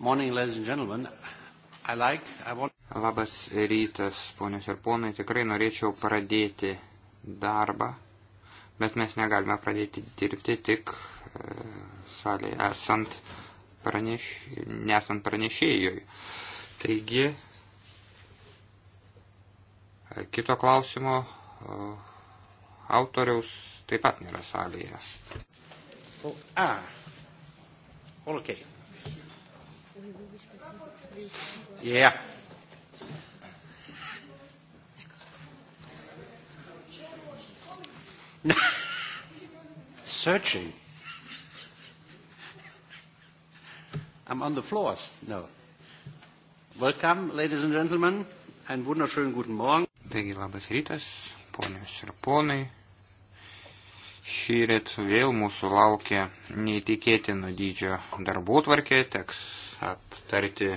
Morning, ladies and gentlemen. I like, I want... Labas rytas, ponios ir ponai. Tikrai norėčiau pradėti darbą, bet mes negalime pradėti dirbti tik e, salėje esant, praneš, nesant pranešėjui. Taigi, e, kito klausimo o, e, autoriaus taip pat nėra salėje. So, ah, okay. Yeah. Searching. I'm on the floors. No. Welcome, ladies and gentlemen. Einen wunderschönen guten Morgen. Taigi, labas rytas, ponios ir ponai. Šįryt vėl mūsų laukia neįtikėtino dydžio darbų tvarkė, teks aptarti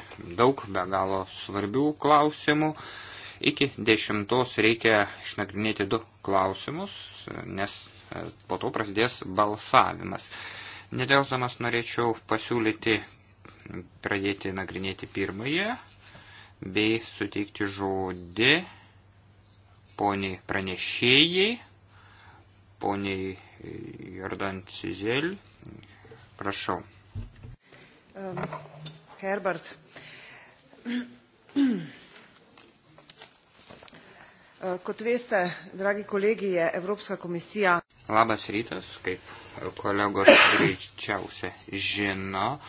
daug be galo svarbių klausimų. Iki dešimtos reikia išnagrinėti du klausimus, nes e, po to prasidės balsavimas. Nedėlzamas norėčiau pasiūlyti pradėti nagrinėti pirmąją bei suteikti žodį poniai pranešėjai poniai Jordan Cizel. Prašau. Um, Herbert. Uh, kot veste, dragi kolegi, je Evropska komisija. Labas rytas, kaip kolegos greičiausia žino,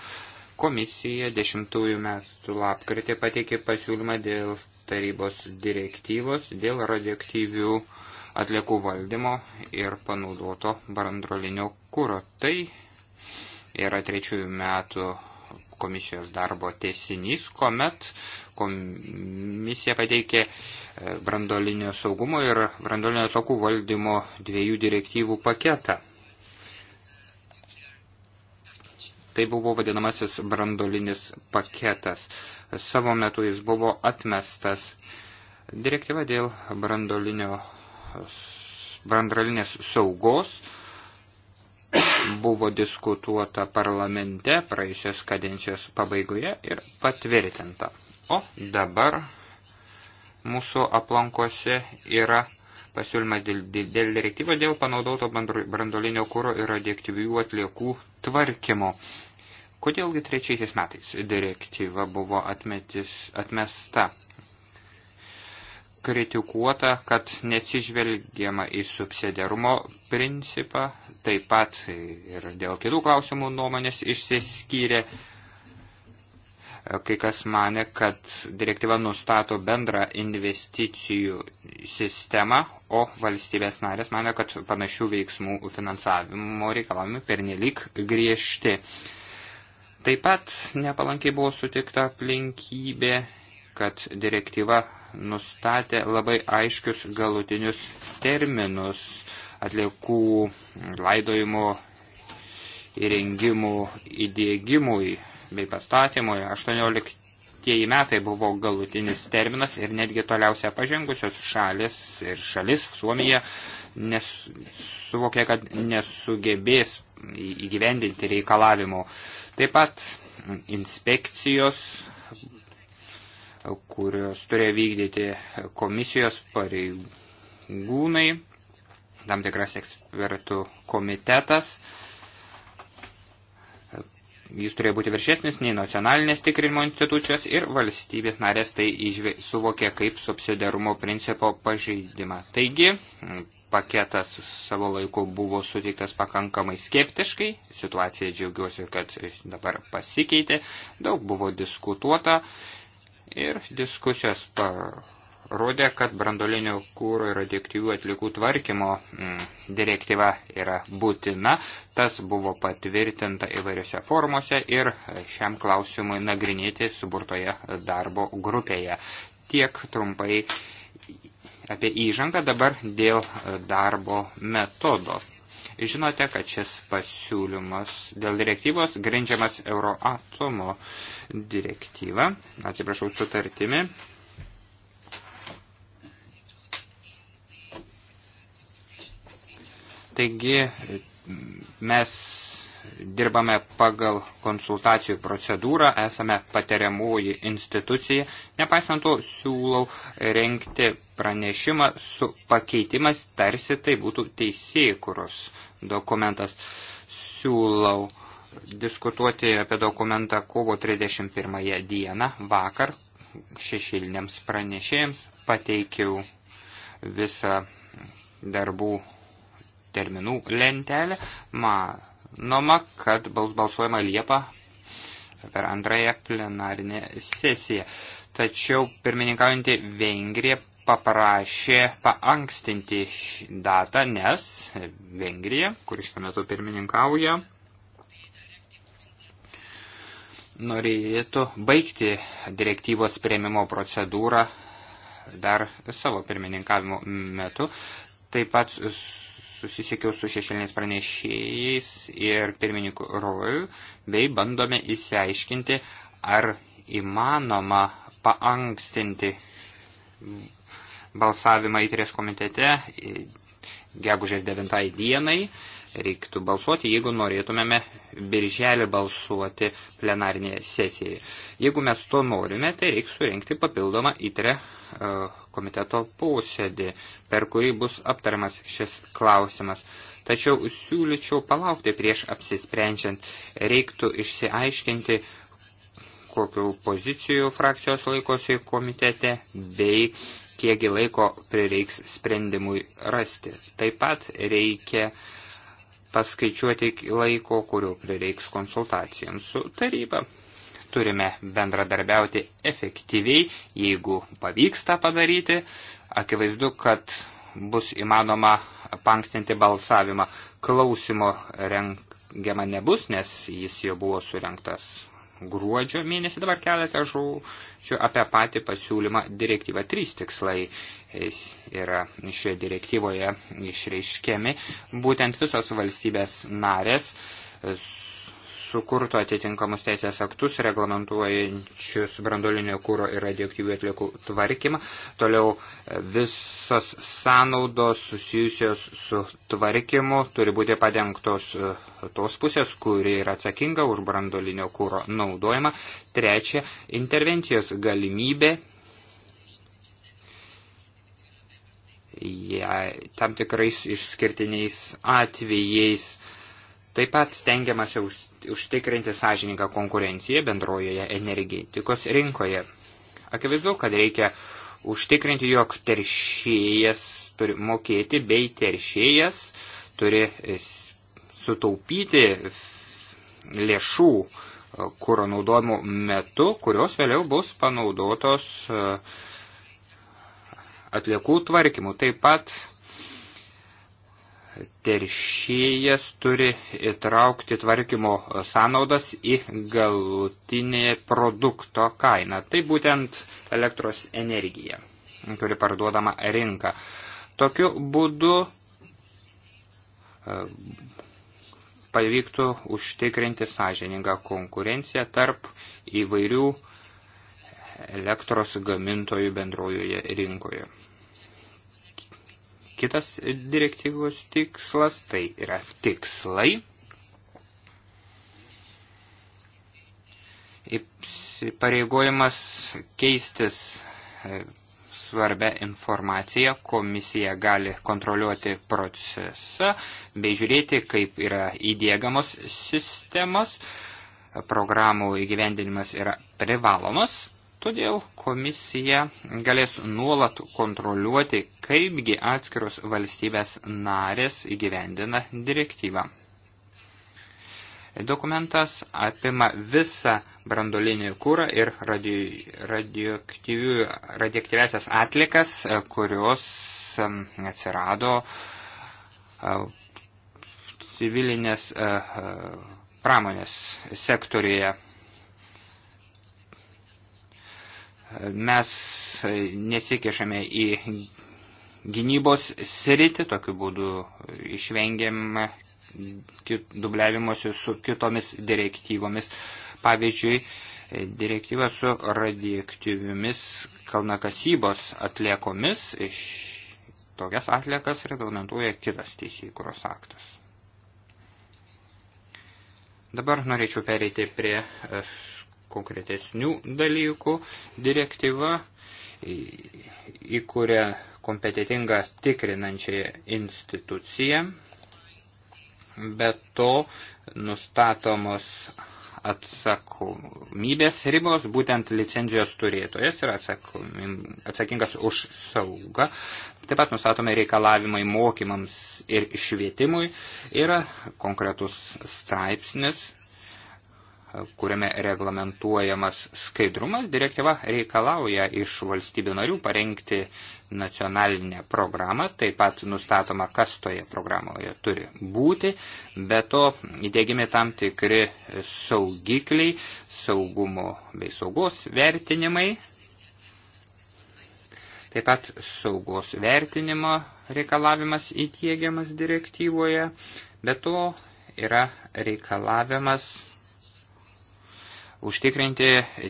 komisija 10 metų lapkritį pateikė pasiūlymą dėl tarybos direktyvos dėl radioaktyvių uh, atliekų valdymo ir panaudoto brandrolinio kūro. Tai yra trečiųjų metų komisijos darbo tiesinys, kuomet komisija pateikė e, brandolinio saugumo ir brandolinio atliekų valdymo dviejų direktyvų paketą. Tai buvo vadinamasis brandolinis paketas. Savo metu jis buvo atmestas. Direktyva dėl brandolinio brandralinės saugos buvo diskutuota parlamente praėjusios kadencijos pabaigoje ir patvirtinta. O dabar mūsų aplankose yra pasiūlymas dėl, dėl, dėl direktyvo dėl panaudoto brandolinio kūro ir radioaktyvių atliekų tvarkymo. Kodėlgi trečiaisiais metais direktyva buvo atmetis, atmesta? kritikuota, kad neatsižvelgiama į subsidiarumo principą, taip pat ir dėl kitų klausimų nuomonės išsiskyrė. Kai kas mane, kad direktyva nustato bendrą investicijų sistemą, o valstybės narės mane, kad panašių veiksmų finansavimo reikalavimai pernelyg griežti. Taip pat nepalankiai buvo sutikta aplinkybė, kad direktyva nustatė labai aiškius galutinius terminus atliekų laidojimo įrengimų įdėgymui bei pastatymui. 18 metai buvo galutinis terminas ir netgi toliausia pažengusios šalis ir šalis Suomija nes, suvokė, kad nesugebės įgyvendinti reikalavimų. Taip pat inspekcijos kurios turėjo vykdyti komisijos pareigūnai, tam tikras ekspertų komitetas. Jis turėjo būti viršesnis nei nacionalinės tikrinimo institucijos ir valstybės narės tai išvė, suvokė kaip subsidarumo principo pažeidimą. Taigi, paketas savo laiku buvo suteiktas pakankamai skeptiškai, situacija džiaugiuosi, kad dabar pasikeitė, daug buvo diskutuota Ir diskusijos parodė, kad brandolinio kūro ir radioaktyvių atlikų tvarkymo mm, direktyva yra būtina. Tas buvo patvirtinta įvairiose formose ir šiam klausimui nagrinėti suburtoje darbo grupėje. Tiek trumpai apie įžangą dabar dėl darbo metodo. Žinote, kad šis pasiūlymas dėl direktyvos grindžiamas Euroatomo direktyvą, atsiprašau, sutartimi. Taigi mes dirbame pagal konsultacijų procedūrą, esame patariamoji institucija. Nepaisant to, siūlau renkti pranešimą su pakeitimas, tarsi tai būtų teisėkuros dokumentas. Siūlau diskutuoti apie dokumentą kovo 31 dieną vakar šešiliniams pranešėjams pateikiau visą darbų terminų lentelę. Manoma, kad bus balsuojama Liepa per antrąją plenarinę sesiją. Tačiau pirmininkaujantį Vengriją paprašė paankstinti datą, nes Vengrija, kuris šiuo metu pirmininkauja, norėtų baigti direktyvos prieimimo procedūrą dar savo pirmininkavimo metu. Taip pat susisiekiau su šešėliniais pranešėjais ir pirmininku Roju, bei bandome įsiaiškinti, ar įmanoma paankstinti balsavimą į tris komitete gegužės 9 dienai reiktų balsuoti, jeigu norėtumėme birželį balsuoti plenarinėje sesijoje. Jeigu mes to norime, tai reiks surenkti papildomą įtrę e, komiteto posėdį, per kurį bus aptariamas šis klausimas. Tačiau siūlyčiau palaukti prieš apsisprendžiant. Reiktų išsiaiškinti, kokių pozicijų frakcijos laikosi komitete bei kiekgi laiko prireiks sprendimui rasti. Taip pat reikia uh, paskaičiuoti laiko, kurio prireiks konsultacijoms su taryba. Turime bendradarbiauti efektyviai, jeigu pavyks tą padaryti. Akivaizdu, kad bus įmanoma pankstinti balsavimą. Klausimo rengiama nebus, nes jis jau buvo surinktas gruodžio mėnesį. Dabar keletą žodžių apie patį pasiūlymą direktyvą. Trys tikslai yra šioje direktyvoje išreiškiami. Būtent visos valstybės narės e, sukurto atitinkamus teisės aktus reglamentuojančius brandolinio kūro ir radioaktyvių atliekų tvarkymą. Toliau e, visos sąnaudos susijusios su tvarkymu turi būti padengtos e, tos pusės, kuri yra atsakinga už brandolinio kūro naudojimą. Trečia, intervencijos galimybė jei, tam tikrais išskirtiniais atvejais. Taip pat stengiamasi už, užtikrinti sąžininką konkurenciją bendrojoje energetikos rinkoje. Akivaizdu, kad reikia užtikrinti, jog teršėjas turi mokėti bei teršėjas turi e, sutaupyti lėšų e, kūro naudojimo metu, kurios vėliau bus panaudotos uh, atliekų tvarkymu. Taip pat teršėjas turi įtraukti tvarkymo sąnaudas į galutinį produkto kainą. Tai būtent elektros energija, kuri parduodama rinka. Tokiu būdu e, pavyktų užtikrinti sąžiningą konkurenciją tarp įvairių elektros gamintojų bendrojoje rinkoje kitas direktyvos tikslas, tai yra tikslai. Pareigojimas keistis e, svarbę informaciją, komisija gali kontroliuoti procesą bei žiūrėti, kaip yra įdėgamos sistemos, programų įgyvendinimas yra privalomas. Todėl komisija galės nuolat kontroliuoti, kaipgi atskiros valstybės narės įgyvendina direktyvą. Dokumentas apima visą brandolinį kūrą ir radioaktyviasias atlikas, kurios atsirado civilinės pramonės sektorijoje. Mes nesikešame į gynybos sritį, tokiu būdu išvengiam dubliavimuose su kitomis direktyvomis. Pavyzdžiui, direktyva su radioaktyviomis kalnakasybos atliekomis iš tokias atliekas reglamentuoja kitas teisėkūros aktas. Dabar norėčiau pereiti prie konkretesnių dalykų. Direktyva įkūrė kompetitingą tikrinančią instituciją, bet to nustatomos atsakomybės ribos, būtent licenzijos turėtojas yra atsakingas už saugą. Taip pat nustatome reikalavimai mokymams ir švietimui. Yra konkretus straipsnis kuriame reglamentuojamas skaidrumas, direktyva reikalauja iš valstybių narių parengti nacionalinę programą, taip pat nustatoma, kas toje programoje turi būti, be to įdėgimi tam tikri saugikliai, saugumo bei saugos vertinimai, taip pat saugos vertinimo reikalavimas įtiegiamas direktyvoje, be to yra reikalavimas užtikrinti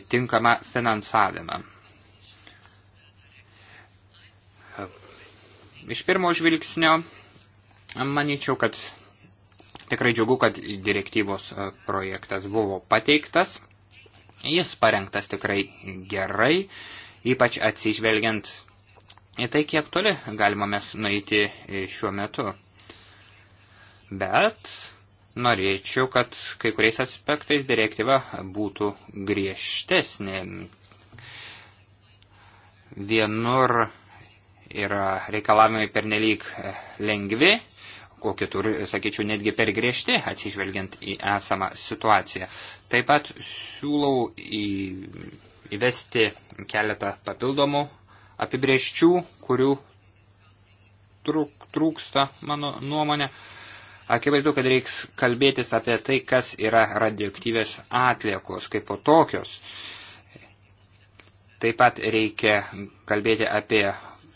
tinkamą finansavimą. Iš pirmo žvilgsnio manyčiau, kad tikrai džiugu, kad direktyvos e, projektas buvo pateiktas. Jis parengtas tikrai gerai, ypač atsižvelgiant į tai, kiek toli galima mes nueiti e, šiuo metu. Bet norėčiau, kad kai kuriais aspektais direktyva būtų griežtesnė. Vienur yra reikalavimai pernelyg lengvi, o kitur, sakyčiau, netgi per griežti, atsižvelgiant į esamą situaciją. Taip pat siūlau į, įvesti keletą papildomų apibrieščių, kurių trūk, trūksta mano nuomonė. Uh, Akivaizdu, kad reiks kalbėtis apie tai, kas yra radioaktyvės atliekos kaip po tokios. Taip pat reikia kalbėti apie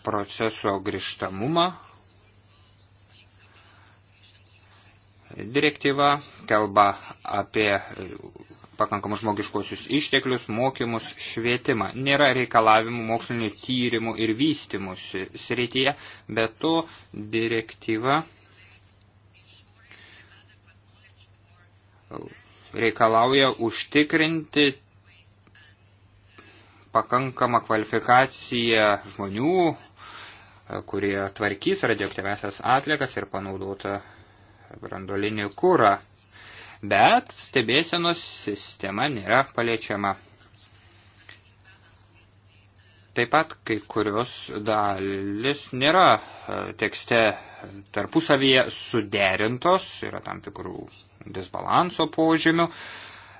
proceso grįžtamumą. Direktyva kalba apie pakankamus žmogiškosius išteklius, mokymus, švietimą. Nėra reikalavimų mokslinio tyrimų ir vystimus srityje, bet to direktyva reikalauja užtikrinti pakankamą kvalifikaciją žmonių, kurie tvarkys radioaktyvesias atliekas ir panaudotą brandolinį kūrą. Bet stebėsenos sistema nėra paliečiama. Taip pat kai kurios dalis nėra e, tekste tarpusavyje suderintos, yra tam tikrų disbalanso požymių.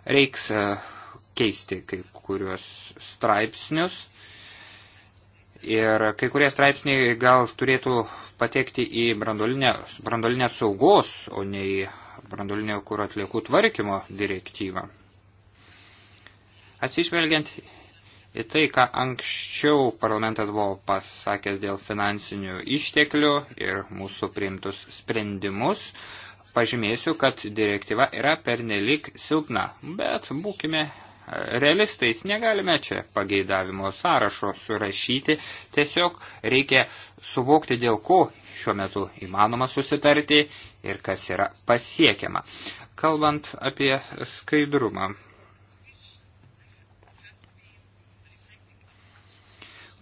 Reiks e, keisti kai kuriuos straipsnius. Ir kai kurie straipsniai gal turėtų patekti į brandolinę saugos, o ne į brandolinio kūro atliekų tvarkymo direktyvą. Atsižvelgiant į tai, ką anksčiau parlamentas buvo pasakęs dėl finansinių išteklių ir mūsų priimtus sprendimus, uh, pažymėsiu, kad direktyva yra pernelik silpna, bet būkime realistais, negalime čia pageidavimo sąrašo surašyti, tiesiog reikia suvokti, dėl ko šiuo metu įmanoma susitarti ir kas yra pasiekiama. Kalbant apie skaidrumą.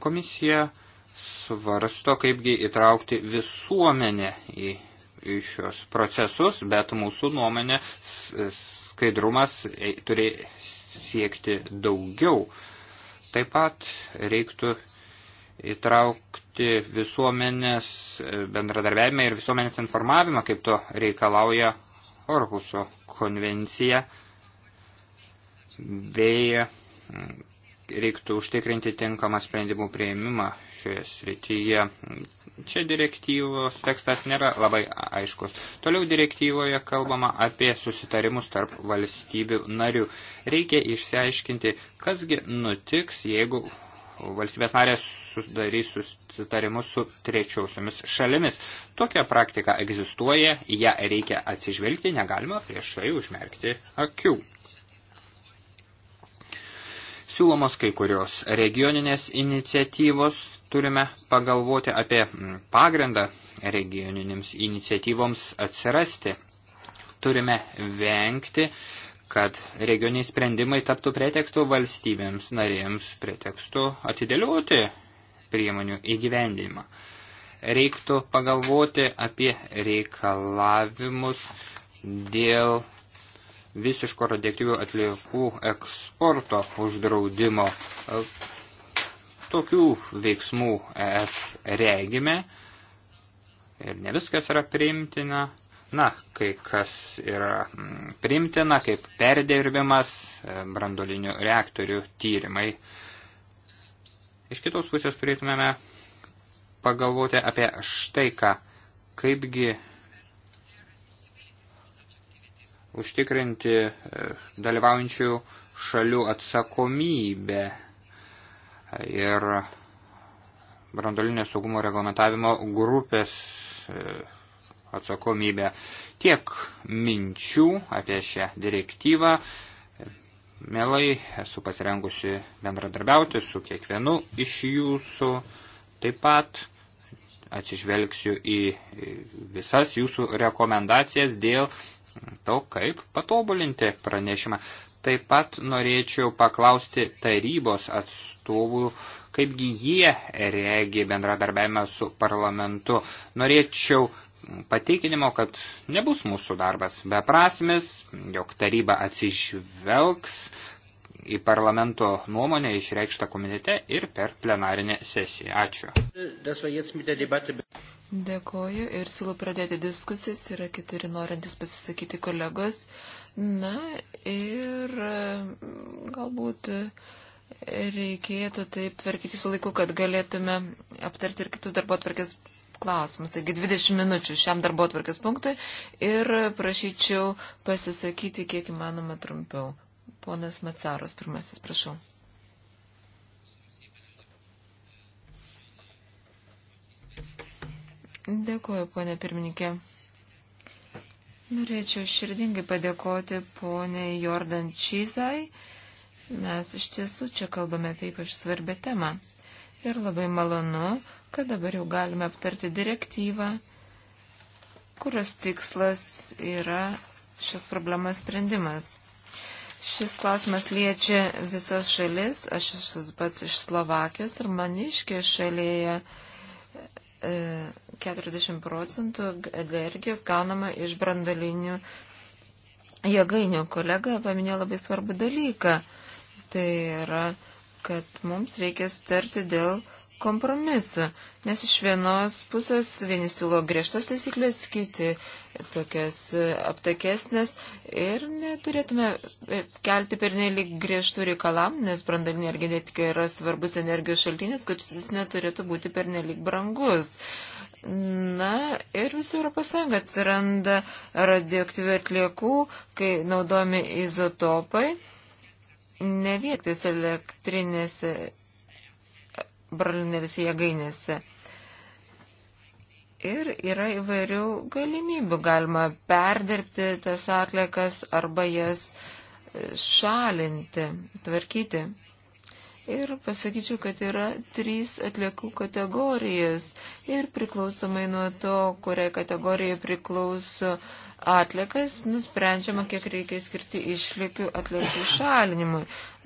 Komisija svarsto, kaipgi įtraukti visuomenę į į šios procesus, bet mūsų nuomenė skaidrumas e, turi siekti daugiau. Taip pat reiktų įtraukti visuomenės bendradarbiavimą ir visuomenės informavimą, kaip to reikalauja Orkuso konvencija, bei reiktų užtikrinti tinkamą sprendimų prieimimą šioje srityje. Čia direktyvos tekstas nėra labai aiškus. Toliau direktyvoje kalbama apie susitarimus tarp valstybių narių. Reikia išsiaiškinti, kasgi nutiks, jeigu valstybės narės sudarys susitarimus su trečiosiomis šalimis. Tokia praktika egzistuoja, ją reikia atsižvelgti, negalima prieš tai užmerkti akių. Siūlomos kai kurios regioninės iniciatyvos, turime pagalvoti apie mm, pagrindą regioninėms iniciatyvoms atsirasti. Turime vengti, kad regioniai sprendimai taptų pretekstu valstybėms narėms, pretekstu atidėlioti priemonių įgyvendinimą. Reiktų pagalvoti apie reikalavimus dėl visiško radioaktyvių atliekų eksporto uždraudimo. Tokių veiksmų ES regime ir ne viskas yra priimtina. Na, kai kas yra mm, priimtina, kaip perdirbimas, e, brandolinių reaktorių tyrimai. Iš kitos pusės turėtumėme pagalvoti apie štai ką, kaipgi užtikrinti e, dalyvaujančių šalių atsakomybę ir brandolinio saugumo reglamentavimo grupės e, atsakomybę. Tiek minčių apie šią direktyvą. Mielai esu pasirengusi bendradarbiauti su kiekvienu iš jūsų. Taip pat atsižvelgsiu į visas jūsų rekomendacijas dėl to, kaip patobulinti pranešimą. Taip pat norėčiau paklausti tarybos atstovų, kaipgi jie regi bendradarbiavimą su parlamentu. Norėčiau pateikinimo, kad nebus mūsų darbas beprasmis, jog taryba atsižvelgs į parlamento nuomonę išreikštą komitete ir per plenarinę sesiją. Ačiū. Dėkoju ir siūlau pradėti diskusijas. Yra keturi norintys pasisakyti kolegos. Na ir mm, galbūt reikėtų taip tvarkyti su laiku, kad galėtume aptarti ir kitus darbo atvarkės klausimus. Taigi 20 minučių šiam darbo atvarkės punktui ir prašyčiau pasisakyti kiek įmanoma trumpiau. Ponas Macaros pirmasis, prašau. Dėkuoju, ponė pirmininkė. Norėčiau širdingai padėkoti poniai Jordan Čizai. Mes iš tiesų čia kalbame apie ypač svarbę temą. Ir labai malonu, kad dabar jau galime aptarti direktyvą, kurios tikslas yra šios problemas sprendimas. Šis klausimas liečia visas šalis, aš esu pats iš Slovakijos ir maniškė šalyje 40 e, procentų energijos gaunama iš brandalinių jėgainių. Kolega paminėjo labai svarbų dalyką. Tai yra, kad mums reikia starti dėl kompromisą, nes iš vienos pusės vieni siūlo griežtas taisyklės, kiti tokias e, aptakesnės ir neturėtume e, kelti pernelyg griežtų reikalam, nes brandalinė energetika yra svarbus energijos šaltinis, kad jis neturėtų būti pernelyg brangus. Na ir visi Europos Sąjunga atsiranda radioaktyvių atliekų, kai naudojami izotopai, ne vietais elektrinėse bralinėse jėgainėse. Ir yra įvairių galimybių. Galima perdirbti tas atlikas arba jas e, šalinti, tvarkyti. Ir pasakyčiau, kad yra trys atliekų kategorijos ir priklausomai nuo to, kuriai kategorijai priklauso uh, atlikas, nusprendžiama, kiek reikia skirti išlikių atlikų šalinimui.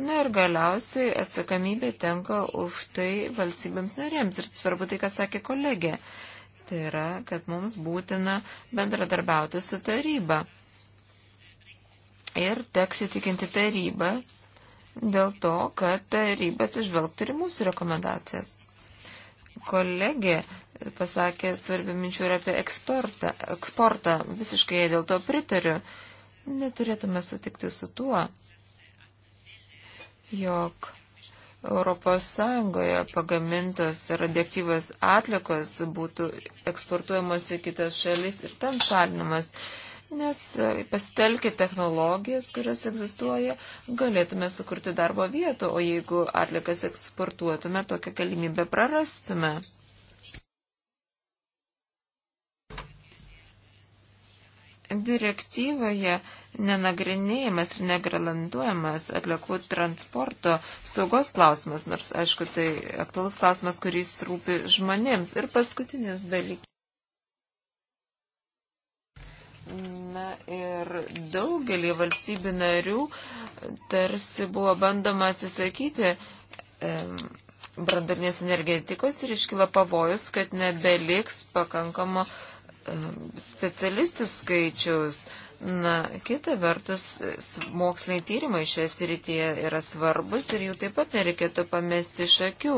Na ir galiausiai atsakomybė tenka už tai valstybėms narėms. Ir svarbu tai, ką sakė kolegė. Tai yra, kad mums būtina bendradarbiauti su taryba. Ir teks įtikinti tarybą dėl to, kad taryba atsižvelgtų ir mūsų rekomendacijas. Kolegė pasakė svarbių minčių ir apie eksportą. eksportą. Visiškai dėl to pritariu. Neturėtume sutikti su tuo, jog Europos Sąjungoje pagamintos radioaktyvos atlikos būtų eksportuojamos į kitas šalis ir ten šalinamas nes e, pasitelkę technologijas, kurios egzistuoja, galėtume sukurti darbo vietų, o jeigu atlikas eksportuotume, tokią galimybę prarastume. Direktyvoje nenagrinėjimas ir negralanduojamas atliekų transporto saugos klausimas, nors, aišku, tai aktualus klausimas, kuris rūpi žmonėms. Ir paskutinis dalykas. Na ir daugelį valstybių narių tarsi buvo bandoma atsisakyti brandarnės energetikos ir iškilo pavojus, kad nebeliks pakankamo E, specialistų skaičiaus. Na, kita vertus, moksliniai tyrimai šioje srityje yra svarbus ir jų taip pat nereikėtų pamesti iš akių.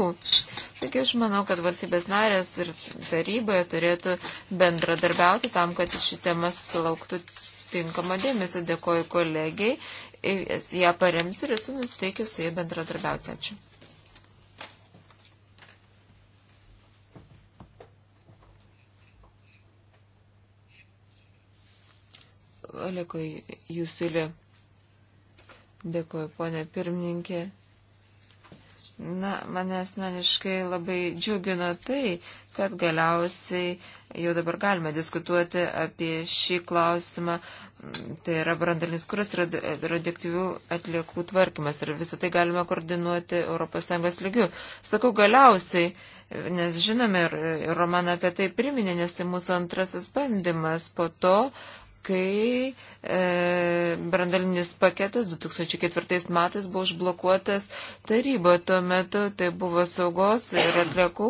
Taigi aš manau, kad valstybės narės ir taryboje turėtų bendradarbiauti tam, kad ši tema sulauktų tinkamą dėmesį. Dėkoju kolegiai, ją paremsiu ir esu nusiteikęs su jie bendradarbiauti. Ačiū. Olekoj Jusilė. Dėkuoju, ponė pirmininkė. Na, mane asmeniškai labai džiugino tai, kad galiausiai jau dabar galime diskutuoti apie šį klausimą. Tai yra brandalinis kuras ir radioaktyvių atliekų tvarkymas. Ir visą tai galime koordinuoti ES lygių. Sakau galiausiai, nes žinome ir, ir Romana apie tai priminė, nes tai mūsų antrasis bandymas po to, kai e, brandalinis paketas 2004 metais buvo užblokuotas taryboje. Tuo metu tai buvo saugos ir atliekų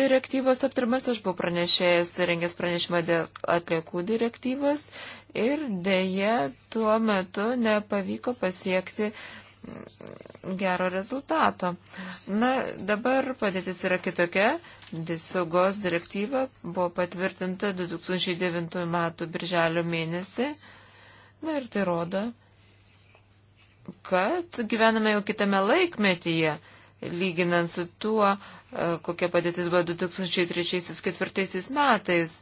direktyvos aptarimas. Aš buvau pranešėjęs, rengęs pranešimą dėl atliekų direktyvos ir dėje tuo metu nepavyko pasiekti gero rezultato. Na, dabar padėtis yra kitokia. Saugos direktyva buvo patvirtinta 2009 m. birželio mėnesį. Na ir tai rodo, kad gyvename jau kitame laikmetyje, lyginant su tuo, e, kokia padėtis buvo 2003-2004 metais.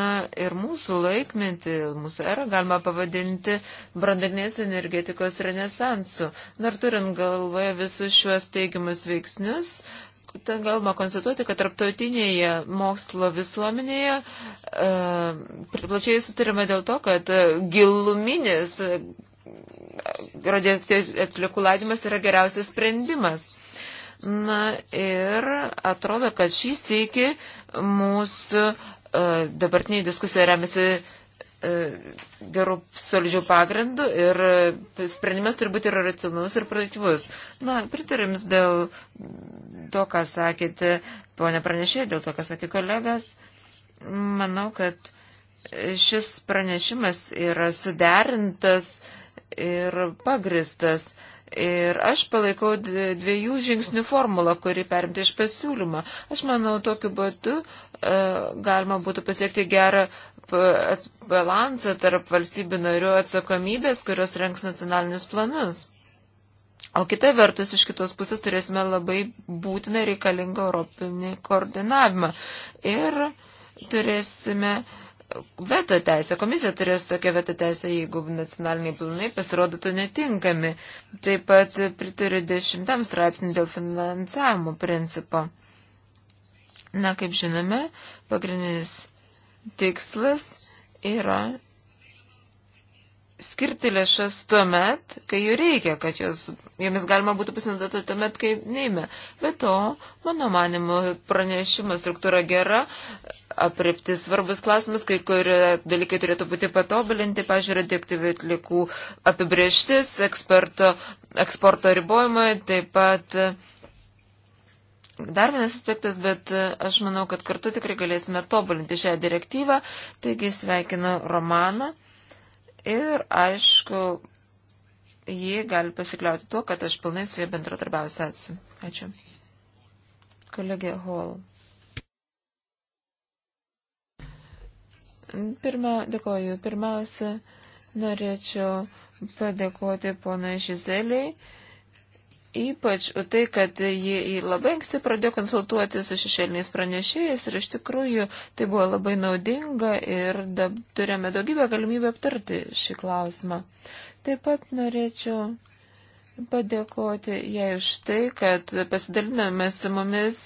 Na ir mūsų laikmetį, mūsų erą galima pavadinti brandarnės energetikos renesansu. Dar turint galvoje visus šiuos teigiamus veiksnius, uh, ten galima konstatuoti, kad tarptautinėje mokslo visuomenėje e, plačiai sutarima dėl to, kad giluminis e, radioaktyvių atlikų laidimas yra geriausias sprendimas. Na ir atrodo, kad šį sėki mūsų e, dabartiniai diskusija remiasi e, gerų solidžių pagrindų ir e, sprendimas turi būti ir racionalus, ir produktyvus. Na, pritarėms dėl to, ką sakėte, ponė pranešė, dėl to, ką sakė kolegas, manau, kad šis pranešimas yra suderintas ir pagristas. Ir aš palaikau dviejų žingsnių formulą, kuri perimta iš pasiūlymo. Aš manau, tokiu būdu e, galima būtų pasiekti gerą balansą tarp valstybių narių atsakomybės, kurios renks nacionalinius planus. O kita vertus, iš kitos pusės turėsime labai būtiną reikalingą europinį koordinavimą. Ir turėsime veto teisę. Komisija turės tokią veto teisę, jeigu nacionaliniai planai pasirodytų netinkami. Taip pat pritariu dešimtam straipsnį dėl finansavimo principo. Na, kaip žinome, pagrindinis tikslas yra skirti lėšas tuo met, kai jų reikia, kad jos, jomis galima būtų pasinaudoti tuo met, kai neime. Be to, mano manimo, pranešimo struktūra gera, apripti svarbus klausimas, kai kurie dalykai turėtų būti patobulinti, pažiūrė, dėktyvi atlikų apibrieštis, eksperto, eksporto ribojimai, taip pat. Dar vienas aspektas, bet aš manau, kad kartu tikrai galėsime tobulinti šią direktyvą, taigi sveikinu Romaną ir, aišku, jį gali pasikliauti tuo, kad aš pilnai su juo bendradarbiausiu. Ačiū. Ačiū. Kolegė Hall. Pirma, dėkoju. Pirmiausia, norėčiau padėkoti ponai Žizeliai ypač tai, kad jie labai anksti pradėjo konsultuoti su šešėliniais pranešėjais ir iš tikrųjų tai buvo labai naudinga ir dab, turėjome daugybę galimybę aptarti šį klausimą. Taip pat norėčiau padėkoti jai už tai, kad pasidalinome su mumis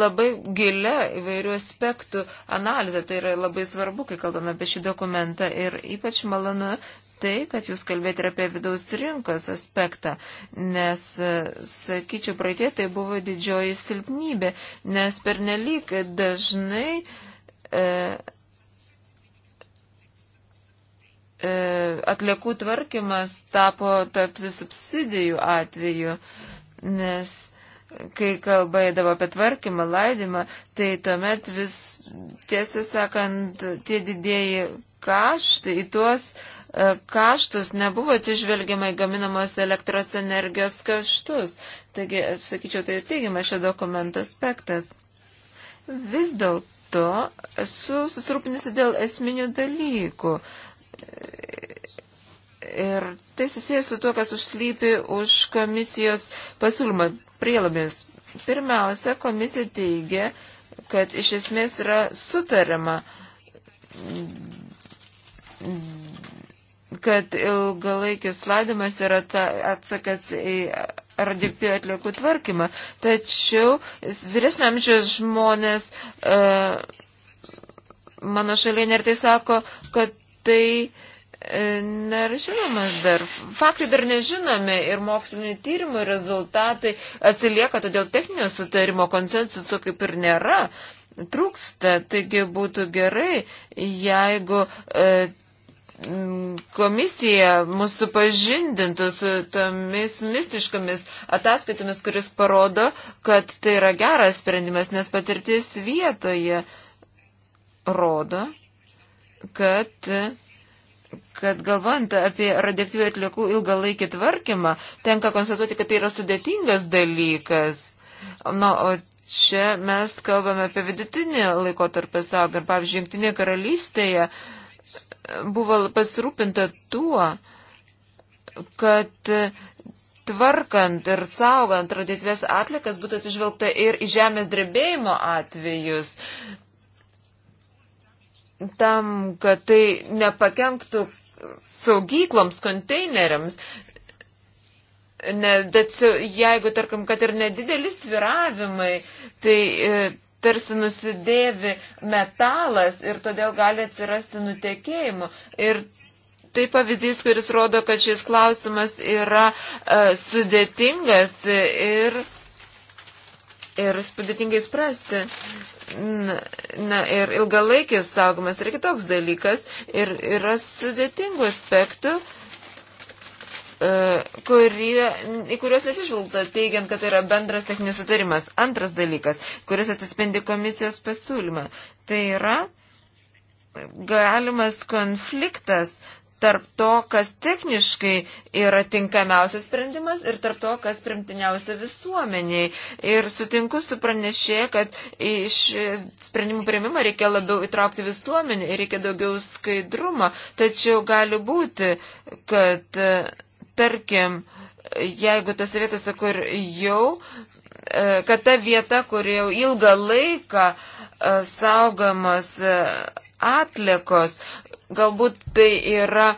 labai gilę įvairių aspektų analizę. Tai yra labai svarbu, kai kalbame apie šį dokumentą. Ir ypač malonu tai, kad jūs kalbėt ir apie vidaus rinkos aspektą, nes, e, sakyčiau, praeitie tai buvo didžioji silpnybė, nes pernelyg dažnai e, e atliekų tvarkymas tapo tapsi subsidijų atveju, nes kai kalba eidavo apie tvarkymą, laidimą, tai tuomet vis, tiesą sakant, tie didėjai kaštai į tuos uh, E, kaštus, nebuvo atsižvelgiamai gaminamos elektros energijos kaštus. Taigi, aš e, sakyčiau, tai teigiamas šio dokumento aspektas. Vis dėlto esu susirūpinusi dėl esminių dalykų. Ir tai susijęs su tuo, kas užslypi už komisijos pasiūlymą prielabės. Pirmiausia, komisija teigia, kad iš esmės yra sutarima kad ilgalaikis laidimas yra ta atsakas į radioaktyvių atliekų tvarkymą. Tačiau vyresniamžiaus žmonės e, mano šalyje neretai sako, kad tai e, nežinomas dar. Faktai dar nežinomi ir mokslinio tyrimų rezultatai atsilieka, todėl techninio sutarimo konsensuso kaip ir nėra. Trūksta, taigi būtų gerai, jeigu e, komisija mūsų pažindintų su tomis mistiškomis ataskaitomis, kuris parodo, kad tai yra geras sprendimas, nes patirtis vietoje rodo, kad, kad galvant apie radioaktyvių atliekų ilgalaikį tvarkymą, tenka konstatuoti, kad tai yra sudėtingas dalykas. Na, o čia mes kalbame apie vidutinį laikotarpį saugą. Pavyzdžiui, Junktinėje karalystėje uh, buvo pasirūpinta tuo, kad tvarkant ir saugant radėtvės atlikas būtų atsižvelgta ir į žemės drebėjimo atvejus, tam, kad tai nepakenktų saugykloms, konteineriams. Ne, bet jeigu, tarkim, kad ir nedideli sviravimai, tai e, tarsi nusidėvi metalas ir todėl gali atsirasti nutekėjimų. Ir tai pavyzdys, kuris rodo, kad šis klausimas yra uh, sudėtingas ir, ir sudėtingai spręsti. Na, na ir ilgalaikis saugomas yra kitoks dalykas ir yra sudėtingų aspektų. Uh, E, kuri, į kuriuos nesižvalgta, teigiant, kad tai yra bendras techninis sutarimas. Antras dalykas, kuris atsispindi komisijos pasiūlymą, tai yra galimas konfliktas tarp to, kas techniškai yra tinkamiausias sprendimas ir tarp to, kas primtiniausia visuomeniai. Ir sutinku su pranešė, kad iš sprendimų prieimimą reikia labiau įtraukti visuomenį ir reikia daugiau skaidrumo. Tačiau gali būti, kad tarkim, jeigu tose vietose, kur jau, e, kad ta vieta, kur jau ilgą laiką e, saugomas e, atlikos, galbūt tai yra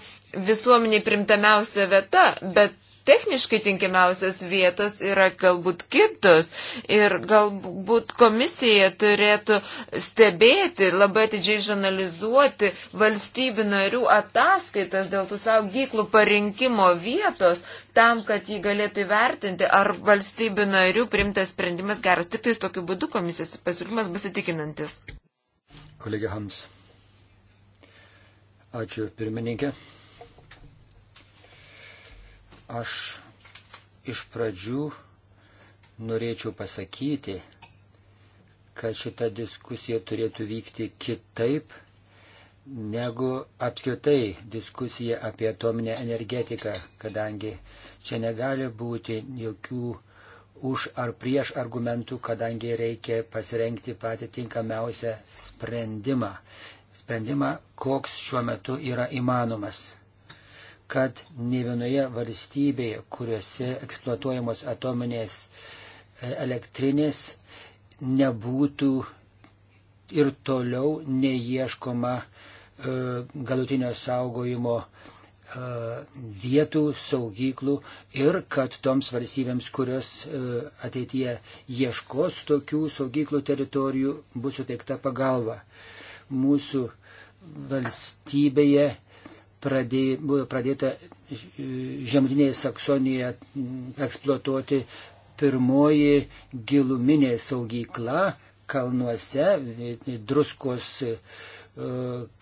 visuomeniai primtamiausia vieta, bet techniškai tinkimiausios vietos yra galbūt kitos ir galbūt komisija turėtų stebėti, labai atidžiai žurnalizuoti valstybių narių ataskaitas dėl tų saugyklų parinkimo vietos, tam, kad jį galėtų įvertinti, ar valstybių narių primtas sprendimas geras. Tik tais tokiu būdu komisijos pasiūlymas bus įtikinantis. Kolegė Hams. Ačiū pirmininkė. Aš iš pradžių norėčiau pasakyti, kad šita diskusija turėtų vykti kitaip negu apskritai diskusija apie atominę energetiką, kadangi čia negali būti jokių už ar prieš argumentų, kadangi reikia pasirenkti patį tinkamiausią sprendimą. Sprendimą, koks šiuo metu yra įmanomas kad ne vienoje valstybėje, kuriuose eksploatuojamos atominės e, elektrinės, nebūtų ir toliau neieškoma e, galutinio saugojimo e, vietų, saugyklų ir kad toms valstybėms, kurios ateityje ieškos tokių saugyklų teritorijų, bus suteikta pagalba. Mūsų valstybėje pradė, buvo pradėta žemutinėje Saksonijoje eksploatuoti pirmoji giluminė saugykla kalnuose, druskos e,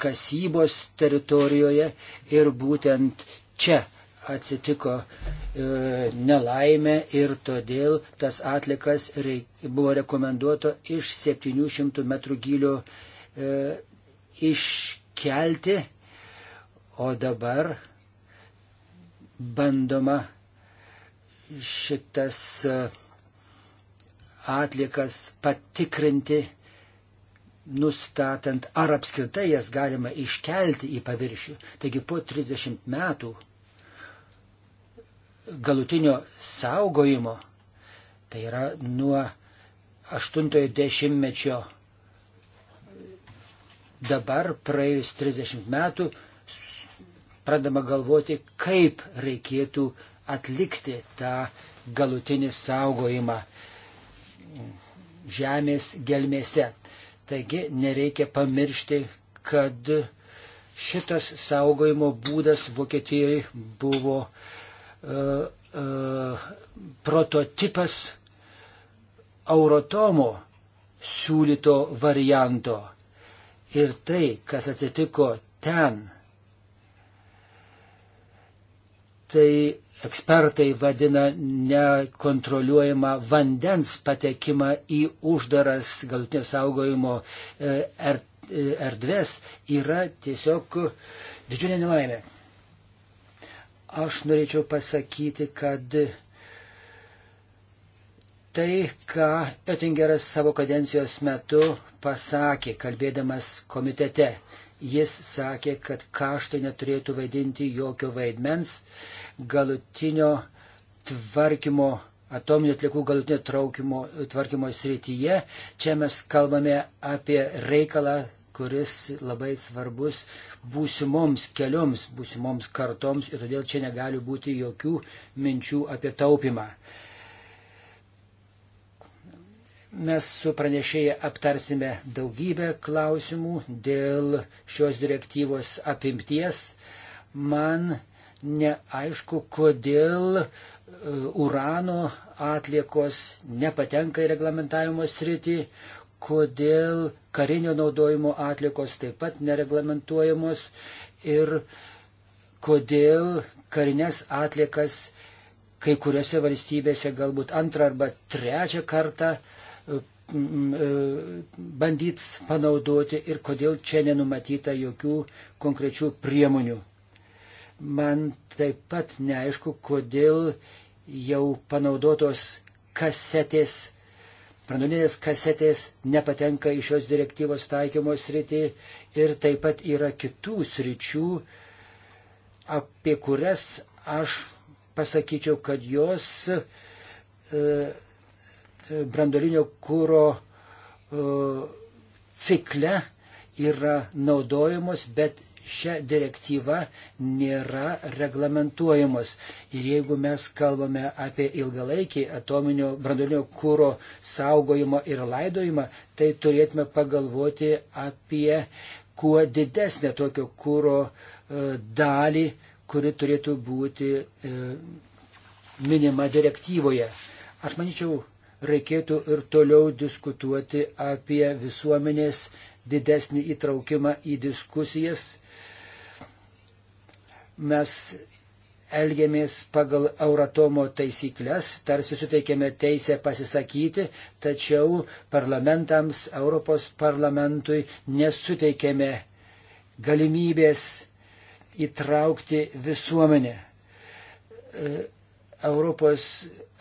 kasybos teritorijoje ir būtent čia atsitiko e, nelaimė ir todėl tas atlikas buvo rekomenduoto iš 700 metrų gylio e, iškelti O dabar bandoma šitas e, atlikas patikrinti, nustatant, ar apskritai jas galima iškelti į paviršių. Taigi po 30 metų galutinio saugojimo, tai yra nuo 80-mečio dabar praėjus 30 metų, pradama galvoti, kaip reikėtų atlikti tą galutinį saugojimą žemės gelmėse. Taigi nereikia pamiršti, kad šitas saugojimo būdas Vokietijoje buvo uh, uh, prototipas Eurotomo siūlyto varianto. Ir tai, kas atsitiko ten, tai ekspertai vadina nekontroliuojama vandens patekimą į uždaras galutinio saugojimo e, er, e, erdvės, yra tiesiog didžiulė nelaimė. Aš norėčiau pasakyti, kad tai, ką Oettingeras savo kadencijos metu pasakė, kalbėdamas komitete, jis sakė, kad kaštai neturėtų vaidinti jokio vaidmens, galutinio tvarkymo, atominių atlikų galutinio traukimo, tvarkymo srityje. Čia mes kalbame apie reikalą, kuris labai svarbus būsimoms kelioms, būsimoms kartoms ir todėl čia negali būti jokių minčių apie taupimą mes su pranešėja aptarsime daugybę klausimų dėl šios direktyvos apimties. Man neaišku, kodėl e, urano atliekos nepatenka į reglamentavimo sritį, kodėl karinio naudojimo atliekos taip pat nereglamentuojamos ir kodėl karinės atliekas kai kuriuose valstybėse galbūt antrą arba trečią kartą e, e, bandyts panaudoti ir kodėl čia nenumatyta jokių konkrečių priemonių. Man taip pat neaišku, kodėl jau panaudotos kasetės, pranulinės kasetės nepatenka į šios direktyvos taikymo sritį ir taip pat yra kitų sričių, apie kurias aš pasakyčiau, kad jos e, e, brandolinio kūro e, cikle yra naudojamos, bet šią direktyvą nėra reglamentuojamos. Ir jeigu mes kalbame apie ilgalaikį atominio branduolinio kūro saugojimą ir laidojimą, tai turėtume pagalvoti apie kuo didesnę tokio kūro e, dalį, kuri turėtų būti e, minima direktyvoje. Aš manyčiau, reikėtų ir toliau diskutuoti apie visuomenės didesnį įtraukimą į diskusijas mes elgiamės pagal Euratomo taisyklės, tarsi suteikėme teisę pasisakyti, tačiau parlamentams, Europos parlamentui nesuteikėme galimybės įtraukti visuomenę. E, Europos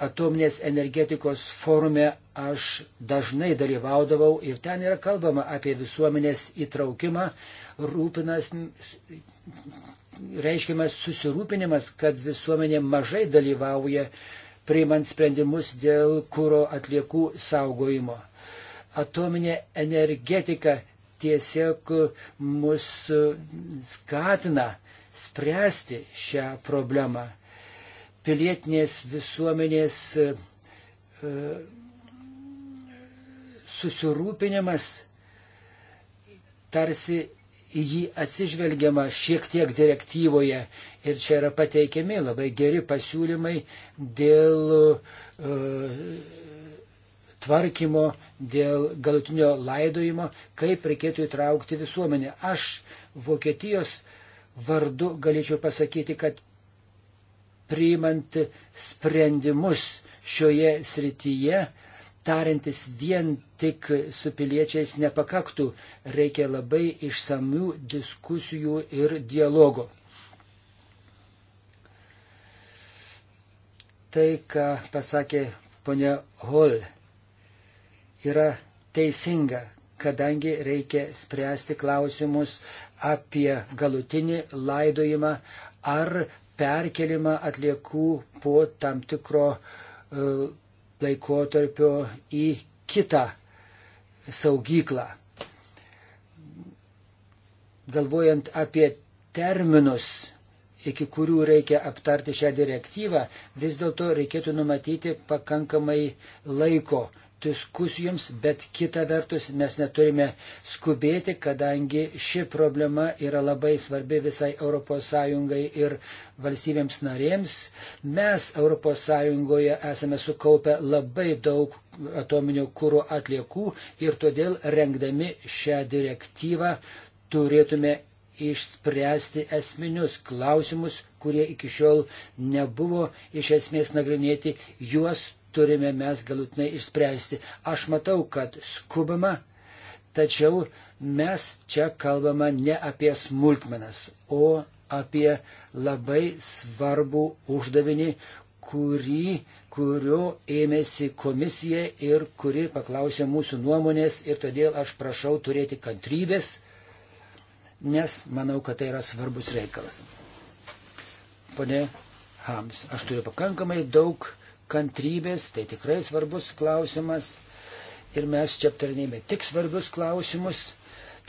atominės energetikos forume aš dažnai dalyvaudavau ir ten yra kalbama apie visuomenės įtraukimą, rūpinas reiškiamas susirūpinimas, kad visuomenė mažai dalyvauja priimant sprendimus dėl kūro atliekų saugojimo. Atominė energetika tiesiog mus skatina spręsti šią problemą. Pilietinės visuomenės e, susirūpinimas tarsi į jį atsižvelgiama šiek tiek direktyvoje ir čia yra pateikiami labai geri pasiūlymai dėl uh, tvarkymo, dėl galutinio laidojimo, kaip reikėtų įtraukti visuomenę. Aš Vokietijos vardu galėčiau pasakyti, kad priimant sprendimus šioje srityje tariantis vien tik su piliečiais nepakaktų, reikia labai išsamių diskusijų ir dialogo. Tai, ką pasakė ponia Hol, yra teisinga, kadangi reikia spręsti klausimus apie galutinį laidojimą ar perkelimą atliekų po tam tikro uh, laikotarpio į kitą saugyklą. Galvojant apie terminus, iki kurių reikia aptarti šią direktyvą, vis dėlto reikėtų numatyti pakankamai laiko diskusijoms, bet kita vertus mes neturime skubėti, kadangi ši problema yra labai svarbi visai ES ir valstybėms narėms. Mes ES esame sukaupę labai daug atominio kūro atliekų ir todėl rengdami šią direktyvą turėtume išspręsti esminius klausimus, kurie iki šiol nebuvo iš esmės nagrinėti, juos turime mes galutinai išspręsti. Aš matau, kad skubama, tačiau mes čia kalbama ne apie smulkmenas, o apie labai svarbų uždavinį, kurį, kurio ėmėsi komisija ir kuri paklausė mūsų nuomonės ir todėl aš prašau turėti kantrybės, nes manau, kad tai yra svarbus reikalas. Pone Hams, aš turiu pakankamai daug kantrybės, tai tikrai svarbus klausimas. Ir mes čia aptarinėjame tik svarbius klausimus,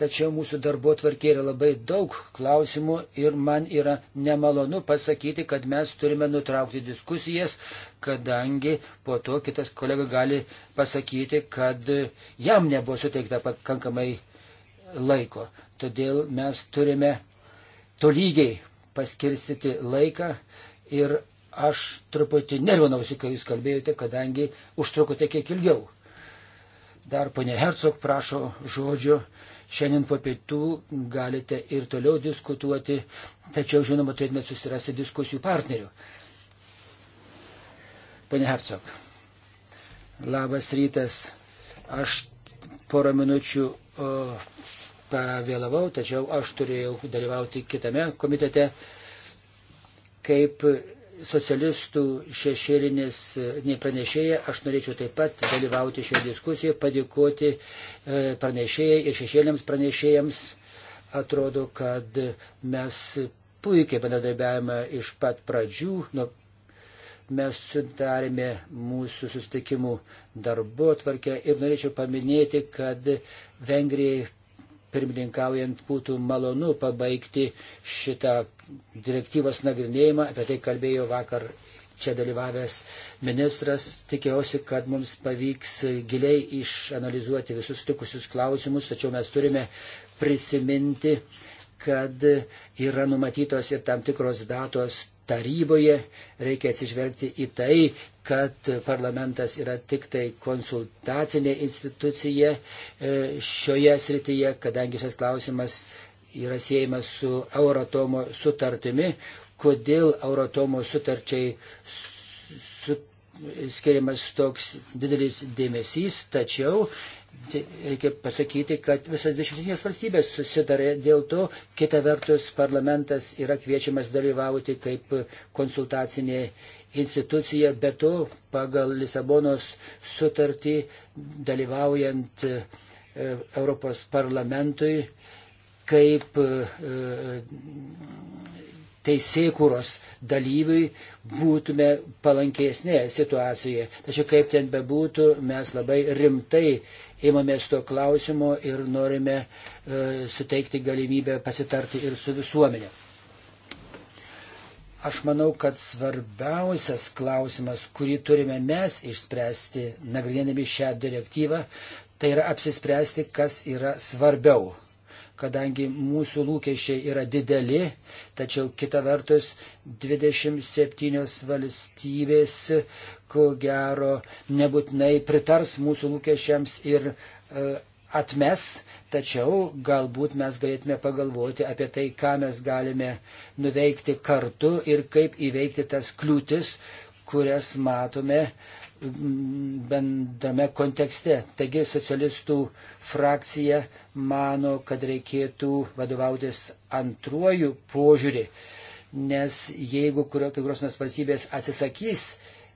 tačiau mūsų darbo tvarkė yra labai daug klausimų ir man yra nemalonu pasakyti, kad mes turime nutraukti diskusijas, kadangi po to kitas kolega gali pasakyti, kad jam nebuvo suteikta pakankamai laiko. Todėl mes turime tolygiai paskirstyti laiką ir Aš truputį nervinausi, kai jūs kalbėjote, kadangi užtrukote kiek ilgiau. Dar ponė Hercog prašo žodžio. Šiandien po pietų galite ir toliau diskutuoti, tačiau, žinoma, turėtume susirasti diskusijų partnerių. Pane Hercog, labas rytas. Aš porą minučių o, pavėlavau, tačiau aš turėjau dalyvauti kitame komitete kaip socialistų šešėlinis e, nepranešėja, aš norėčiau taip pat dalyvauti šioje diskusijoje, padėkoti e, pranešėjai ir šešėliams pranešėjams. Atrodo, kad mes puikiai bendradarbiavimą iš pat pradžių, nuo mes sudarėme mūsų sustikimų darbo tvarkę ir norėčiau paminėti, kad Vengrijai pirmininkaujant būtų malonu pabaigti šitą direktyvos nagrinėjimą. Apie tai kalbėjo vakar čia dalyvavęs ministras. Tikiuosi, kad mums pavyks giliai išanalizuoti visus likusius klausimus, tačiau mes turime prisiminti, kad yra numatytos ir tam tikros datos taryboje reikia atsižvelgti į tai, kad parlamentas yra tik tai konsultacinė institucija e, šioje srityje, kadangi šis klausimas yra siejamas su Euratomo sutartimi, kodėl Euratomo sutarčiai su, skiriamas toks didelis dėmesys, tačiau Tai reikia pasakyti, kad visas 27 valstybės susidarė dėl to, kita vertus parlamentas yra kviečiamas dalyvauti kaip konsultacinė institucija, bet to pagal Lisabonos sutartį dalyvaujant e, Europos parlamentui kaip e, teisėkūros dalyviui būtume palankesnėje situacijoje. Tačiau kaip ten bebūtų, mes labai rimtai imamės to klausimo ir norime e, suteikti galimybę pasitarti ir su visuomenė. Aš manau, kad svarbiausias klausimas, kurį turime mes išspręsti, nagrinėdami šią direktyvą, tai yra apsispręsti, kas yra svarbiau kadangi mūsų lūkesčiai yra dideli, tačiau kita vertus 27 valstybės, ko gero, nebūtinai pritars mūsų lūkesčiams ir uh, atmes, tačiau galbūt mes galėtume pagalvoti apie tai, ką mes galime nuveikti kartu ir kaip įveikti tas kliūtis, kurias matome uh, bendrame kontekste. Taigi socialistų frakcija mano, kad reikėtų vadovautis antruoju požiūrį, nes jeigu kurio kai kurios nors valstybės atsisakys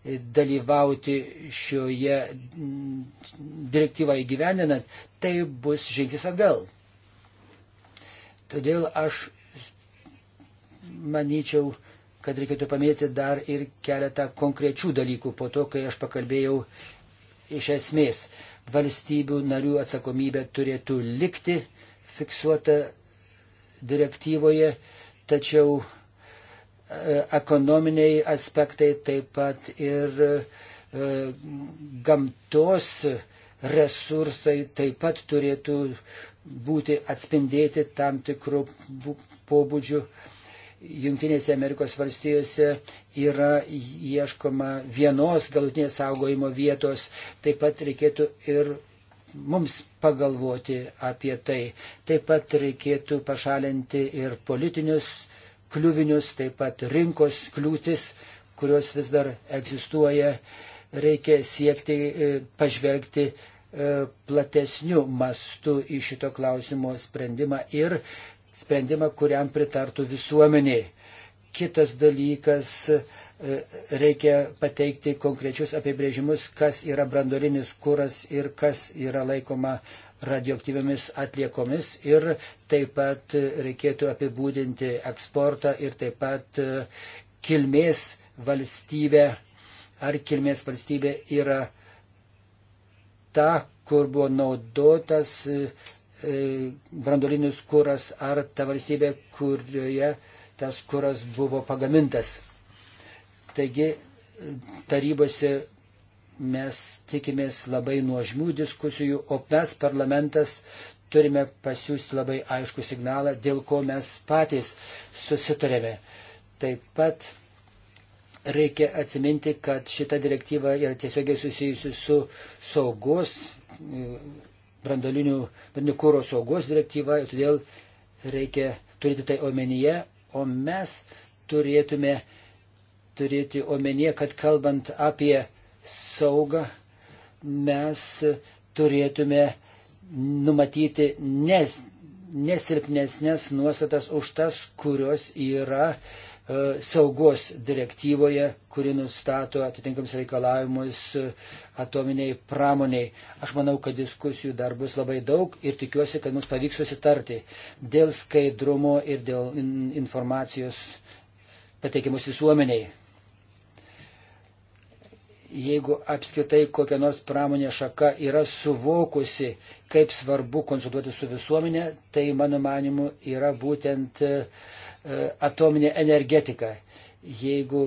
dalyvauti šioje direktyvą įgyvendinant, tai bus žingsnis atgal. Todėl aš manyčiau, kad reikėtų paminėti dar ir keletą konkrečių dalykų po to, kai aš pakalbėjau iš esmės. Valstybių narių atsakomybė turėtų likti fiksuota direktyvoje, tačiau e, ekonominiai aspektai taip pat ir e, gamtos resursai taip pat turėtų būti atspindėti tam tikrų pobūdžių Junktinėse Amerikos valstijose yra ieškoma vienos galutinės saugojimo vietos, taip pat reikėtų ir mums pagalvoti apie tai. Taip pat reikėtų pašalinti ir politinius kliuvinius, taip pat rinkos kliūtis, kurios vis dar egzistuoja. Reikia siekti e, pažvelgti e, platesnių mastų į šito klausimo sprendimą ir sprendimą, kuriam pritartų visuomenė. Kitas dalykas, e, reikia pateikti konkrečius apibrėžimus, kas yra brandolinis kuras ir kas yra laikoma radioaktyviamis atliekomis ir taip pat reikėtų apibūdinti eksportą ir taip pat e, kilmės valstybė, ar kilmės valstybė yra ta, kur buvo naudotas e, E, brandolinis kuras ar ta valstybė, kurioje tas kuras buvo pagamintas. Taigi tarybose mes tikimės labai nuožmių diskusijų, o mes parlamentas turime pasiūsti labai aišku signalą, dėl ko mes patys susitarėme. Taip pat reikia atsiminti, kad šita direktyva yra tiesiogiai susijusi su saugos brandolinių kūro saugos direktyva, todėl reikia turėti tai omenyje, o mes turėtume turėti omenyje, kad kalbant apie saugą, mes turėtume numatyti nes, nesilpnesnės nuostatas už tas, kurios yra uh, E, saugos direktyvoje, kuri nustato atitinkamus reikalavimus e, atominiai pramoniai. Aš manau, kad diskusijų dar bus labai daug ir tikiuosi, kad mums pavyks susitarti dėl skaidrumo ir dėl informacijos pateikimus visuomeniai. Jeigu apskritai kokia nors pramonė šaka yra suvokusi, kaip svarbu konsultuoti su visuomenė, tai mano manimu yra būtent uh, E, atominę energetiką. Jeigu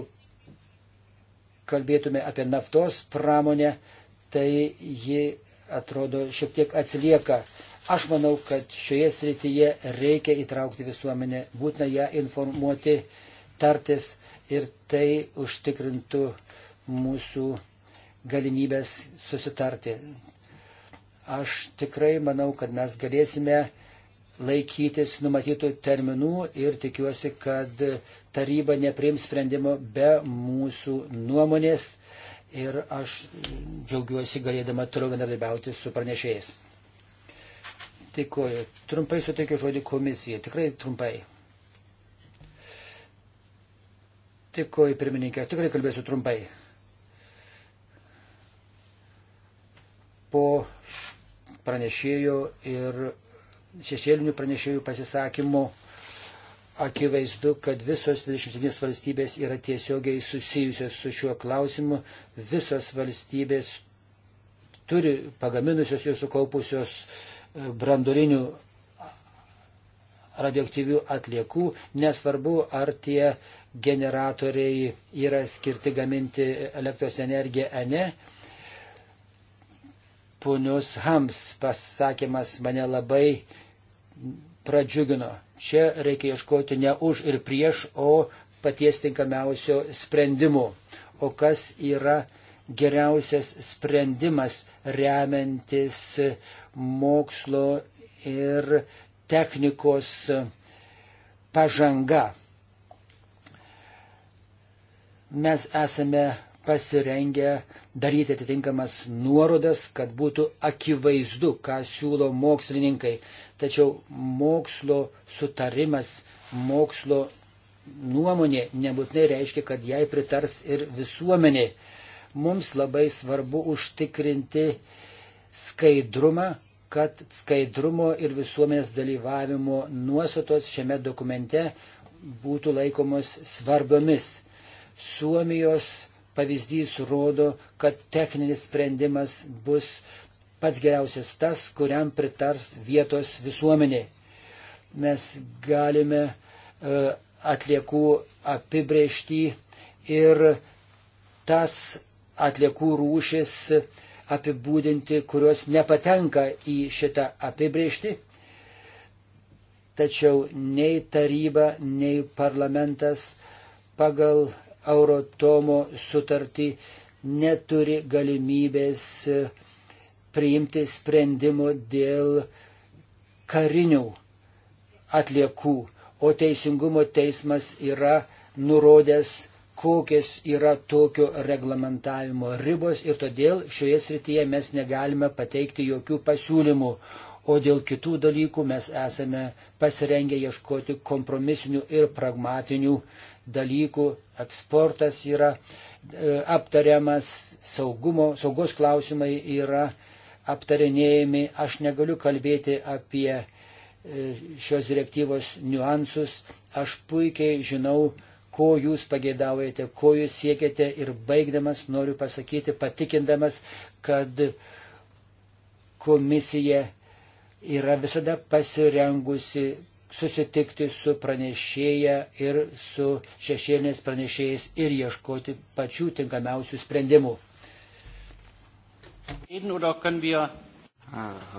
kalbėtume apie naftos pramonę, tai ji atrodo šiek tiek atsilieka. Aš manau, kad šioje srityje reikia įtraukti visuomenę, būtina ją informuoti, tartis ir tai užtikrintų mūsų galimybės susitarti. Aš tikrai manau, kad mes galėsime laikytis numatytų terminų ir tikiuosi, kad taryba neprims sprendimo be mūsų nuomonės ir aš džiaugiuosi galėdama toliau bendradarbiauti su pranešėjais. Tikuoju. Trumpai suteikiu žodį komisijai. Tikrai trumpai. Tikuoju, pirmininkė. Tikrai kalbėsiu trumpai. Po pranešėjo ir šešėlinių pranešėjų pasisakymų akivaizdu, kad visos 27 valstybės yra tiesiogiai susijusios su šiuo klausimu. Visos valstybės turi pagaminusios ir sukaupusios e, brandurinių radioaktyvių atliekų, nesvarbu, ar tie generatoriai yra skirti gaminti elektros energiją, ne ponios Hams pasakymas mane labai pradžiugino. Čia reikia ieškoti ne už ir prieš, o paties tinkamiausio sprendimo. O kas yra geriausias sprendimas remiantis mokslo ir technikos pažanga. Mes esame pasirengę daryti atitinkamas nuorodas, kad būtų akivaizdu, ką siūlo mokslininkai. Tačiau mokslo sutarimas, mokslo nuomonė nebūtinai reiškia, kad jai pritars ir visuomenė. Mums labai svarbu užtikrinti skaidrumą, kad skaidrumo ir visuomenės dalyvavimo nuostatos šiame dokumente būtų laikomos svarbiomis. Suomijos pavyzdys rodo, kad techninis sprendimas bus pats geriausias tas, kuriam pritars vietos visuomenė. Mes galime e, atliekų apibriežtį ir tas atliekų rūšis apibūdinti, kurios nepatenka į šitą apibriežtį. Tačiau nei taryba, nei parlamentas pagal Eurotomo sutartį, neturi galimybės e, priimti sprendimo dėl karinių atliekų, o Teisingumo teismas yra nurodęs, kokias yra tokio reglamentavimo ribos ir todėl šioje srityje mes negalime pateikti jokių pasiūlymų, o dėl kitų dalykų mes esame pasirengę ieškoti kompromisinių ir pragmatinių uh, dalykų, eksportas yra e, aptariamas, saugumo, saugos klausimai yra aptarinėjami. Aš negaliu kalbėti apie e, šios direktyvos niuansus. Aš puikiai žinau, ko jūs pageidaujate, ko jūs siekiate ir baigdamas noriu pasakyti, patikindamas, kad komisija yra visada pasirengusi susitikti su pranešėja ir su šešėlinės pranešėjais ir ieškoti pačių tinkamiausių sprendimų.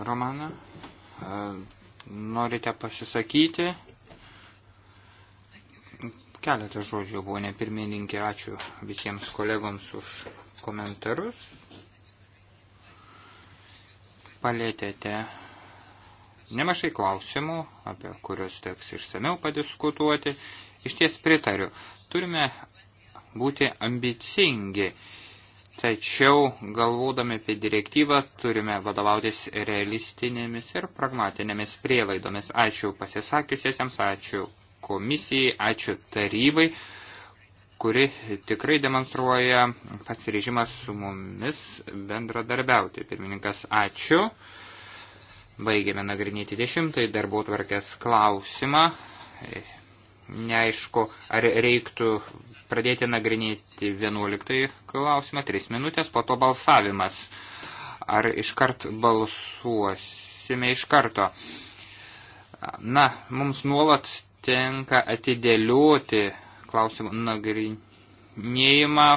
Romana, norite pasisakyti? Keletą žodžių buvo nepirmininkė, ačiū visiems kolegoms už komentarus. Palėtėte Nemažai klausimų, apie kuriuos teks išsameu padiskutuoti. Iš ties pritariu, turime būti ambicingi, tačiau galvodami apie direktyvą turime vadovautis realistinėmis ir pragmatinėmis prielaidomis. Ačiū pasisakiusiesiems, ačiū komisijai, ačiū tarybai kuri tikrai demonstruoja pasirežimą su mumis bendradarbiauti. Pirmininkas, ačiū. Baigėme nagrinėti dešimtai darbo tvarkės klausimą. Neaišku, ar reiktų pradėti nagrinėti vienuoliktai klausimą, tris minutės, po to balsavimas. Ar iškart balsuosime iš karto? Na, mums nuolat tenka atidėlioti klausimų nagrinėjimą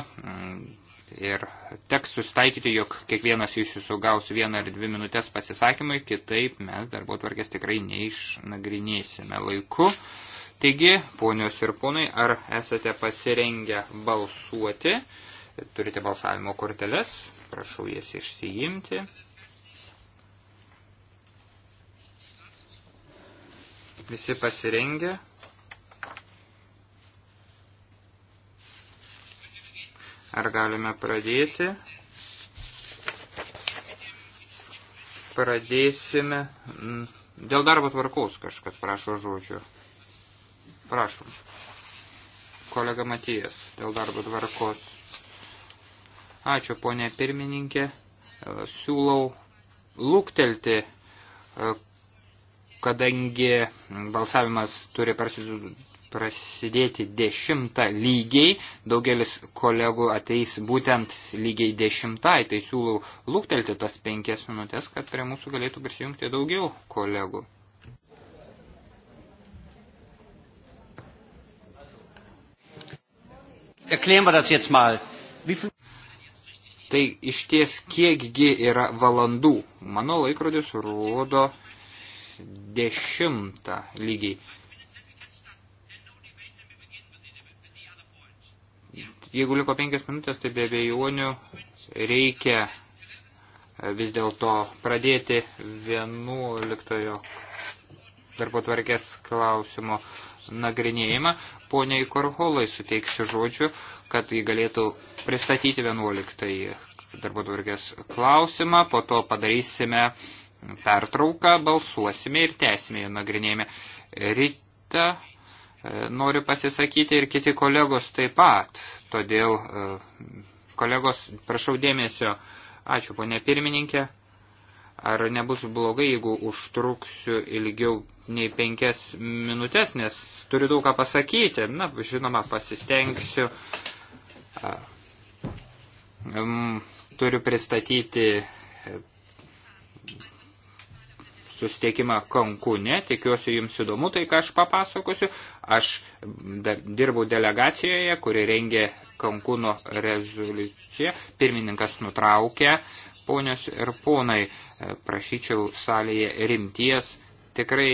ir teks sustaikyti, jog kiekvienas iš jūsų gaus vieną ar dvi minutės pasisakymui, kitaip mes darbo tvarkės tikrai neišnagrinėsime laiku. Taigi, ponios ir ponai, ar esate pasirengę balsuoti? Turite balsavimo korteles, prašau jas išsiimti. Visi pasirengę? Ar galime pradėti? Pradėsime. Mm, dėl darbo tvarkaus kažkas prašo žodžio. Prašom. Kolega Matijas, dėl darbo tvarkos. Ačiū, ponė pirmininkė. E, siūlau lūktelti, e, kadangi balsavimas turi prasidėti prasidėti 10 lygiai, daugelis kolegų ateis būtent lygiai 10, tai siūlau lūktelti tas 5 minutės, kad prie mūsų galėtų prisijungti daugiau kolegų. Erklären wir das jetzt mal. Wie viel Tai iš ties kiekgi yra valandų. Mano laikrodis rodo dešimtą lygiai. Jeigu liko penkias minutės, tai be abejonių reikia e, vis dėlto pradėti 11 darbo tvarkės klausimo nagrinėjimą. Poniai Korholai suteiksiu žodžiu, kad jį galėtų pristatyti 11 darbo tvarkės klausimą, po to padarysime pertrauką, balsuosime ir tęsime jį nagrinėjimą. Rita E, noriu pasisakyti ir kiti kolegos taip pat. Todėl, e, kolegos, prašau dėmesio. Ačiū, ponė pirmininkė. Ar nebus blogai, jeigu užtruksiu ilgiau nei penkias minutės, nes turiu daug ką pasakyti. Na, žinoma, pasistengsiu. Turiu pristatyti susitikimą Kankūne. Tikiuosi, jums įdomu tai, ką aš papasakosiu. Aš dar dirbau delegacijoje, kuri rengė Kankūno rezoliuciją. Pirmininkas nutraukė. Ponios ir ponai, prašyčiau salėje rimties. Tikrai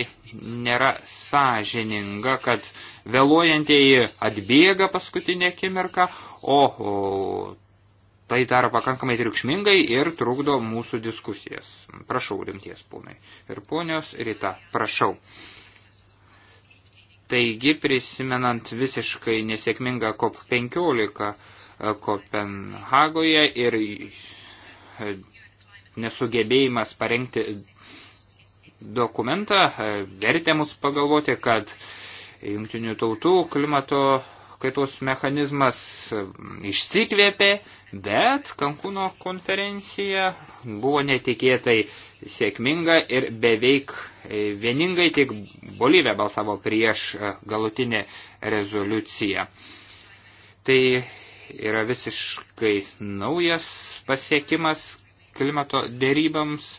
nėra sąžininga, kad vėluojantieji atbėga paskutinę akimirką, o, o tai daro pakankamai triukšmingai ir trukdo mūsų diskusijas. Prašau, rimties ponai. Ir ponios ryta, prašau. Taigi, prisimenant visiškai nesėkmingą COP15 e, Kopenhagoje ir e, nesugebėjimas parengti dokumentą, e, vertė mus pagalvoti, kad Jungtinių tautų klimato kaitos mechanizmas e, išsikvėpė, bet Kankūno konferencija buvo netikėtai sėkminga ir beveik e, vieningai tik Bolivija balsavo prieš e, galutinę rezoliuciją. Tai yra visiškai naujas pasiekimas klimato dėrybams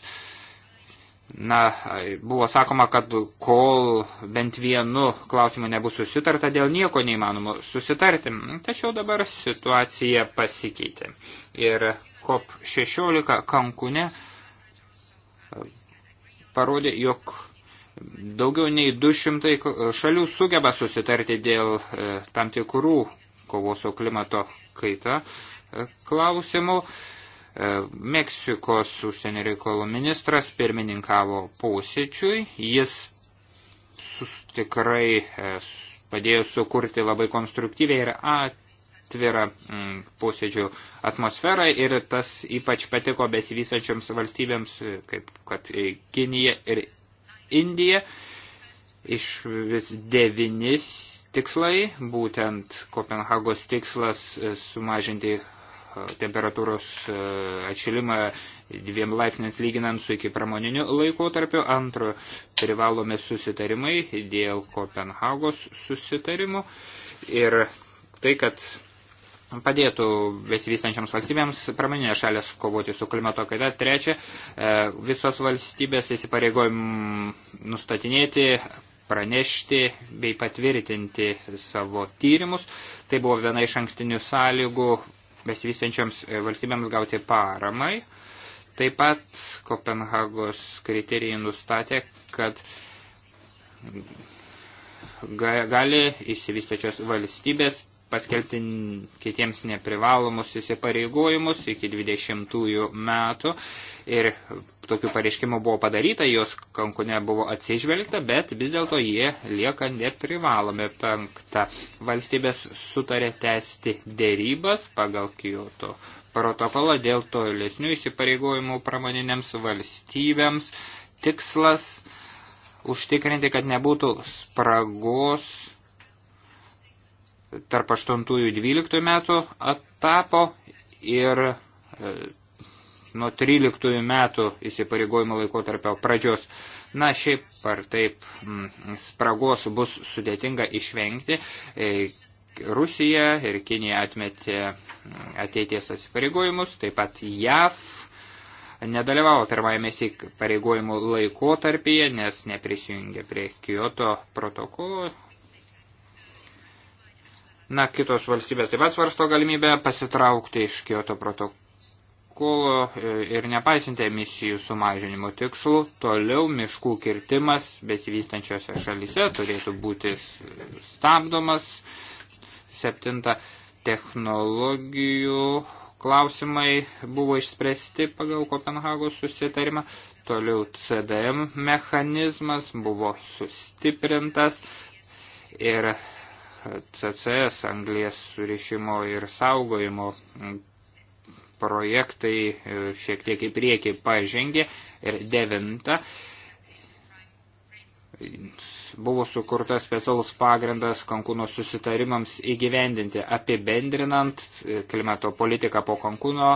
Na, buvo sakoma, kad kol bent vienu klausimu nebus susitarta, dėl nieko neįmanoma susitarti. Tačiau dabar situacija pasikeitė. Ir COP16 Kankune e, parodė, jog daugiau nei 200 šalių sugeba susitarti dėl e, tam tikrų kovos su klimato kaita e, klausimų. E, Meksikos užsienio reikalų ministras pirmininkavo posėčiui. Jis sus, tikrai e, padėjo sukurti labai konstruktyvę ir atvirą mm, posėdžių atmosferą ir tas ypač patiko besivystačioms valstybėms, e, kaip kad Kinija ir Indija. Iš vis devynis tikslai, būtent Kopenhagos tikslas sumažinti temperatūros e, atšilimą dviem laipsniams lyginant su iki pramoniniu laikotarpiu. Antro, privalome susitarimai dėl Kopenhagos susitarimų. Ir tai, kad padėtų besivystančiams valstybėms pramoninės šalės kovoti su klimato kaita. Trečia, e, visos valstybės įsipareigojim nustatinėti pranešti bei patvirtinti savo tyrimus. Tai buvo viena iš ankstinių sąlygų besivystančioms e, valstybėms gauti paramai. Taip pat Kopenhagos kriterijai nustatė, kad gali išsivystačios valstybės paskelbti kitiems neprivalomus įsipareigojimus iki 20 metų ir tokių pareiškimų buvo padaryta, jos kankune buvo atsižvelgta, bet vis dėlto jie lieka neprivalomi. Penkta, valstybės sutarė tęsti dėrybas pagal Kyoto protokolą dėl tolesnių įsipareigojimų pramoninėms valstybėms. Tikslas užtikrinti, kad nebūtų spragos tarp 8-12 metų etapo ir e, nuo 13 metų įsipareigojimo laikotarpio pradžios. Na, šiaip ar taip spragos bus sudėtinga išvengti. E, Rusija ir Kinija atmetė ateities atsipareigojimus, taip pat JAV nedalyvavo pirmajame pareigojimų laikotarpyje, nes neprisijungė prie Kyoto protokolo Na, kitos valstybės taip pat svarsto galimybę pasitraukti iš Kyoto protokolo e, ir nepaisinti emisijų sumažinimo tikslų. Toliau miškų kirtimas besivystančiose šalyse turėtų būti stabdomas. Septinta, technologijų klausimai buvo išspręsti pagal Kopenhagos susitarimą. Toliau CDM mechanizmas buvo sustiprintas ir CCS anglės surišimo ir saugojimo projektai e, šiek tiek į priekį pažengė ir devinta buvo sukurtas specialus pagrindas Kankūno susitarimams įgyvendinti apibendrinant e, klimato politiką po Kankūno.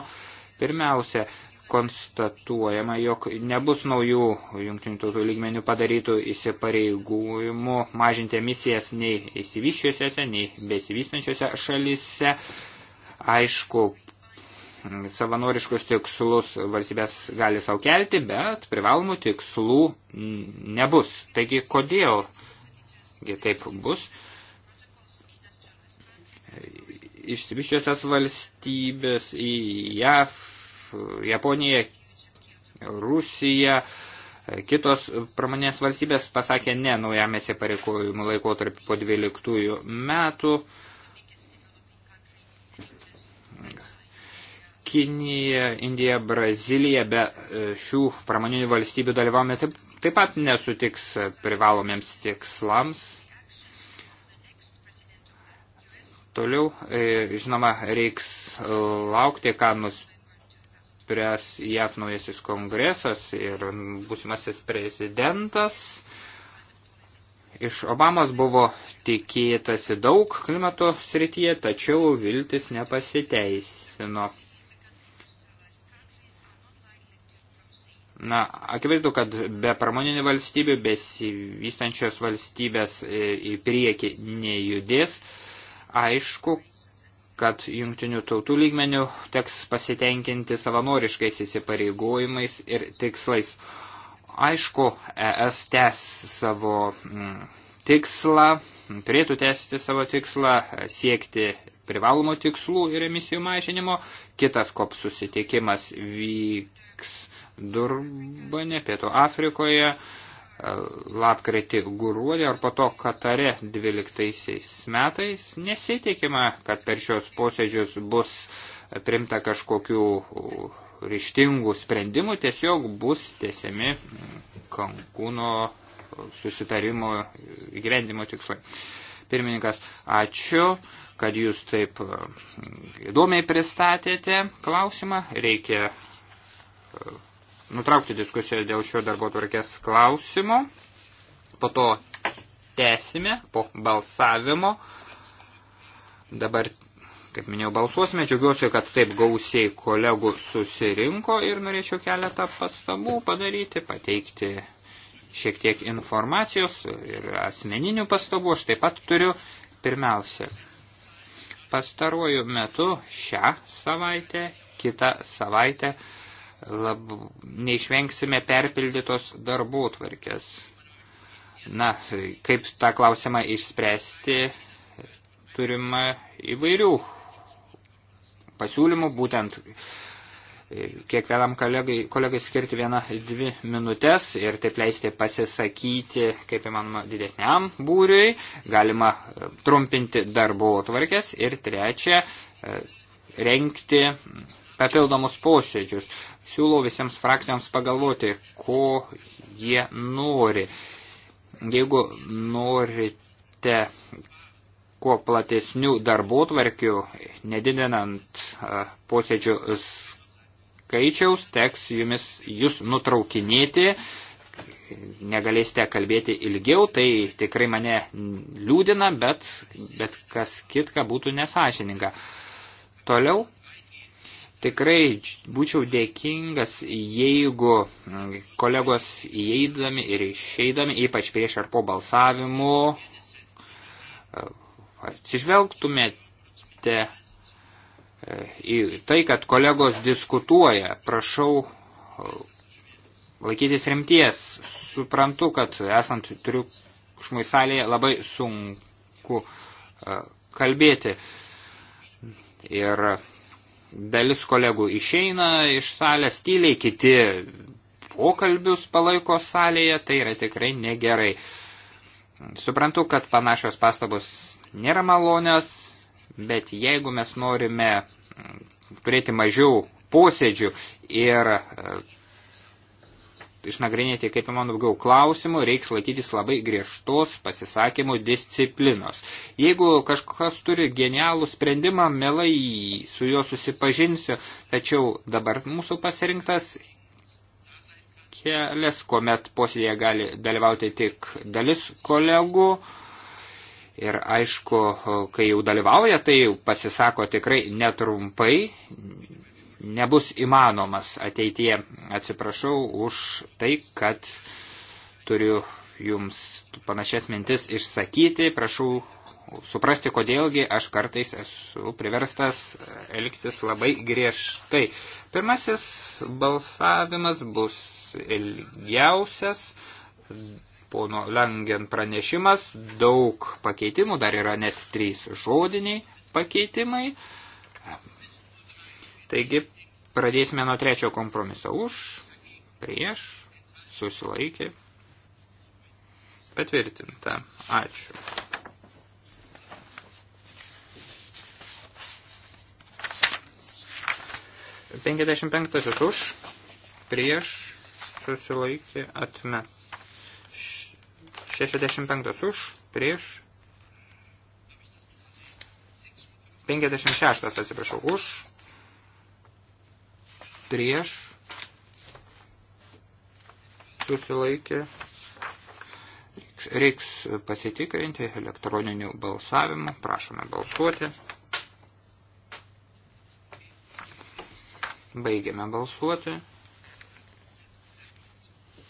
Pirmiausia, konstatuojama, jog nebus naujų jungtinių tautų lygmenių padarytų įsipareigojimų mažinti emisijas nei įsivyščiusiuose, nei besivystančiuose šalise. Aišku, savanoriškus tikslus valstybės gali savo kelti, bet privalomų tikslų nebus. Taigi, kodėl taip bus? Išsivyščiusios valstybės į JAV Japonija, Rusija, kitos pramonės valstybės pasakė ne naujam įsipareikojimų laikotarpį po 12 metų. Kinija, Indija, Brazilija be e, šių pramoninių valstybių dalyvavome taip, taip pat nesutiks privalomiems tikslams. Toliau, e, žinoma, reiks laukti, ką nus spręs JAF naujasis kongresas ir būsimasis prezidentas. Iš Obamos buvo tikėtasi daug klimato srityje, tačiau viltis nepasiteisino. Na, akivaizdu, kad be pramoninių valstybių, besivystančios valstybės e, į priekį nejudės. Aišku, kad jungtinių tautų lygmenių teks pasitenkinti savanoriškais įsipareigojimais ir tikslais. Aišku, ES tęs savo mm, tikslą, turėtų tęsti savo tikslą, siekti privalomų tikslų ir emisijų mažinimo. Kitas kop susitikimas vyks Durbane, Pietų Afrikoje lapkritį gruodį ar po to Katare 12 metais. Nesiteikima, kad per šios posėdžius bus primta kažkokių ryštingų sprendimų, tiesiog bus tiesiami Kankūno susitarimo įgyvendimo tikslai. Pirmininkas, ačiū, kad jūs taip e, įdomiai pristatėte klausimą. Reikia e, nutraukti diskusiją dėl šio darbo tvarkės klausimo. Po to tęsime po balsavimo. Dabar, kaip minėjau, balsuosime. Džiaugiuosi, kad taip gausiai kolegų susirinko ir norėčiau keletą pastabų padaryti, pateikti šiek tiek informacijos ir asmeninių pastabų. Aš taip pat turiu pirmiausia. Pastaruoju metu šią savaitę, kitą savaitę lab, neišvengsime perpildytos darbų tvarkės. Na, kaip tą klausimą išspręsti, turime įvairių pasiūlymų, būtent e, kiekvienam kolegai, kolegai skirti vieną, dvi minutės ir taip leisti pasisakyti, kaip įmanoma, didesniam būriui, galima e, trumpinti darbo tvarkės ir trečia, e, renkti papildomus posėdžius. Siūlau visiems frakcijoms pagalvoti, ko jie nori. Jeigu norite kuo platesnių darbų tvarkių, nedidinant posėdžių skaičiaus, teks jumis, jūs nutraukinėti, negalėsite kalbėti ilgiau, tai tikrai mane liūdina, bet, bet kas kitka būtų nesažininga. Toliau Tikrai būčiau dėkingas, jeigu kolegos įeidami ir išeidami, ypač prieš ar po balsavimu, e, atsižvelgtumėte e, į tai, kad kolegos diskutuoja. Prašau e, laikytis rimties. Suprantu, kad esant triukšmui salėje labai sunku kalbėti. Ir Dalis kolegų išeina iš salės tyliai, kiti pokalbius palaiko salėje, tai yra tikrai negerai. Suprantu, kad panašios pastabos nėra malonios, bet jeigu mes norime turėti mažiau posėdžių ir išnagrinėti kaip įmanoma daugiau klausimų, reiks laikytis labai griežtos pasisakymų disciplinos. Jeigu kažkas turi genialų sprendimą, melai su juo susipažinsiu, tačiau dabar mūsų pasirinktas kelias, kuomet posėdėje gali dalyvauti tik dalis kolegų. Ir aišku, kai jau dalyvauja, tai jau pasisako tikrai netrumpai, nebus įmanomas ateityje. Atsiprašau už tai, kad turiu jums panašias mintis išsakyti. Prašau suprasti, kodėlgi aš kartais esu priverstas elgtis labai griežtai. Pirmasis balsavimas bus ilgiausias. Pono Langen pranešimas, daug pakeitimų, dar yra net trys žodiniai pakeitimai. Taigi, pradėsime nuo trečio kompromiso už, prieš, susilaikė, patvirtinta. Ačiū. Penkiasdešimt penktasis už, prieš, susilaikė, atmet. 65 už, prieš. 56 atsiprašau, už, prieš susilaikė. Reiks pasitikrinti elektroninių balsavimų. Prašome balsuoti. Baigiame balsuoti.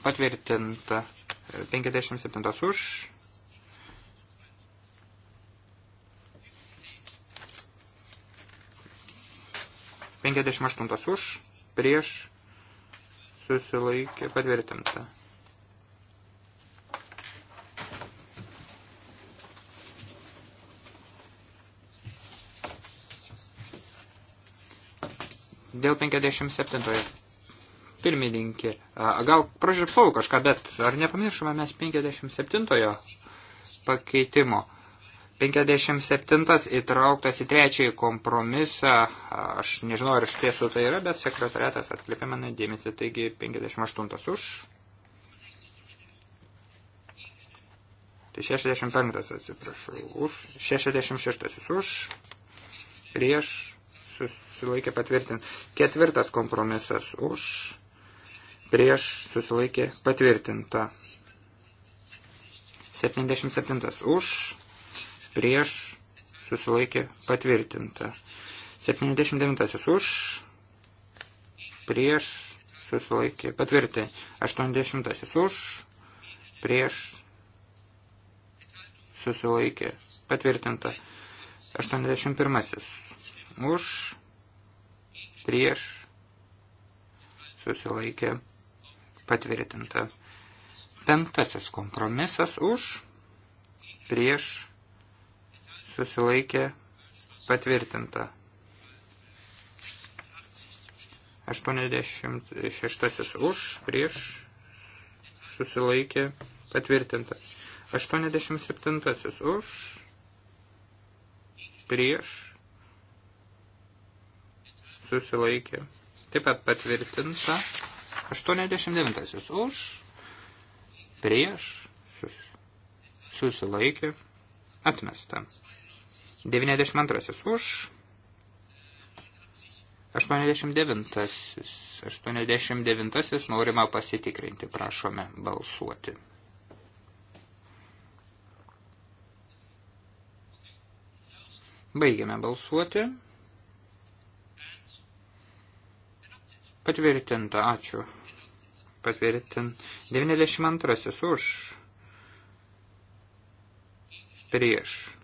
Patvirtinta 57 už. Penkiasdešimt aštuntas už prieš susilaikė patvirtinta. Dėl 57-ojo. Pirmininkė, gal pražiūrėjau kažką, bet ar nepamiršome mes 57-ojo pakeitimo? 57 įtrauktas į trečiąjį kompromisą, aš nežinau, ar iš tiesų tai yra, bet sekretariatas atkreipė mano dėmesį, taigi 58 už. Tai 65 atsiprašau, už, 66 už, prieš, susilaikė patvirtinti. Ketvirtas kompromisas už, prieš, susilaikė patvirtinta. 77 už prieš, susilaikė patvirtinta. 79 už, prieš, susilaikė patvirtinta. 80 už, prieš, susilaikė patvirtinta. 81 už, prieš, susilaikė patvirtinta. Penktasis kompromisas už, prieš, susilaikė patvirtinta. 86 už, prieš, susilaikė, patvirtinta. 87 už, prieš, susilaikė, taip pat patvirtinta. 89 už, prieš, susilaikė, atmesta. 92 už, 89. 89 norima pasitikrinti, prašome balsuoti. Baigiame balsuoti. Patvirtinta, ačiū. Patvirtin. 92 už. Prieš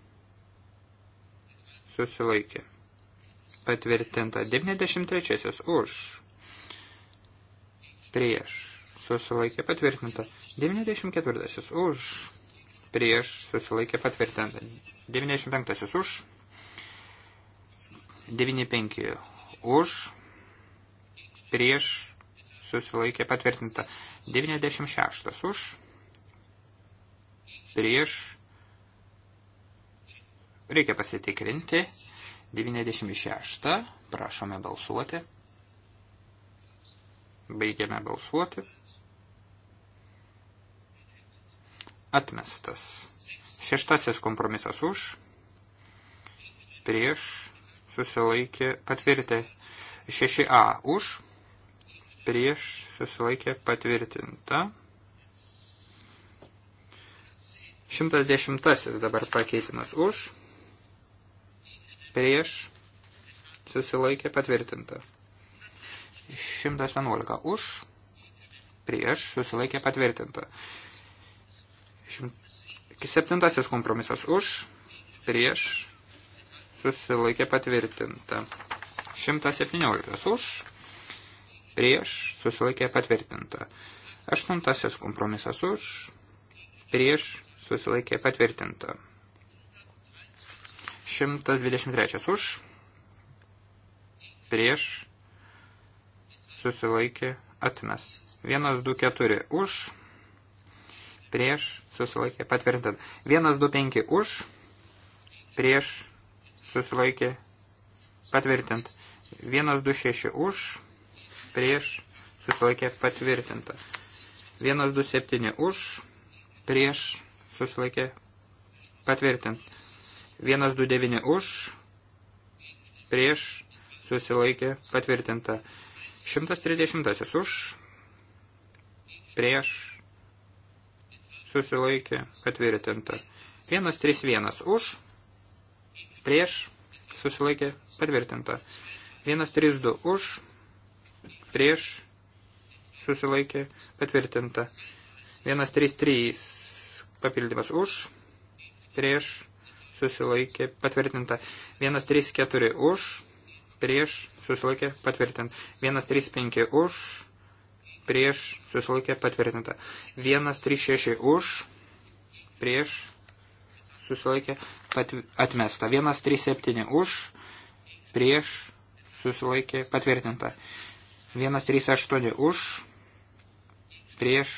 susilaikė. Patvirtinta 93 už, prieš, susilaikė patvirtinta 94 už, prieš, susilaikė patvirtinta 95 už, 95 už, prieš, susilaikė patvirtinta 96 už, prieš, Reikia pasitikrinti. 96. Prašome balsuoti. Baigiame balsuoti. Atmestas. Šeštasis kompromisas už. Prieš. Susilaikė. Patvirtė. 6A už. Prieš. Susilaikė. Patvirtinta. 110 dabar pakeitimas už prieš susilaikė patvirtinta. 111 už, prieš susilaikė patvirtinta. 7 kompromisas už, prieš susilaikė patvirtinta. 117 už, prieš susilaikė patvirtinta. 8 kompromisas už, prieš susilaikė patvirtinta. 123 už, prieš, susilaikė, atmes. 1, 2, 4 už, prieš, susilaikė, patvirtinta. 1, 2, 5 už, prieš, susilaikė, patvirtint. 1, 2, 6 už, prieš, susilaikė, patvirtinta. 1, 2, 7 už, prieš, susilaikė, patvirtinta. 129 už, prieš, susilaikė, patvirtinta. 130 už, prieš, susilaikė, patvirtinta. 131 už, prieš, susilaikė, patvirtinta. 132 už, prieš, susilaikė, patvirtinta. 133 papildymas už, prieš, susilaikė patvirtinta. 134 už, prieš susilaikė patvirtinta. 135 už, prieš susilaikė patvirtinta. 136 už, prieš susilaikė atmesta. 137 už, prieš susilaikė patvirtinta. 138 už, prieš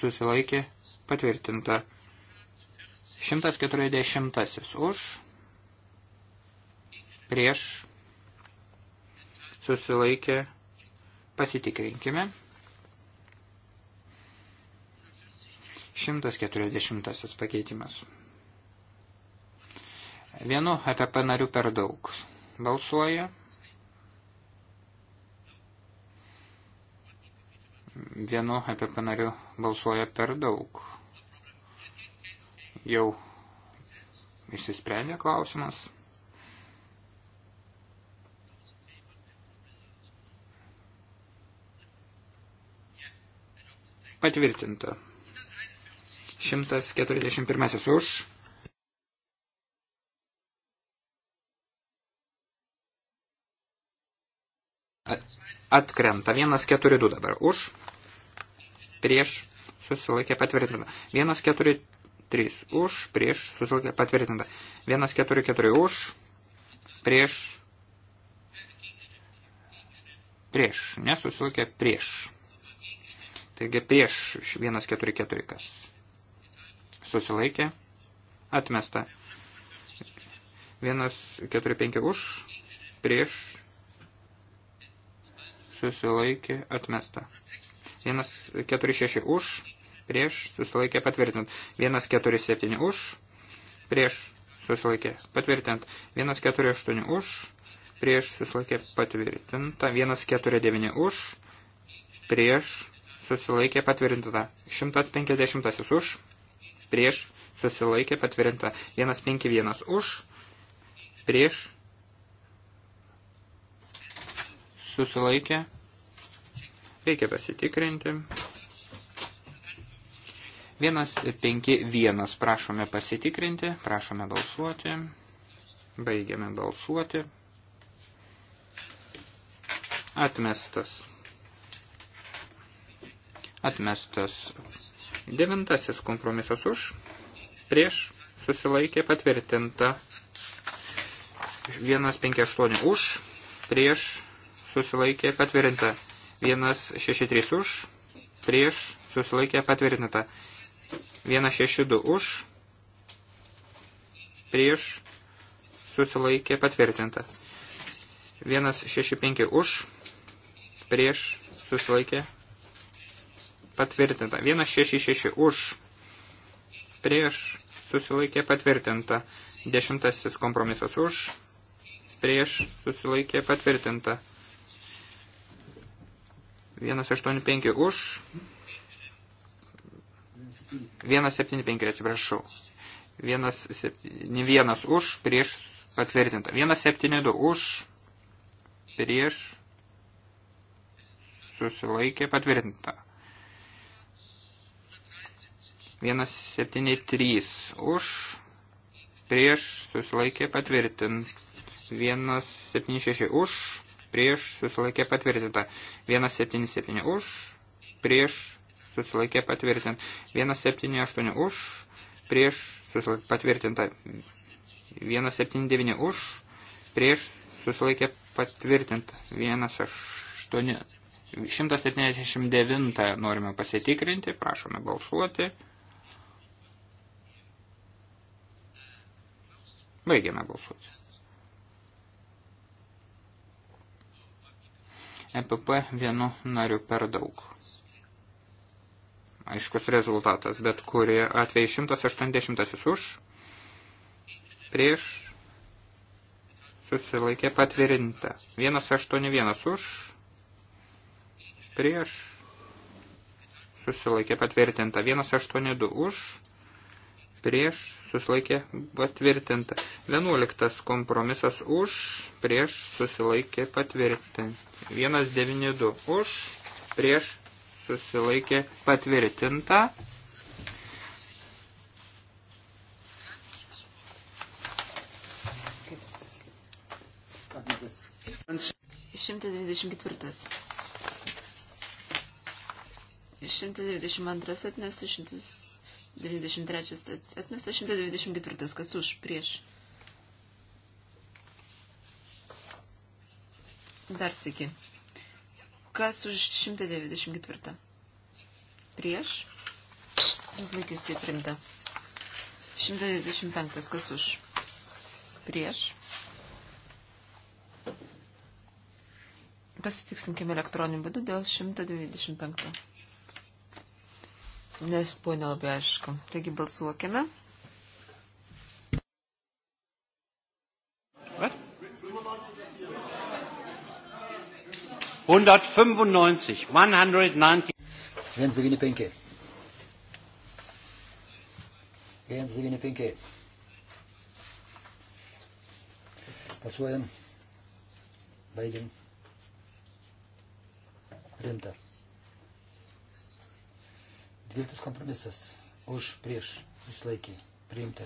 susilaikė patvirtinta. 140 už, prieš, susilaikė, pasitikrinkime. 140 pakeitimas. Vienu EPP nariu per daug. Balsuoja. Vienu EPP nariu balsuoja per daug jau išsisprendė klausimas. Patvirtinta. 141 už. Atkrenta. 142 dabar už. Prieš. Susilaikė patvirtinta. 142 3 už, prieš, susilaikė patvirtinta. 144 už, prieš, prieš, nesusilaikė prieš. Taigi prieš 144 kas. Susilaikė, atmesta. 145 už, prieš, susilaikė, atmesta. 146 už, prieš susilaikė patvirtint. 147 už, prieš susilaikė patvirtint. 148 už, prieš susilaikė patvirtinta. 149 už, prieš susilaikė patvirtinta. 150 už, prieš susilaikė patvirtinta. 151 už, prieš susilaikė. Reikia pasitikrinti. 151 prašome pasitikrinti, prašome balsuoti, baigiame balsuoti. Atmestas. Atmestas. Devintasis kompromisas už, prieš, susilaikė patvirtinta. 158 už, prieš, susilaikė patvirtinta. 163 už, prieš, susilaikė patvirtinta. 162 už, prieš, susilaikė patvirtinta. 165 už, prieš, susilaikė patvirtinta. 166 už, prieš, susilaikė patvirtinta. Dešimtasis kompromisas už, prieš, susilaikė patvirtinta. 185 už, 175, atsiprašau. 171 už, prieš patvirtinta. 172 už, prieš susilaikė patvirtinta. 173 už, prieš susilaikė patvirtinta. 176 už, prieš susilaikė patvirtinta. 177 už, prieš susilaikė patvirtinta. 178 už, prieš susilaikė patvirtinta. 179 už, prieš susilaikė patvirtinta. 18, 179 norime pasitikrinti, prašome balsuoti. Baigiame balsuoti. EPP vienu nariu per daug aiškus rezultatas, bet kuri atveju 180 už, prieš, susilaikė patvirinta. 181 už, prieš, susilaikė patvirtinta. 182 už, prieš, susilaikė patvirtinta. 11 kompromisas už, prieš, susilaikė patvirtinta. 192 už, prieš, susilaikė patvirtinta. Šimtas dvidešimt ketvirtas. 122 atmesa, 123 atmesa, 124. Kas už prieš? Dar sėki. Kas už 194? Prieš. Susilaikiusiai primta. 125. Kas už? Prieš. Pasitikslinkime elektroniniu būdu dėl 125. Nes buvo nelabai aišku. Taigi balsuokime. 195. 195. 195. 195. Pasuojam. Baigiam. Rimta. Dviltas kompromisas. Už prieš. Išlaikė. Priimta.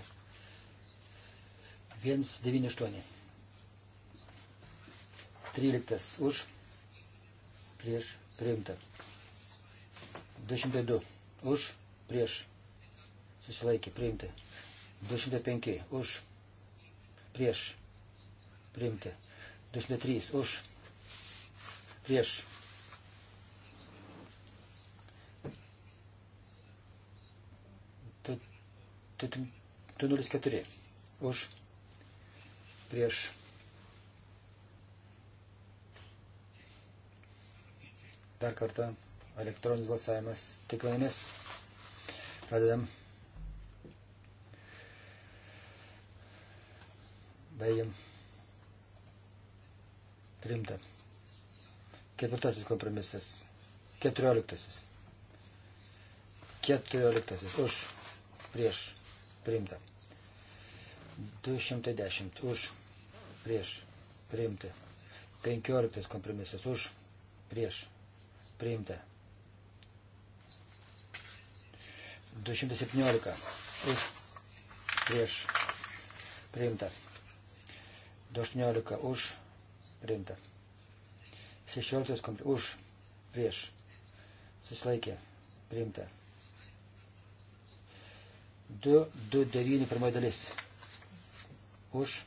198. 13. Už prieš priimta. 202 už prieš susilaikė priimta. 205 už prieš priimta. 203 už prieš Tu, tu, tu 04 už prieš Dar kartą elektroninis balsavimas tiklainis. Pradedam. Baigiam. Rimta. Ketvirtasis kompromisas. Keturioliktasis. Keturioliktasis. Už. Prieš. Priimta. 210. Už. Prieš. Priimta. 15 kompromisas. Už. Prieš priimta. 217 už prieš priimta. 218 už priimta. 16 už prieš susilaikė priimta. 229 pirmoji dalis už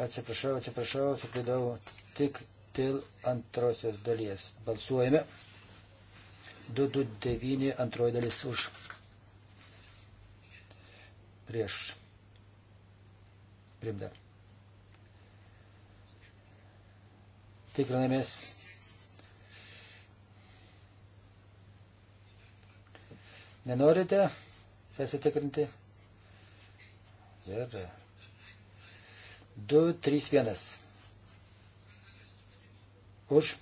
Atsiprašau, atsiprašau, suklydau tik dėl antrosios dalies. Balsuojame. 229 antroji dalis už. Prieš. Primda. Tikrinamės. Nenorite pasitikrinti? Gerai. 2, 3, 1. Už,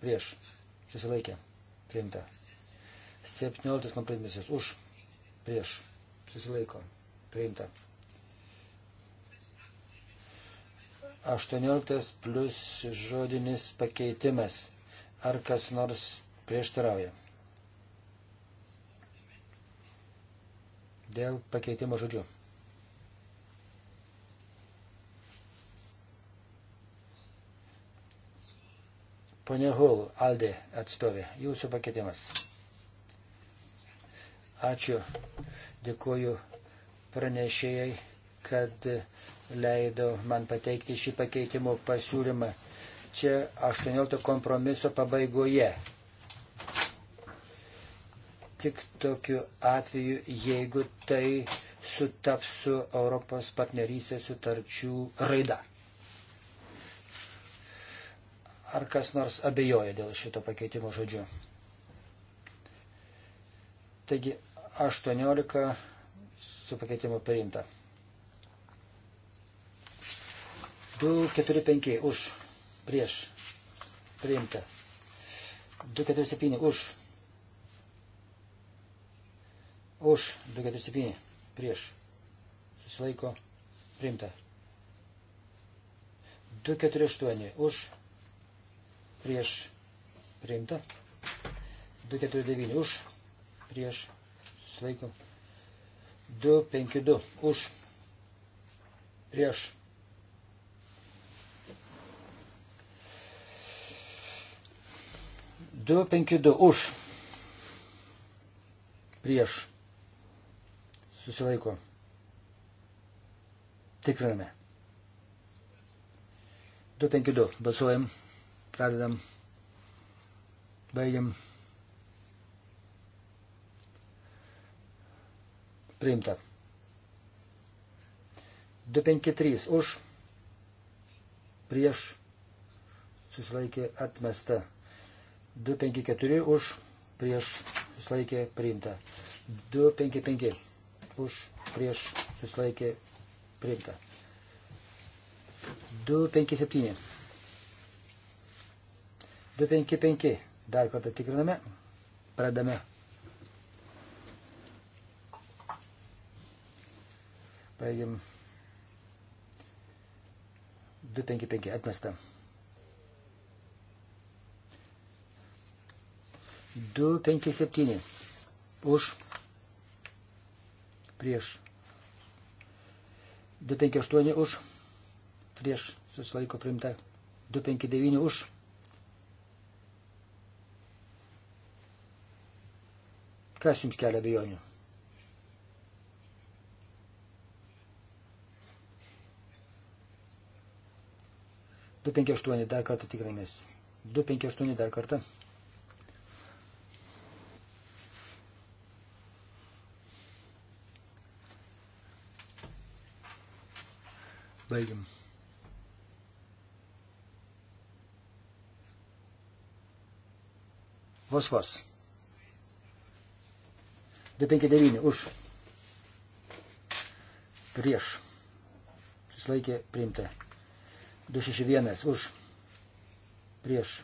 prieš, susilaikė, priimta. 17 kompromisas, už, prieš, susilaiko, priimta. 18 plus žodinis pakeitimas. Ar kas nors prieštarauja? Dėl pakeitimo žodžių. Pone Hul, Aldė atstovė, jūsų pakeitimas. Ačiū. Dėkuoju pranešėjai, kad leido man pateikti šį pakeitimo pasiūlymą. Čia 18 kompromiso pabaigoje. Tik tokiu atveju, jeigu tai sutaps su Europos partnerysės sutarčių raida. Ar kas nors abejoja dėl šito pakeitimo žodžiu? Taigi 18 su pakeitimu priimta. 2, 4, 5 už, prieš, priimta. 2, 4, 7 už, už, 2, 4, 7 prieš, susilaiko, priimta. 2, 4, 8 už, prieš prieš priimta. 249 už prieš sulaiko. 252 už prieš. Du penki du už prieš susilaiko. Tikriname. 252 balsuojam. Pradedam. Baigiam. Priimta. 253 už. Prieš. Susilaikė atmesta. 254 už. Prieš. Susilaikė priimta. 255 už. Prieš. Susilaikė priimta. 257 255. Dar kartą tikriname. Pradame. Baigiam. 255 atmesta. 257 už prieš. 258 už prieš susilaiko primta. 259 už Kas jums kelia bejonių? Du penki aštuoni dar kartą tikrinamės. Du penki aštuoni dar kartą. Baigim. Vos vos. 259 už. Prieš. Susilaikė priimta. 261 už. Prieš.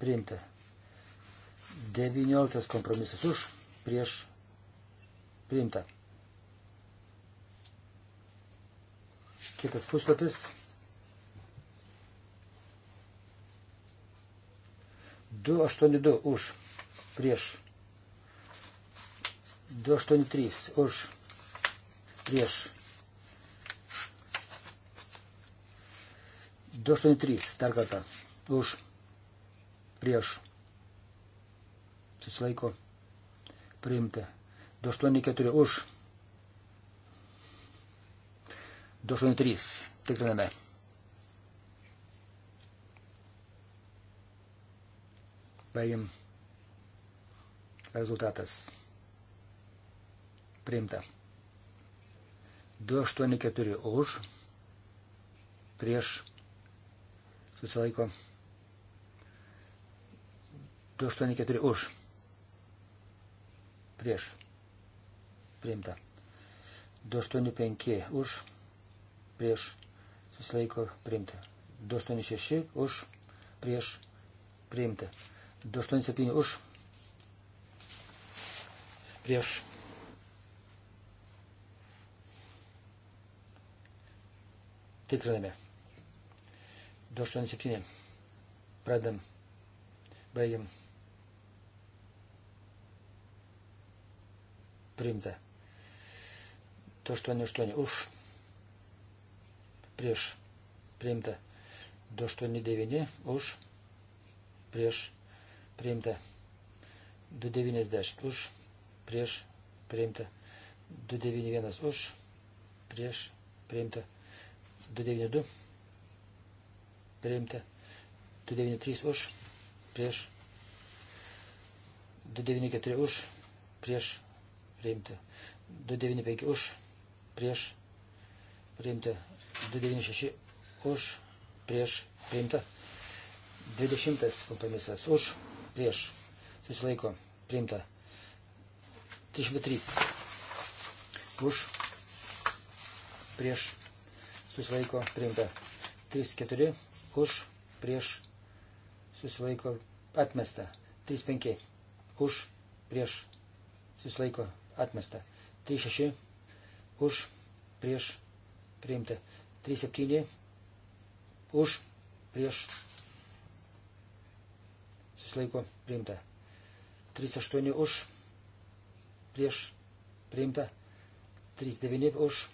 Priimta. 19 kompromisas už. Prieš. Priimta. Kitas puslapis. 282 už prieš 283 už prieš. 283 dar kartą už prieš. Susilaiko priimta. 284 už. 283 tikriname. Baigiam rezultatas. Priimta. 284 už. Prieš. Susilaiko. 284 už. Prieš. Priimta. 285 už. Prieš. Susilaiko. Priimta. 286 už. Prieš. Priimta. 287 už. Prieš Tikriname. 287. Pradam. Baigiam. Priimta. 288. Už. Prieš. Priimta. 289. Už. Prieš. Priimta. 290. Už. Prieš. Priimta. 291. Už. Prieš. Priimta. 292 priimta, 293 už, prieš, 294 už, prieš, priimta, 295 už, prieš, priimta, 296 už, prieš, priimta, 20 kompromisas už, prieš, susilaiko, priimta, 303 už, prieš, susilaiko priimta. 3-4 už prieš susilaiko atmesta. 3-5 už prieš susilaiko atmesta. 3-6 už prieš priimta. 3-7 už prieš susilaiko priimta. 3-8 už prieš priimta. 3-9 už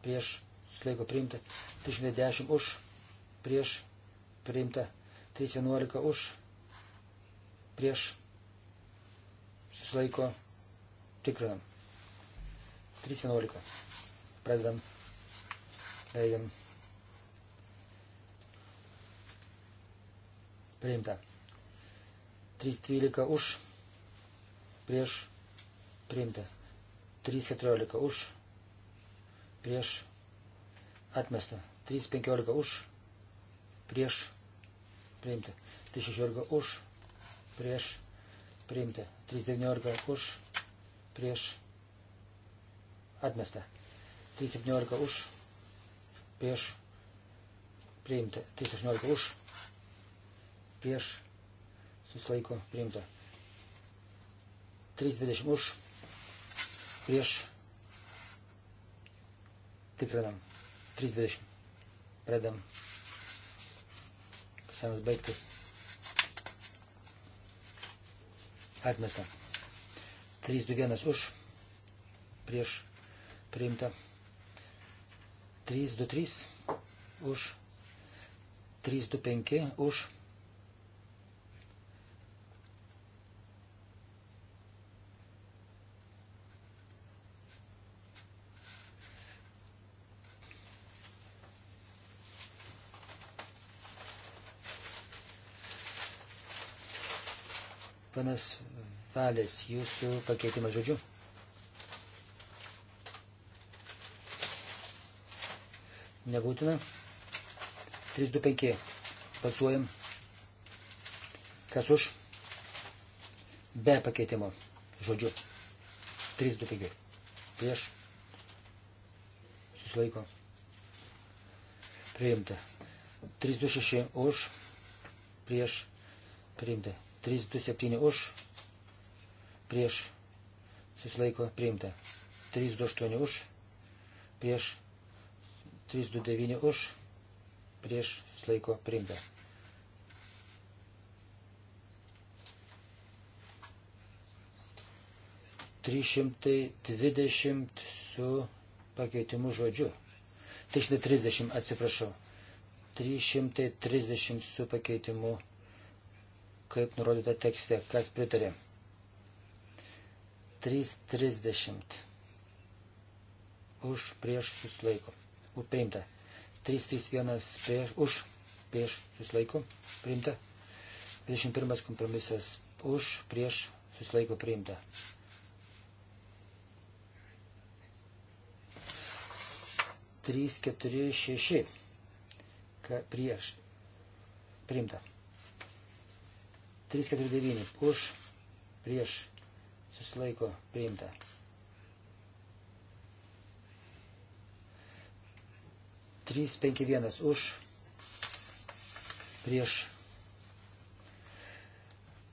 prieš priimta susilaiko priimta, 310 už, prieš priimta, 311 už, prieš susilaiko tikrinam. 311. Pradedam. Baigiam. Priimta. 3.12 už, prieš, priimta. 3.14 už, prieš, Atmesta. 3.15 už. Prieš. Priimti. 3.16 už. Prieš. Priimti. 3.19 už. Prieš. Atmesta. 3.17 už. Prieš. Priimti. 3.18 už. Prieš. Susilaiko. Priimti. 3.20 už. Prieš. Tikrinam. 30. Pradam. Pasavimas baigtas. Atmesta. 321 už. Prieš. Priimta. 323 už. 325 už Ponas Valės, jūsų pakeitimas žodžiu. Nebūtina. 325. Pasuojam. Kas už? Be pakeitimo. Žodžiu. 325. Prieš. Susilaiko. Priimta. 326 už. Prieš. Priimta. 327 už, prieš susilaiko priimta. 328 už, prieš 329 už, prieš susilaiko priimta. Trys šimtai dvidešimt su pakeitimu žodžiu. 330, atsiprašau. 330 su pakeitimu žodžiu kaip nurodyta tekste. Kas pritarė? 3.30. Už prieš susilaiko. Už priimta. 3.31 prieš, už prieš susilaiko. Priimta. 21 kompromisas už prieš susilaiko priimta. Trys, keturi, šeši. Ka, prieš. Priimta. 349 už prieš susilaiko priimta. Trys penki vienas už prieš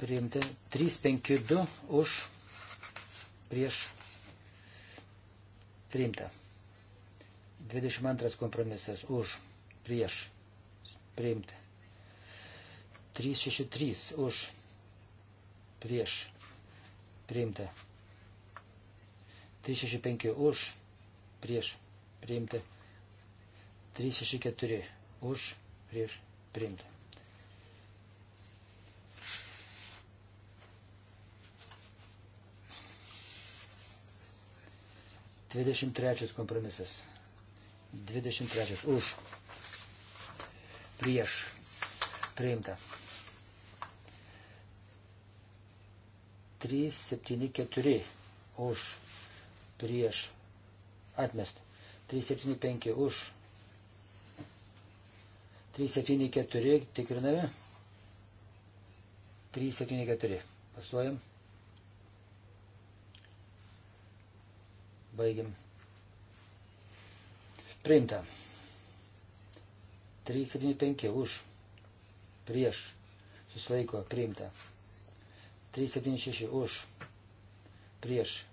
priimta. Trys penki du už prieš priimta. 22 kompromisas už prieš priimta. 363 už prieš priimta. 365 už prieš priimta. 364 už prieš priimta. Dvidešimt trečias kompromisas. Dvidešimt trečias už prieš priimta. 374 už prieš atmestą. 375 už. 374 tikriname. 374. Pasuojam. Baigiam. Priimta. 375 už. Prieš. Susilaiko. Priimta. 376 už. Prieš.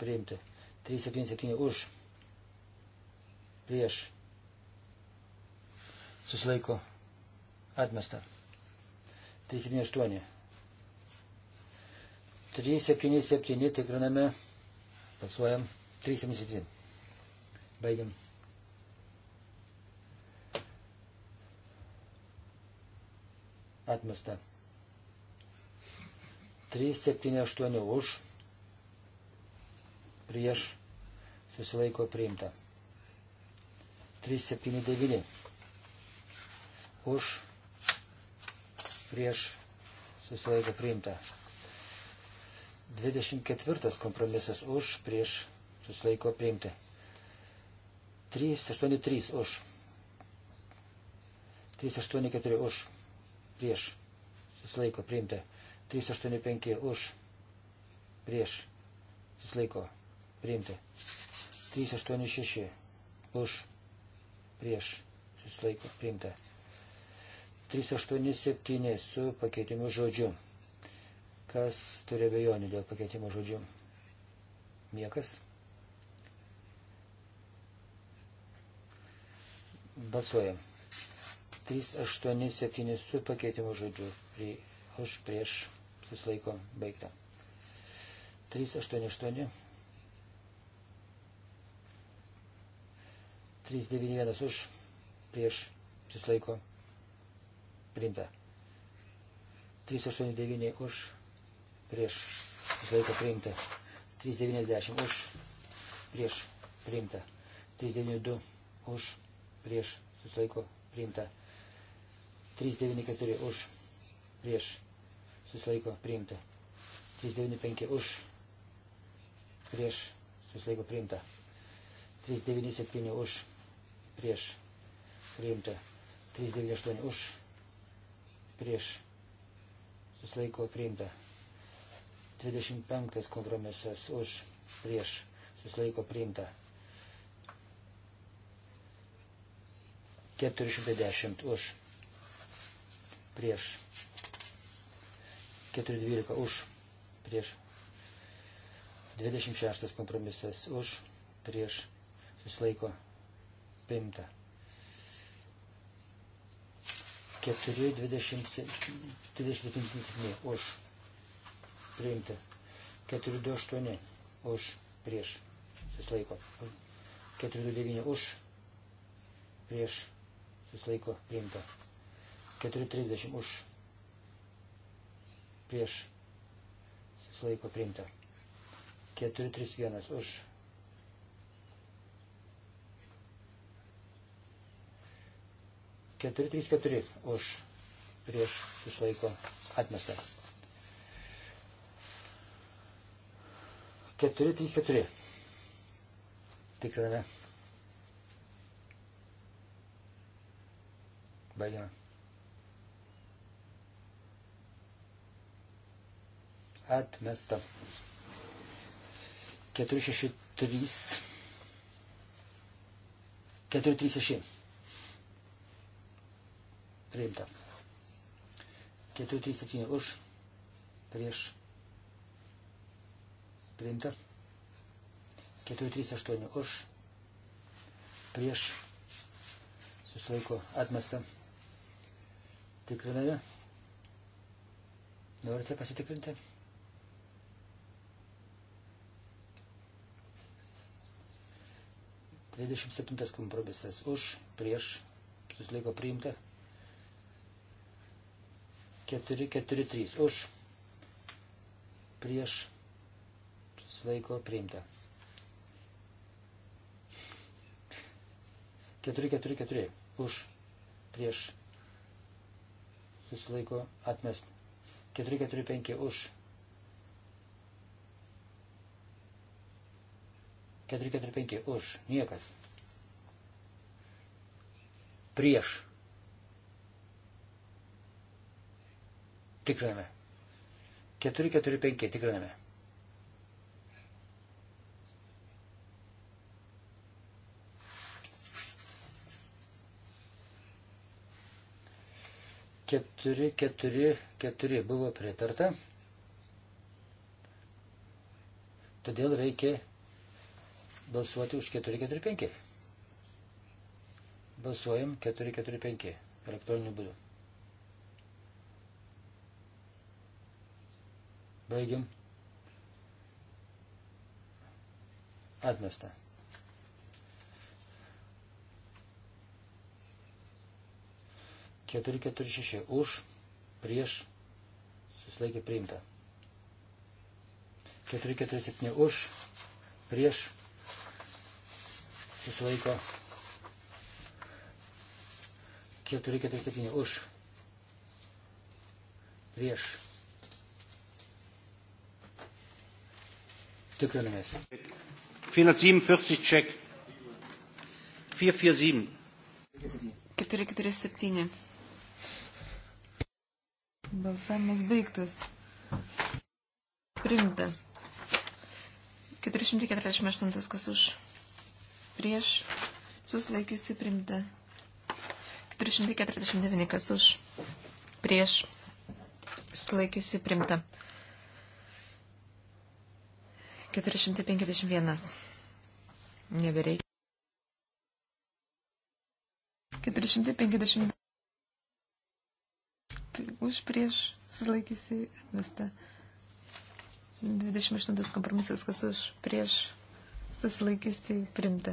Priimti. 377 už. Prieš. Susilaiko. Atmesta. 378. 377 tikriname. Balsuojam. 377. Baigiam. Atmesta. 378 už, prieš susilaiko priimta. 379 už, prieš susilaiko priimta. 24 kompromisas už, prieš susilaiko priimti. 383 už. 384 už. Prieš. Susilaiko priimti. 385 už, prieš, susilaiko, priimti. 386 už, prieš, susilaiko, priimta. 387 su pakeitimu žodžiu. Kas turi abejonių dėl pakeitimo žodžių? Niekas. Balsuojam. 387 su pakeitimo žodžiu. Pri, už prieš susilaiko baigta. 388. 391 už prieš susilaiko priimta. 389 už prieš susilaiko priimta. 390 už prieš priimta. 392 už prieš susilaiko priimta. 394 už prieš susilaiko priimta. 395 už prieš susilaiko priimta. 397 už prieš priimta. 398 už prieš susilaiko priimta. 25 kompromisas už prieš susilaiko priimta. 410 už prieš 412 už prieš. 26 kompromisas už prieš susilaiko paimta. 427 už priimta. 428 už prieš susilaiko. 429 už prieš susilaiko priimta. 430 už prieš susilaiko priimta. 431 už. Keturi, trys, keturi už prieš susilaiko atmestą. Keturi, trys, keturi. Tikriname. Baigiame. atmesta. 463. 436. Priimta. 437 už. Prieš. Priimta. 438 už. Prieš. Susilaiko atmesta. Tikriname. Norite pasitikrinti? 27 kompromisas už, prieš, susilaiko priimta. 4, 4, 3 už, prieš, susilaiko priimta. 4, 4, 4 už, prieš, susilaiko atmest. 4, 4, 5 už, 445 už. Niekas. Prieš. Tikriname. 445 tikriname. Keturi, keturi, keturi buvo pritarta. Todėl reikia balsuoti už 445. Balsuojam 445 elektroniniu būdu. Baigiam. Atmesta. Keturi, keturi, šeši. Už, prieš, susilaikė priimta. Keturi, keturi, septyni. Už, prieš, susilaiko 447 už, prieš. Tikrinamės. 447 check. 447. 447. Balsavimas baigtas. Primta. 448 kas už prieš susilaikiusi primta. 449 kas už prieš susilaikiusi primta. 451. Nebereikia. 450 tai už prieš sulaikysi atmesta. 28 kompromisas, kas už prieš susilaikysi tai primta.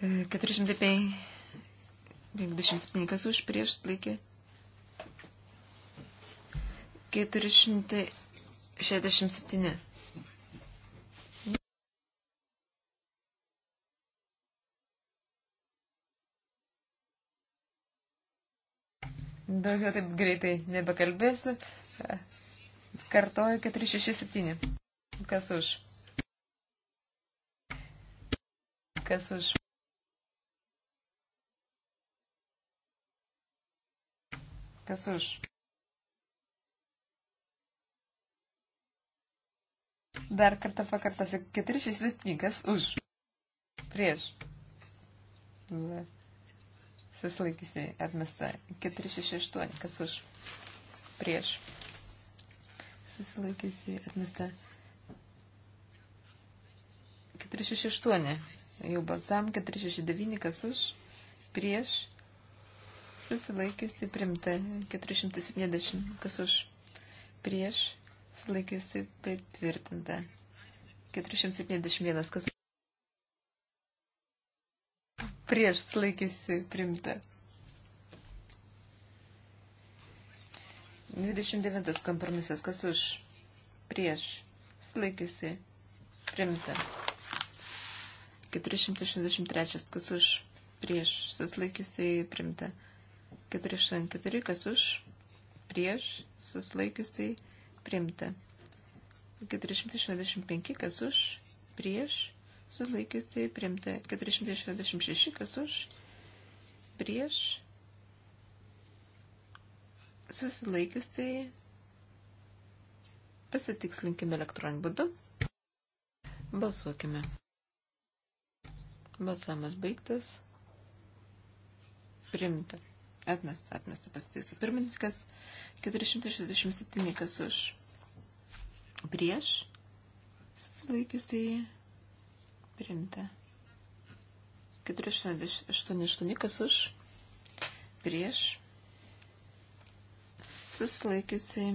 457 e, kas už prieš laikė. 467. Daugiau taip greitai nebekalbėsiu. Kartoju 467. Kas už? Kas už? Kas už? Dar kartą pakartosiu. 467. Kas už? Prieš. Susilaikysiai atmesta. 468. Kas už? Prieš susilaikiusi atmesta. 468. Jau balsam 469, kas už, prieš, susilaikiusi primta 470, kas už, prieš, susilaikiusi patvirtinta 471, kas už, prieš, susilaikiusi primta 29 kompromisas. Kas už? Prieš. Slaikiusi. Primta. 463. Kas už? Prieš. Suslaikiusiai. Primta. 464. Kas už? Prieš. Suslaikiusiai. Primta. 465. Kas už? Prieš. Suslaikiusiai. Primta. 466. Kas už? Prieš susilaikius tai pasitikslinkime elektroniniu būdu. Balsuokime. Balsavimas baigtas. Primta. Atmesta, atmesta pasitaiso. Pirmininkas 467, kas už. Prieš. Susilaikius tai primta. 488, kas už. Prieš susilaikiusiai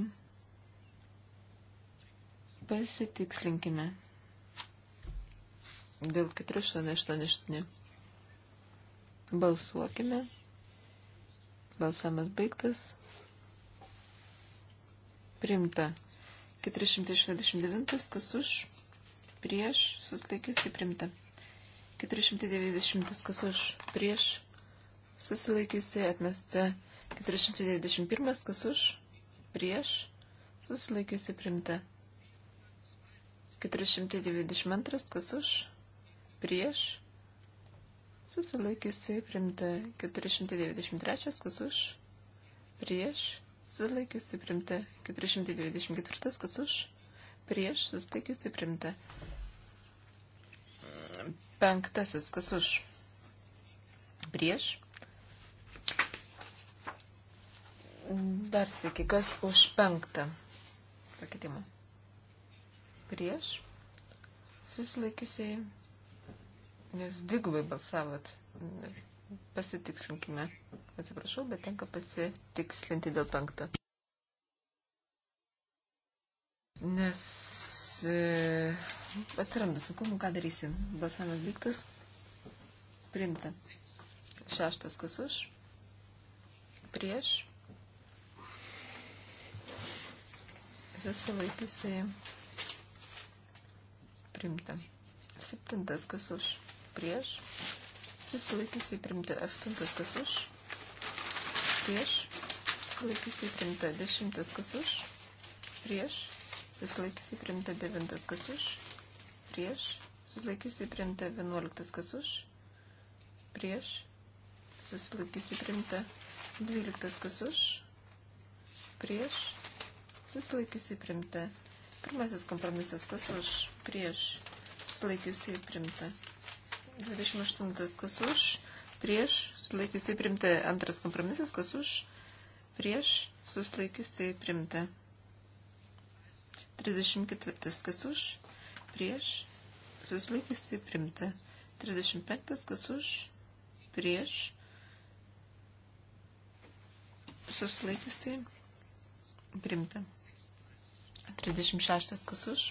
pasitikslinkime. Dėl 488. Balsuokime. Balsamas baigtas. Primta. 469. Kas už? Prieš. Susilaikiusiai primta. 490. Kas už? Prieš. Susilaikiusiai atmesta. 491. 491, kas už, prieš, susilaikiusi primta. 492, kas už, prieš, susilaikiusi primta. 493, kas už, prieš, susilaikiusi primta. 494, kas už, prieš, susilaikiusi primta. Penktasis, kas už, prieš, Dar sėki, kas už penktą pakeitimą? Prieš? Susilaikysiai? Nes dvigubai balsavot. Pasitikslinkime. Atsiprašau, bet tenka pasitikslinti dėl penkto. Nes e, atsiranda sunkumų, ką darysim. Balsavimas vyktas. Primta. Šeštas kas už? Prieš? susilaikysiai primta. Septintas kas už prieš susilaikysiai primta. Aštuntas kas už prieš susilaikysiai primta. Dešimtas kas už prieš susilaikysiai primta. Devintas kas už prieš susilaikysiai primta. Vienuoliktas kas už prieš susilaikysiai primta. Dvyliktas kas už prieš susilaikiusiai primta. Pirmasis kompromisas, kas už, prieš, susilaikiusiai primta. 28, kas už, prieš, susilaikiusiai primta. Antras kompromisas, kas už, prieš, susilaikiusiai primta. 34, kas už, prieš, susilaikiusiai primta. 35, kas už, prieš, susilaikiusiai primta. 36 kas už.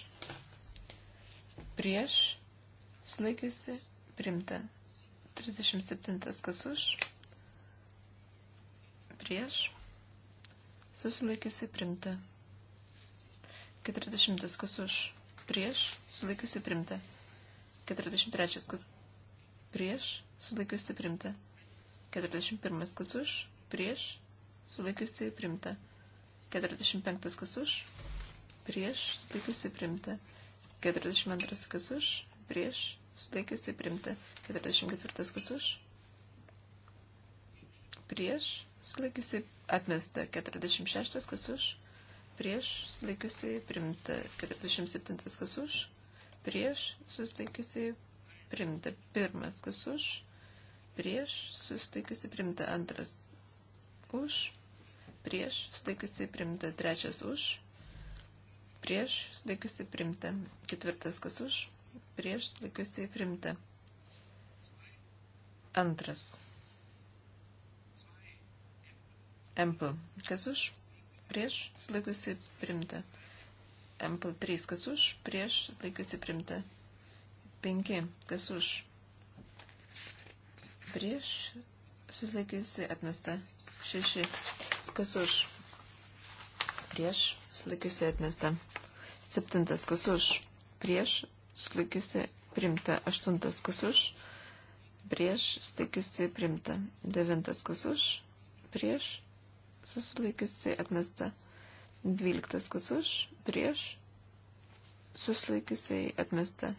Prieš sulaikiusi primta. 37 kas už. Prieš susilaikiusi primta. 40 kas už. Prieš sulaikiusi primta. 43 kas prieš sulaikiusi primta. 41 kas už. Prieš sulaikiusi primta. 45 kas už prieš, sudaikiusi primta. 42 kas už, prieš, sudaikiusi primta. 44 kas už, prieš, sudaikiusi atmesta. 46 kas už, prieš, sudaikiusi primta. 47 kas už, prieš, sudaikiusi primta. Pirmas kas už, prieš, sudaikiusi primta. Antras už, prieš, sudaikiusi primta. Trečias už prieš, laikiusi primta. Ketvirtas, kas už, prieš, laikiusi primta. Antras. MP. Kas už, prieš, laikiusi primta. MP 3, kas už, prieš, laikiusi primta. 5, kas už, prieš, susilaikiusi atmesta. 6, kas už, prieš, susilaikiusi atmesta. Septintas kas už prieš sutikiusi primta. Aštuntas kas už prieš sutikiusi primta. Devintas kas už prieš susilaikiusi atmesta. Dvyliktas kas už prieš susilaikiusiai atmesta.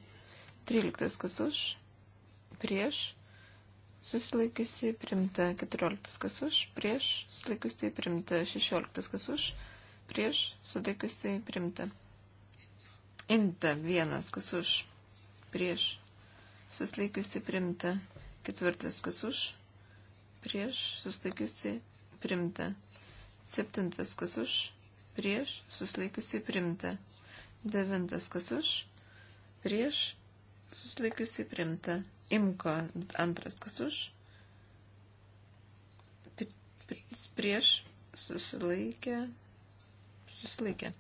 Tryliktas kas už prieš susilaikiusiai primta. Keturioliktas kas už prieš susilaikiusiai primta. Šešioliktas kas už prieš susilaikiusiai primta. Inta vienas, kas už, prieš, suslaikiusi primta. Ketvirtas, kas už, prieš, suslaikiusi primta. Septintas, kas už, prieš, suslaikiusi primta. Devintas, kas už, prieš, suslaikiusi primta. Imko antras, kas už, prieš, susilaikė, susilaikė.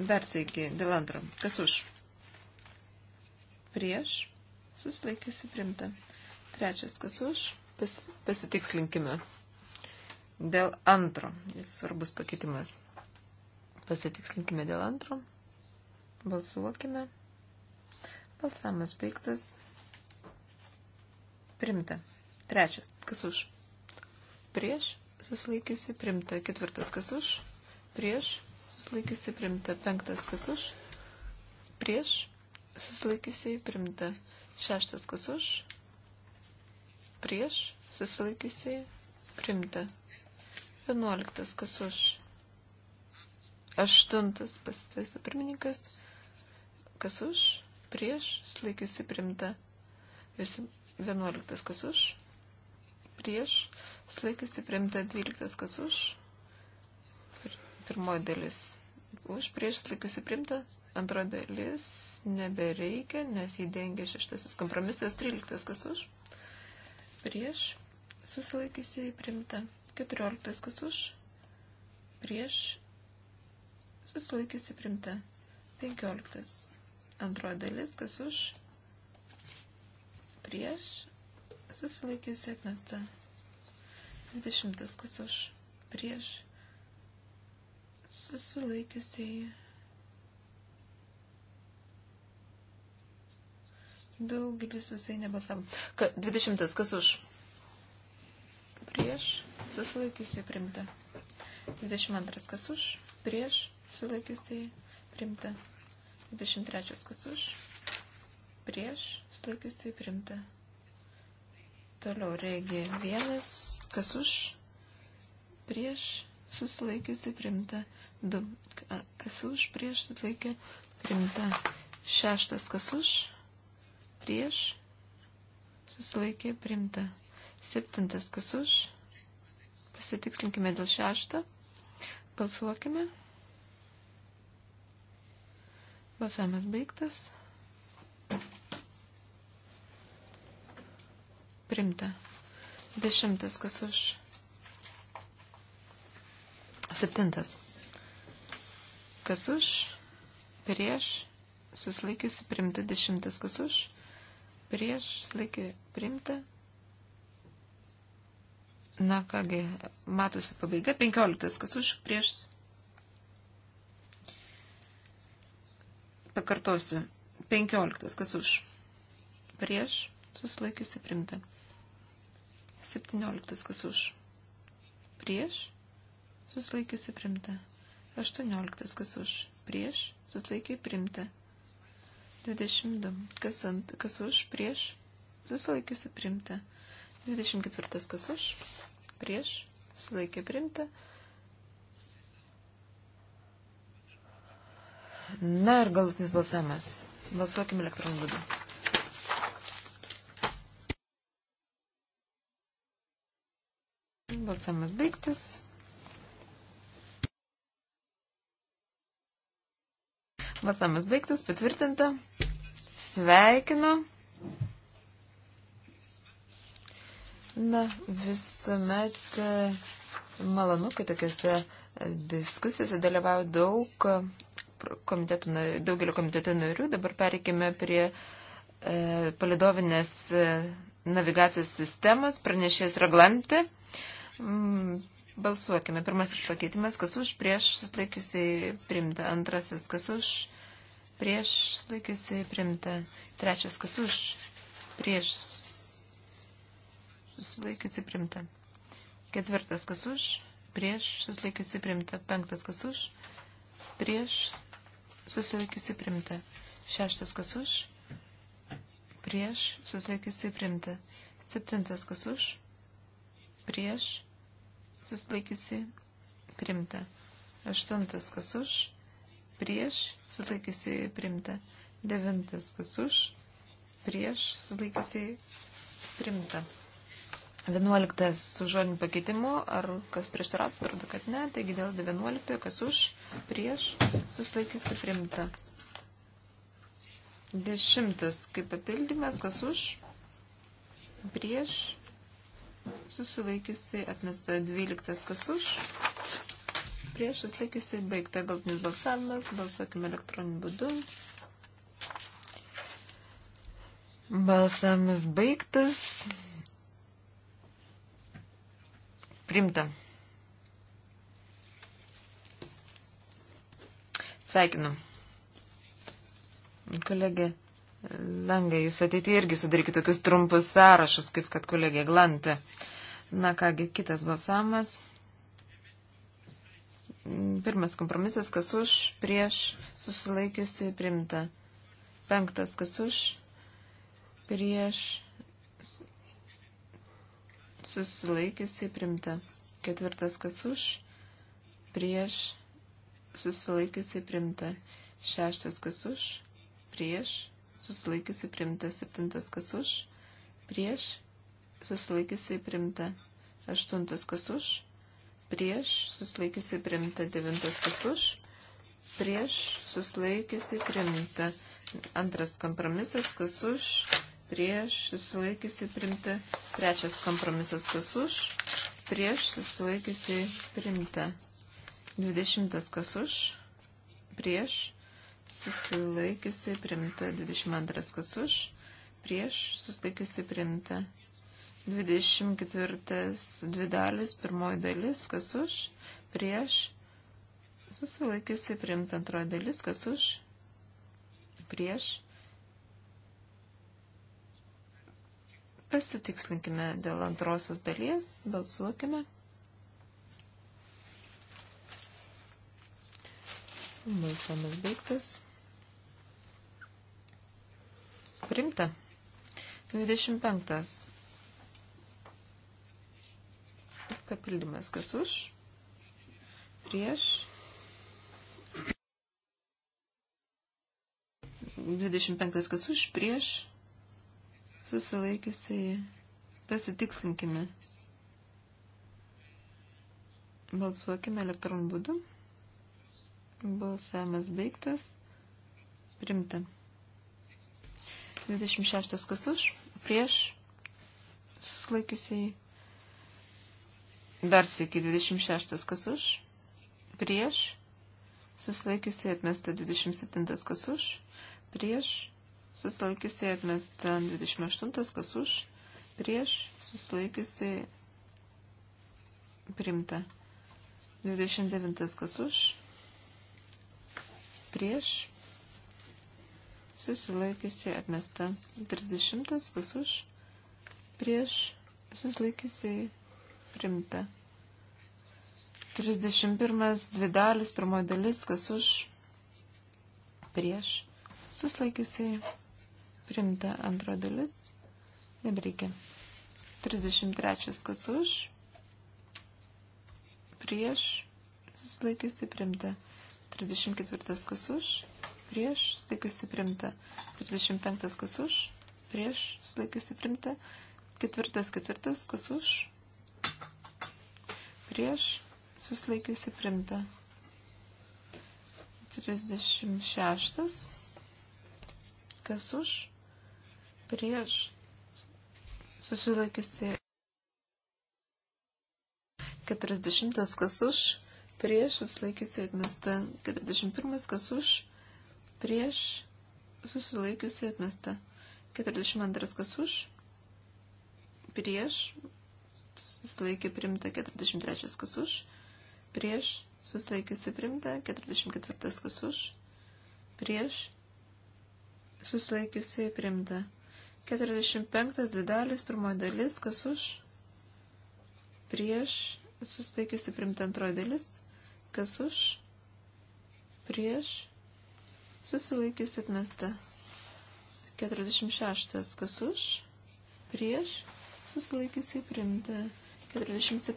Dar sveiki, dėl antro. Kas už? Prieš. Susilaikysi primta. Trečias, kas už? Pas, pasitikslinkime. Dėl antro. Jis svarbus pakeitimas. Pasitikslinkime dėl antro. Balsuokime. Balsamas baigtas. Primta. Trečias. Kas už? Prieš. Susilaikiusi. Primta. Ketvirtas. Kas už? Prieš susilaikiusiai primta. Penktas kas už, prieš, susilaikiusiai primta. Šeštas kas už, prieš, susilaikiusiai primta. Vienuoliktas kas už, aštuntas pasitaisa pirmininkas, kas už, prieš, susilaikiusiai primta. Visi vienuoliktas kas už, prieš, susilaikiusiai primta. Dvyliktas kas už Pirmoji dalis už prieš laikysi primta, antroji dalis nebereikia, nes jį dengia šeštasis kompromisas, tryliktas kas už, prieš susilaikysi primta, keturioliktas kas už, prieš susilaikysi primta, penkioliktas antroji dalis kas už, prieš susilaikysi atmesta, dvidešimtas kas už, prieš susilaikiusiai. Daugelis visai nebalsavo. 20. Kas už? Prieš. Susilaikiusiai primta. 22. Kas už? Prieš. Susilaikiusiai primta. 23. Kas už? Prieš. Susilaikiusiai primta. Toliau regi vienas. Kas už? Prieš susilaikiusi primta. 2. Kas už, prieš susilaikė primta. 6. Kas už, prieš susilaikė primta. 7. Kas už, pasitikslinkime dėl 6. Balsuokime. Balsavimas baigtas. Primta. Dešimtas, kas už Septintas. Kas už, prieš, susilaikiusi primta. Dešimtas. Kas už, prieš, susilaikė primta. Na kągi, matosi pabaiga. Penkioliktas. Kas už, prieš. Pakartosiu. Penkioliktas. Kas už, prieš, susilaikiusi primta. Septynioliktas. Kas už, prieš susilaikiusi primta. 18. Kas už? Prieš, susilaikiai primta. 22. Kas, ant, kas už? Prieš, susilaikiusi primta. 24. Kas už? Prieš, susilaikė primta. Na ir galutinis balsavimas. Balsuokime elektroniniu būdu. balsamas baigtas. Balsavimas baigtas, patvirtinta. Sveikinu. Na, visuomet e, malonu, kai tokiuose e, diskusijose dalyvauja daug e, komitetų, daugelio komitetų narių. Dabar pereikime prie e, palidovinės navigacijos sistemos, pranešės Raglantė. Mm, Balsuokime. Pirmasis pakeitimas, kas už, prieš, sutlaikiusiai primta. Antrasis, kas už, prieš, sutlaikiusiai primta. Trečias, kas už, prieš, susilaikiusiai primta. Ketvirtas, kas už, prieš, susilaikiusiai primta. Penktas, kas už, prieš, susilaikiusiai primta. Šeštas, kas už, prieš, susilaikiusiai primta. Septintas, kas už, prieš, susilaikiusi primta. Aštuntas kas už, prieš susilaikiusi primta. Devintas kas už, prieš susilaikiusi primta. Vienuoliktas su žodiniu pakeitimu, ar kas prieštarautų, atrodo, kad ne, taigi dėl vienuoliktojo, kas už, prieš susilaikiusi primta. Dešimtas kaip papildymas, kas už, prieš susilaikiusi, atmesta 12 kas už, prieš susilaikiusi, baigta galtinis balsavimas, balsuokime elektroniniu būdu. Balsavimas baigtas. Primta. Sveikinu. Kolegė Langai, jūs ateityje irgi sudarykite tokius trumpus sąrašus, kaip kad kolegė Glantė. Na kągi, kitas balsavimas. Pirmas kompromisas, kas už, prieš, susilaikiusi, primta. Penktas, kas už, prieš, susilaikiusi, primta. Ketvirtas, kas už, prieš, susilaikiusi, primta. Šeštas, kas už, prieš, susilaikiusi primta. Septintas kas už, prieš, susilaikiusi primta. Aštuntas kas už, prieš, susilaikiusi primta. Devintas kas už, prieš, susilaikiusi primta. Antras kompromisas kas už, prieš, susilaikiusi primta. Trečias kompromisas kas už, prieš, susilaikiusi primta. Dvidešimtas kas už, prieš, susilaikiusi primta 22 kas už, prieš susilaikiusi primta 24 dvi dalis, pirmoji dalis kas už, prieš susilaikiusi primta antroji dalis kas už, prieš. Pasitikslinkime dėl antrosios dalies, balsuokime. Balsavimas baigtas. Primta. 25. Papildymas kas už, prieš. 25 kas už, prieš. Susilaikiusiai. Pasitikslinkime. Balsuokime elektroniniu būdu. Balsavimas baigtas. Primta. 26 kas už, prieš susilaikiusiai. Dar sėki 26 kas už, prieš susilaikiusiai atmesta 27 kas už, prieš susilaikiusiai atmesta 28 kas už, prieš susilaikiusiai primta. 29 kas už, prieš, susilaikiusi atmesta. 30 kas už, prieš, susilaikiusi primta. 31 dvi dalis, pirmoji dalis, kas už, prieš, susilaikiusi primta antro dalis, nebereikia. 33 kas už, prieš, susilaikiusi primta. 34 kas už, prieš laikiusi primta. 35 kas už, prieš laikiusi primta. 4 ketvirtas kas už, prieš susilaikiusi primta. 36 kas už, prieš susilaikiusi 40 kas už, prieš susilaikiusi atmesta. 41 kas už, prieš susilaikiusi atmesta. 42 kas už, prieš susilaikė primta. 43 kas už, prieš susilaikiusi primta. 44 kas už, prieš susilaikiusi primta. 45 dvi dalis, pirmoji dalis, kas už, prieš, susilaikiusi primta antroji dalis, Kas už? Prieš? Susilaikys atmesta. 46. Kas už? Prieš? Susilaikys įprimta. 47.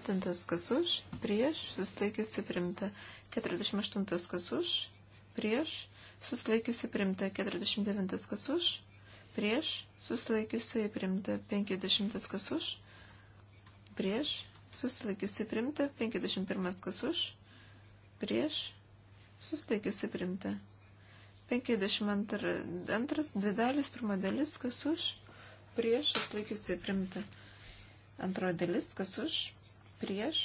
Kas už? Prieš? Susilaikys įprimta. 48. Kas už? Prieš? Susilaikys įprimta. 49. Kas už? Prieš? Susilaikys įprimta. 50. Kas už? Prieš? Susilaikys įprimta. 51. Kas už? prieš, susilaikiusi primta. 52, dvi dalis, pirma dalis, kas už, prieš, susilaikiusi primta. Antroji dalis, kas už, prieš.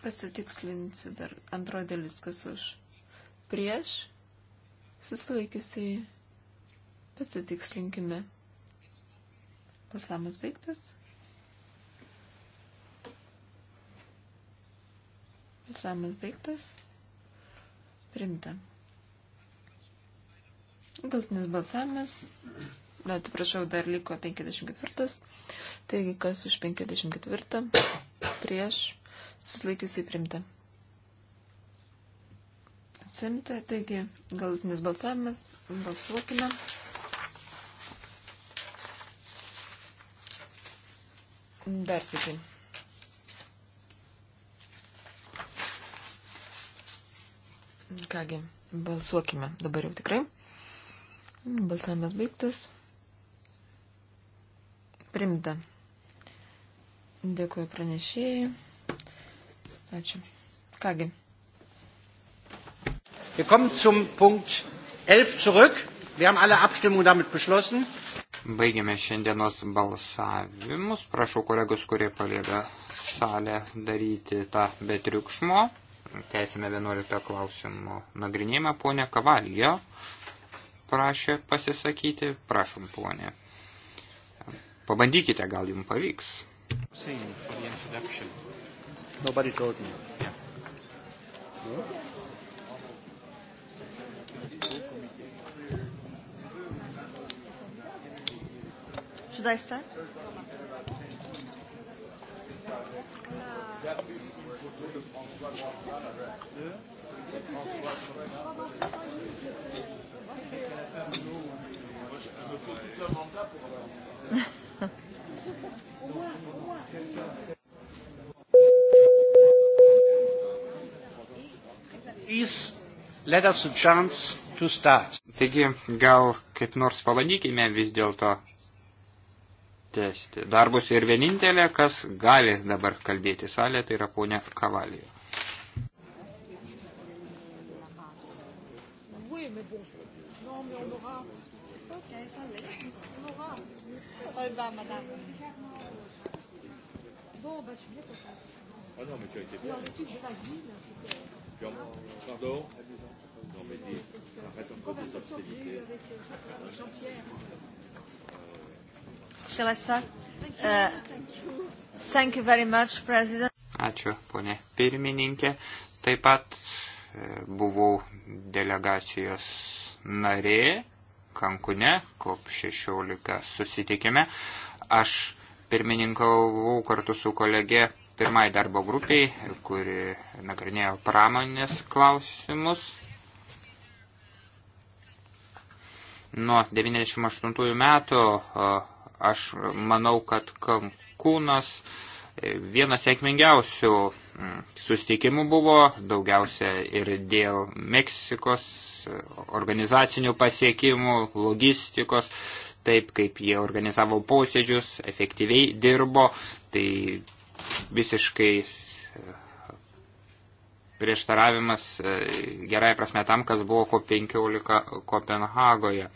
Pasitikslinsiu dar. Antroji dalis, kas už, prieš, susilaikiusi. Pasitikslinkime. Balsamas baigtas. Balsavimas baigtas. Primta. Galtinis balsavimas. Na, atsiprašau, dar liko 54. Taigi, kas už 54? Prieš. Susilaikiusiai primta. Atsimta. Taigi, galtinis balsavimas. Balsuokime. Dar sėkiai. Kągi, balsuokime dabar jau tikrai. Balsavimas baigtas. Primta. Dėkuoju pranešėjai. Ačiū. Kągi. Wir kommen zum Punkt 11 zurück. Wir haben alle Abstimmungen damit beschlossen. Baigiame šiandienos balsavimus. Prašau kolegus, kurie palieka salę, daryti tą be triukšmo. Tęsime 11 klausimo nagrinėjimą. Pone Kavalijo prašė pasisakyti. Prašom, ponė. Pabandykite, gal jums pavyks. Nobody told me. Yeah. No? Should I start? Taigi, gal kaip nors pabandykime vis dėlto tęsti darbus ir vienintelė, kas gali dabar kalbėti salė, tai yra ponia Kavalijo. revoir, madame. Bon, bah, je suis bien contente. Ah non, mais tu as été bien. Non, le truc de l'asile, c'était... Pardon Non, mais dis, arrête un peu des obscénités. Euh, Jean-Pierre. Shall I start? Uh, thank you very much, President. Ačiū, ponė pirmininkė. Taip pat e, buvau delegacijos narė Kankune, kop 16 susitikime. Aš pirmininkavau kartu su kolege pirmai darbo grupiai, kuri nagrinėjo pramonės klausimus. Nuo 98 metų Aš manau, kad Kankūnas vienas sėkmingiausių mm, susitikimų buvo, daugiausia ir dėl Meksikos organizacinių pasiekimų, logistikos, taip kaip jie organizavo posėdžius, efektyviai dirbo, tai visiškai e, prieštaravimas e, gerai prasme tam, kas buvo ko 15 Kopenhagoje.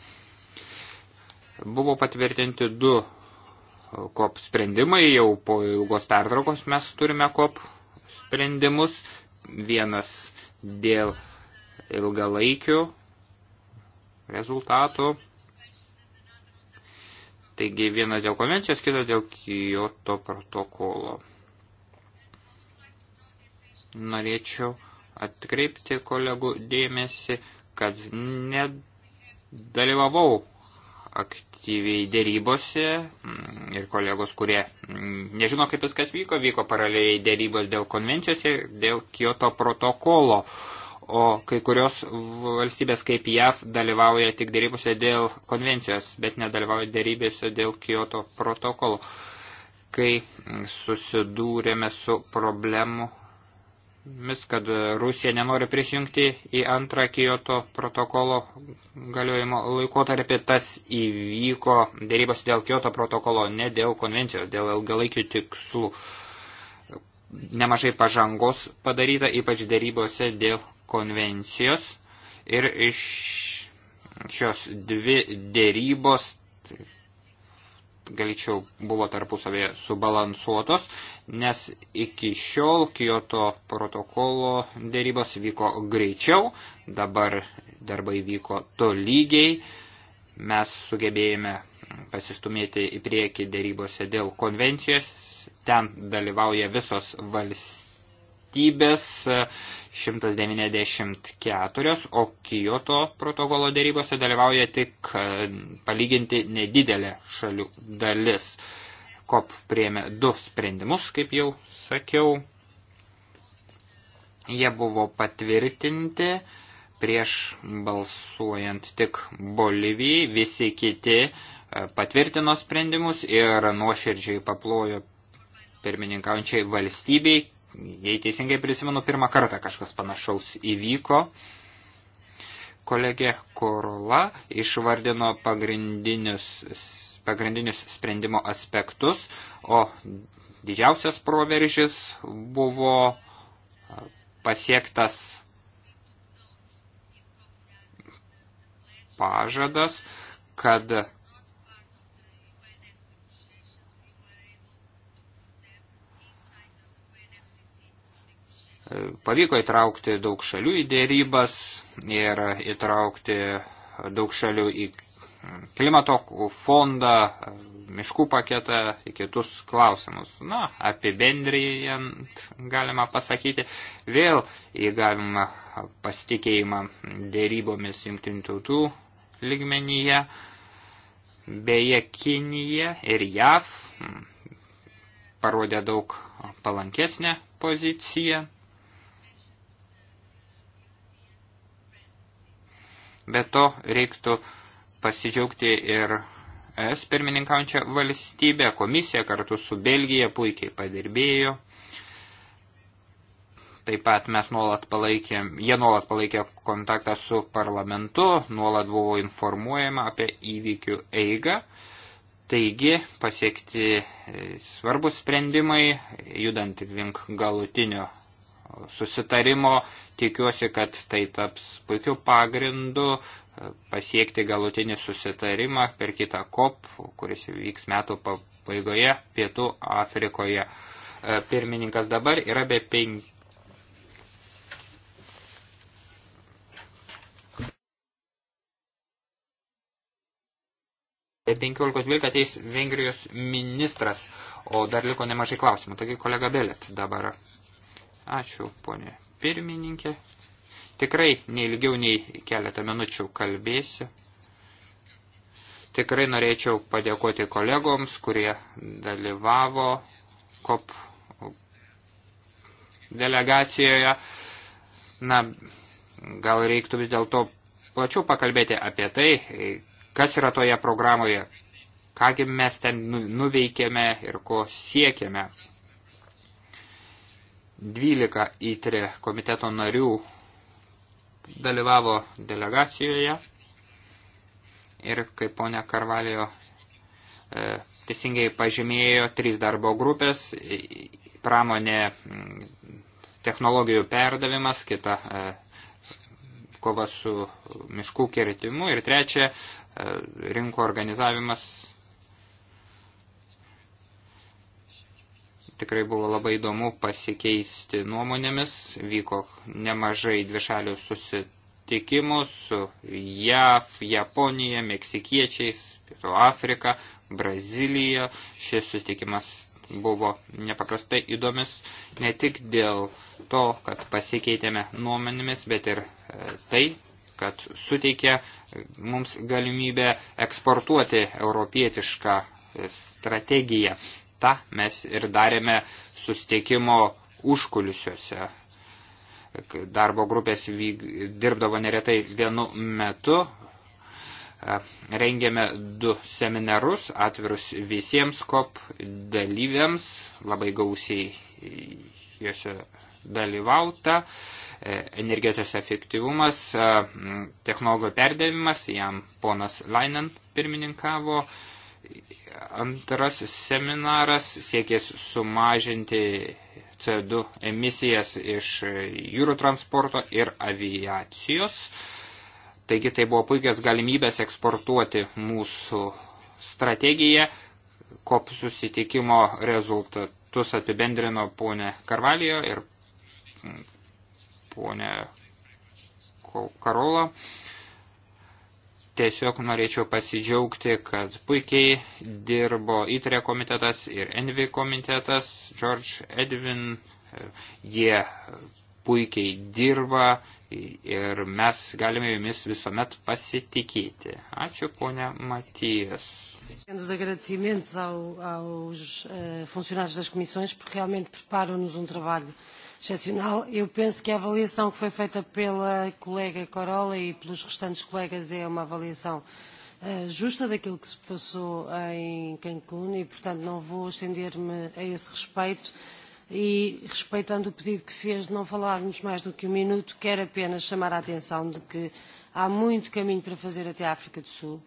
Buvo patvirtinti du kop sprendimai, jau po ilgos pertraukos mes turime kop sprendimus. Vienas dėl ilgalaikių rezultatų. Taigi viena dėl konvencijos, kita dėl Kyoto protokolo. Norėčiau atkreipti kolegų dėmesį, kad nedalyvavau aktyviai dėrybose mm, ir kolegos, kurie mm, nežino, kaip viskas vyko, vyko paraleliai dėrybos dėl konvencijos ir dėl Kyoto protokolo, o kai kurios valstybės kaip JAV dalyvauja tik dėrybose dėl konvencijos, bet nedalyvauja dėrybėse dėl Kyoto protokolo. Kai mm, susidūrėme su problemu mis, kad Rusija nenori prisijungti į antrą Kyoto protokolo galiojimo laikotarpį. Tas įvyko dėrybos dėl Kyoto protokolo, ne dėl konvencijos, dėl ilgalaikių tikslų. Nemažai pažangos padaryta, ypač dėrybose dėl konvencijos. Ir iš šios dvi dėrybos galėčiau buvo tarpusavėje subalansuotos, nes iki šiol Kyoto protokolo dėrybos vyko greičiau, dabar darbai vyko tolygiai, mes sugebėjome pasistumėti į priekį dėrybose dėl konvencijos, ten dalyvauja visos valstybės 194, o Kyoto protokolo dėrybose dalyvauja tik palyginti nedidelė šalių dalis. COP prieėmė du sprendimus, kaip jau sakiau. Jie buvo patvirtinti prieš balsuojant tik Bolivijai, visi kiti e, patvirtino sprendimus ir nuoširdžiai paplojo pirmininkaujančiai valstybei. Jei teisingai prisimenu, pirmą kartą kažkas panašaus įvyko kolegė Korola išvardino pagrindinius pagrindinius sprendimo aspektus, o didžiausias proveržis buvo pasiektas pažadas, kad pavyko įtraukti daug šalių į dėrybas ir įtraukti daug šalių į klimato fondą, miškų paketą, kitus klausimus. Na, apibendrijant galima pasakyti, vėl įgavimą pasitikėjimą dėrybomis jungtinių tautų lygmenyje. Beje, Kinija ir JAV hmm, parodė daug palankesnę poziciją. Bet to reiktų uh, pasidžiaugti ir es pirmininkaujančią valstybę. Komisija kartu su Belgija puikiai padirbėjo. Taip pat mes nuolat palaikėm, jie nuolat palaikė kontaktą su parlamentu, nuolat buvo informuojama apie įvykių eigą. Taigi pasiekti e, svarbus sprendimai, judant link galutinio susitarimo, tikiuosi, kad tai taps puikiu pagrindu pasiekti galutinį susitarimą per kitą COP, kuris vyks metų pabaigoje Pietų Afrikoje. E, pirmininkas dabar yra be penkių. Be 15.12 ateis Vengrijos ministras, o dar liko nemažai klausimų. Taigi kolega Belės dabar. Ačiū, ponė pirmininkė. Tikrai neilgiau nei keletą minučių kalbėsiu. Tikrai norėčiau padėkoti kolegoms, kurie dalyvavo COP delegacijoje. Na, gal reiktų vis dėlto plačiau pakalbėti apie tai, kas yra toje programoje, kągi mes ten nu, nuveikėme ir ko siekėme. 12 įtrė komiteto narių dalyvavo delegacijoje ir kaip ponia Karvalijo e, teisingai pažymėjo, trys darbo grupės, pramonė technologijų perdavimas, kita e, kova su miškų kirtimu ir trečia e, rinko organizavimas Tikrai buvo labai įdomu pasikeisti nuomonėmis. Vyko nemažai dvišalių susitikimų su JAV, Japonija, Meksikiečiais, Pietų Afrika, Brazilija. Šis susitikimas buvo nepaprastai įdomis ne tik dėl to, kad pasikeitėme nuomonėmis, bet ir e, tai, kad suteikė e, mums galimybę eksportuoti europietišką e, strategiją. Ta mes ir darėme susteikimo užkulisiuose. Darbo grupės vyk, dirbdavo neretai vienu metu. Rengėme du seminarus atvirus visiems kop dalyviams, labai gausiai juose dalyvauta, energetijos efektyvumas, technologijų perdėvimas, jam ponas Lainen pirmininkavo, Antrasis seminaras siekės sumažinti CO2 emisijas iš jūrų transporto ir aviacijos. Taigi tai buvo puikios galimybės eksportuoti mūsų strategiją. COP susitikimo rezultatus apibendrino ponė Karvalijo ir ponė Karola. Tiesiog norėčiau pasidžiaugti, kad puikiai dirbo ITRE komitetas ir ENVI komitetas, George Edwin, jie puikiai dirba ir mes galime jumis visuomet pasitikėti. Ačiū, ponia Matijas. Os agradecimentos ao, aos uh, funcionários das comissões, porque realmente preparam-nos um trabalho uh, excepcional. Eu penso que a avaliação que foi feita pela colega Corolla e pelos restantes colegas é uma avaliação uh, justa daquilo que se passou em Cancún e, portanto, não vou estender-me a esse respeito. E, respeitando o pedido que fez de não falarmos mais do que um minuto, quero apenas chamar a atenção de que há muito caminho para fazer até a África do Sul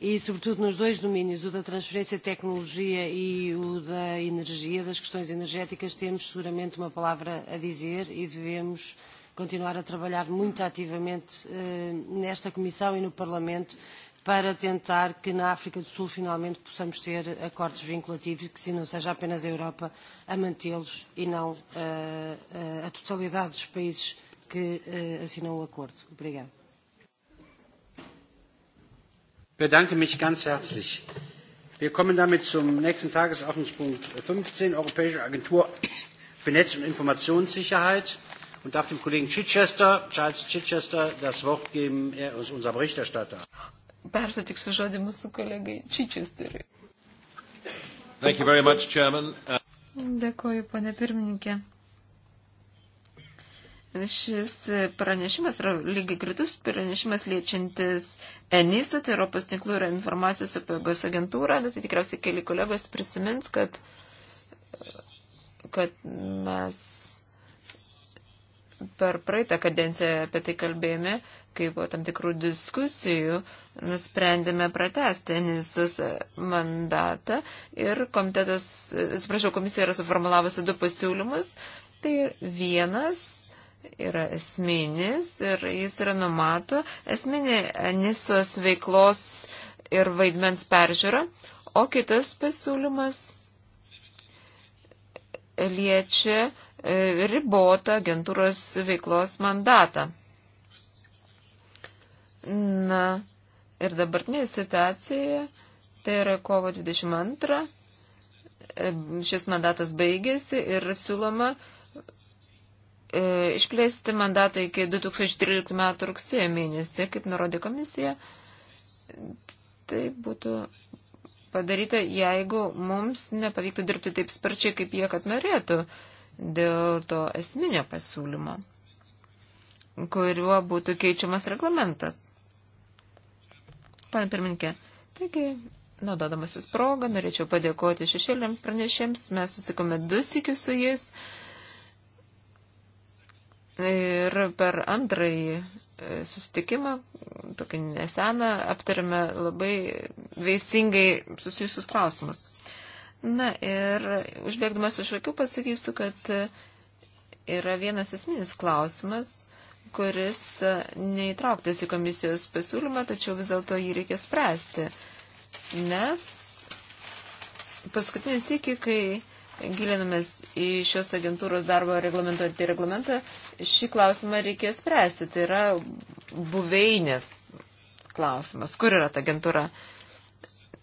e, sobretudo, nos dois domínios, o da transferência de tecnologia e o da energia, das questões energéticas, temos seguramente uma palavra a dizer e devemos continuar a trabalhar muito ativamente eh, nesta Comissão e no Parlamento para tentar que na África do Sul finalmente possamos ter acordos vinculativos e que se não seja apenas a Europa a mantê-los e não uh, uh, a totalidade dos países que uh, assinam o acordo. Obrigada bedanke mich ganz herzlich. Wir kommen damit zum nächsten Tagesordnungspunkt 15, Europäische Agentur für Netz- und Informationssicherheit und darf dem Kollegen Chichester, Charles Chichester, das Wort geben. Er ist unser Berichterstatter. Persitiksiu žodį mūsų kolegai Čičesteriui. Thank you very much, Chairman. Uh, Dėkuoju, pane pirmininkė. Šis pranešimas yra lygiai gritus pranešimas liečiantis ENISA, tai Europos tinklų ir informacijos apėgos agentūra. Tai tikriausiai keli kolegos prisimins, kad, kad mes per praeitą kadenciją apie tai kalbėjome, kai po tam tikrų diskusijų nusprendėme pratesti Enisus mandatą ir komitetas, atsiprašau, komisija yra suformulavusi du pasiūlymus. Tai vienas yra esminis ir jis yra numato esminį Enisos veiklos ir vaidmens peržiūrą, o kitas pasiūlymas liečia e, ribotą agentūros veiklos mandatą. Na, ir dabartinėje situacijoje, tai yra kovo 22, e, šis mandatas baigėsi ir siūloma uh, E, išplėsti mandatą iki 2013 m. rugsėjo mėnesį, kaip nurodė komisija. Tai būtų padaryta, jeigu mums nepavyktų dirbti taip sparčiai, kaip jie, kad norėtų, dėl to esminio pasiūlymo, kuriuo būtų keičiamas reglamentas. Pane pirminkė, taigi, naudodamas jūs progą, norėčiau padėkoti šešėliams pranešėms, mes susikome du sikius su jais. Uh, Ir per antrąjį e, susitikimą, tokį neseną, aptarėme labai veisingai susijusius klausimus. Na ir užbėgdamas iš akių pasakysiu, kad yra vienas esminis klausimas, kuris neįtrauktas į komisijos pasiūlymą, tačiau vis dėlto jį reikia spręsti. Nes paskutinis iki, kai gilinomės į šios agentūros darbo reglamento ir tai reglamentą, šį klausimą reikės spręsti. Tai yra buveinės klausimas. Kur yra ta agentūra?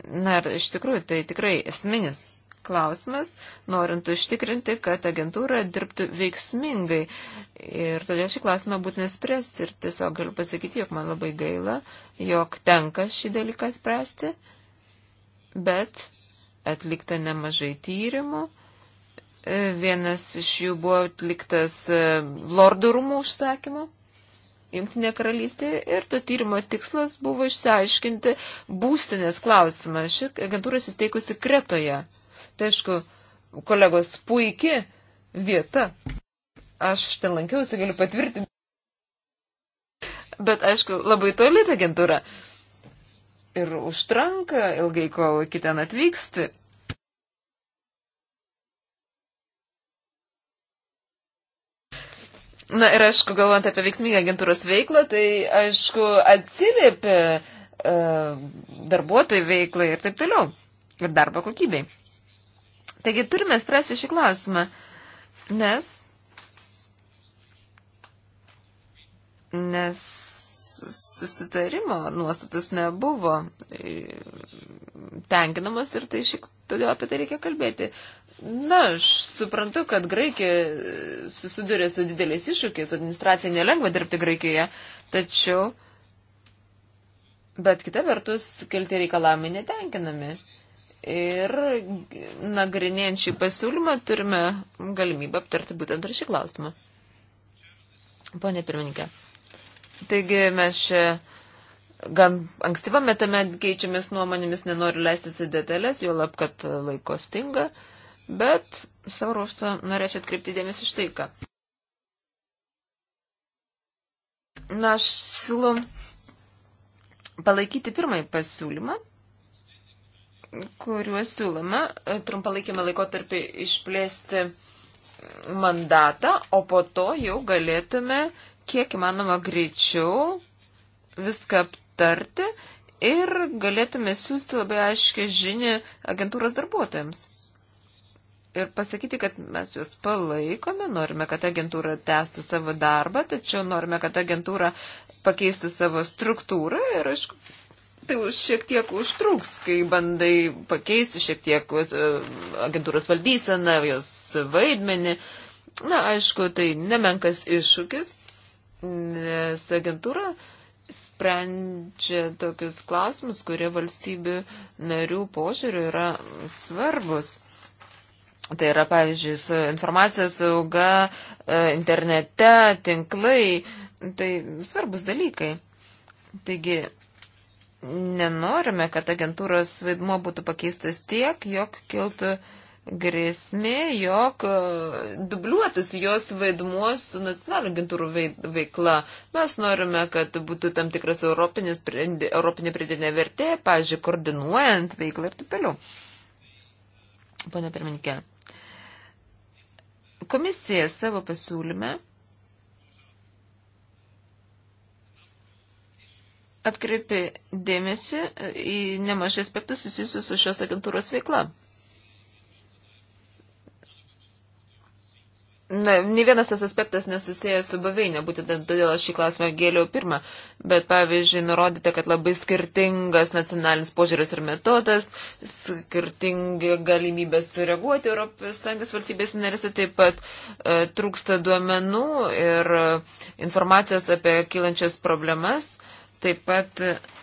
Na ir iš tikrųjų tai tikrai esminis klausimas, norint užtikrinti, kad agentūra dirbtų veiksmingai. Ir todėl šį klausimą būtina spręsti. Ir tiesiog galiu pasakyti, jog man labai gaila, jog tenka šį dalyką spręsti. Bet atlikta nemažai tyrimų E, vienas iš jų buvo atliktas e, Lordų rūmų užsakymu. Junktinė karalystė ir to tyrimo tikslas buvo išsiaiškinti būstinės klausimą. Ši agentūra įsteigusi Kretoje. Tai aišku, kolegos, puikia vieta. Aš ten lankiausi, galiu patvirtinti. Bet aišku, labai toli ta agentūra. Ir užtranka ilgai, kol iki ten atvyksti. Na ir aišku, galvant apie veiksmingą agentūros veiklą, tai aišku, atsiliepia uh, darbuotojų veiklai ir taip toliau. Ir darbo kokybei. Taigi turime spręsti šį klausimą, nes. Nes susitarimo nuostatus nebuvo e, tenkinamas ir tai šiek todėl apie tai reikia kalbėti. Na, aš suprantu, kad Graikija e, susiduria su dideliais iššūkiais, administracija nelengva dirbti Graikijoje, tačiau, bet kita vertus, kelti reikalavimai netenkinami. Ir nagrinėjant šį pasiūlymą turime galimybę aptarti būtent ir šį klausimą. Pone pirmininkė. Taigi mes čia gan ankstyvame tame keičiamės nuomonėmis, nenoriu leistis į detalės, jo lab, kad laiko stinga, bet savo ruoštą norėčiau atkreipti dėmesį iš tai, ką. Na, aš siūlau palaikyti pirmąjį pasiūlymą, kuriuo siūloma trumpalaikime laikotarpį išplėsti mandatą, o po to jau galėtume kiek įmanoma greičiau viską aptarti ir galėtume siūsti labai aiškę žinį agentūros darbuotojams. Ir pasakyti, kad mes juos palaikome, norime, kad agentūra tęstų savo darbą, tačiau norime, kad agentūra pakeistų savo struktūrą ir, aišku, tai šiek tiek užtruks, kai bandai pakeisti šiek tiek uh, agentūros valdyseną, jos vaidmenį. Na, aišku, tai nemenkas iššūkis, nes agentūra sprendžia tokius klausimus, kurie valstybių narių požiūrių yra svarbus. Tai yra, pavyzdžiui, informacijos sauga, e, internete, tinklai, tai svarbus dalykai. Taigi, nenorime, kad agentūros vaidmuo būtų pakeistas tiek, jog kiltų uh, grėsmė, jog e, dubliuotus jos vaidmuo su nacionaliniu agentūrų veikla. Mes norime, kad būtų tam tikras europinė pridėtinė vertė, pažiūrėjau, koordinuojant veiklą ir taip toliau. Pone pirmininkė, komisija savo pasiūlyme atkreipi dėmesį e, į nemažai aspektus susijusius su šios agentūros veikla. Na, ne vienas tas aspektas nesusijęs su buveinė, būtent todėl aš šį klausimą gėliau pirmą, bet pavyzdžiui, nurodyta, kad labai skirtingas nacionalinis požiūris ir metodas, skirtingi galimybės sureaguoti ES valstybės narėse, taip pat e, trūksta duomenų ir e, informacijos apie kylančias problemas, taip pat. E,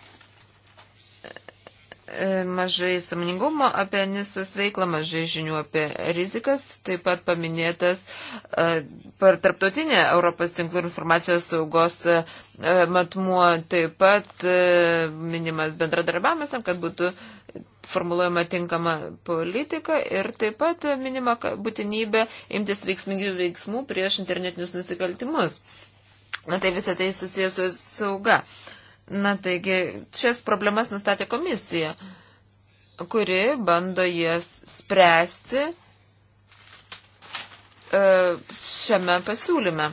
E, mažai samoningumo apie Nisos veiklą, mažai žinių apie rizikas, taip pat paminėtas e, per tarptautinę Europos tinklų informacijos saugos e, matmuo, taip pat minimas bendradarbiavimas, kad būtų formuluojama tinkama politika ir taip pat minima būtinybė imtis veiksmingių veiksmų prieš internetinius nusikaltimus. Na tai visą tai susijęs su sauga. Uh, Na taigi, šias problemas nustatė komisija, kuri bando jas spręsti e, šiame pasiūlyme.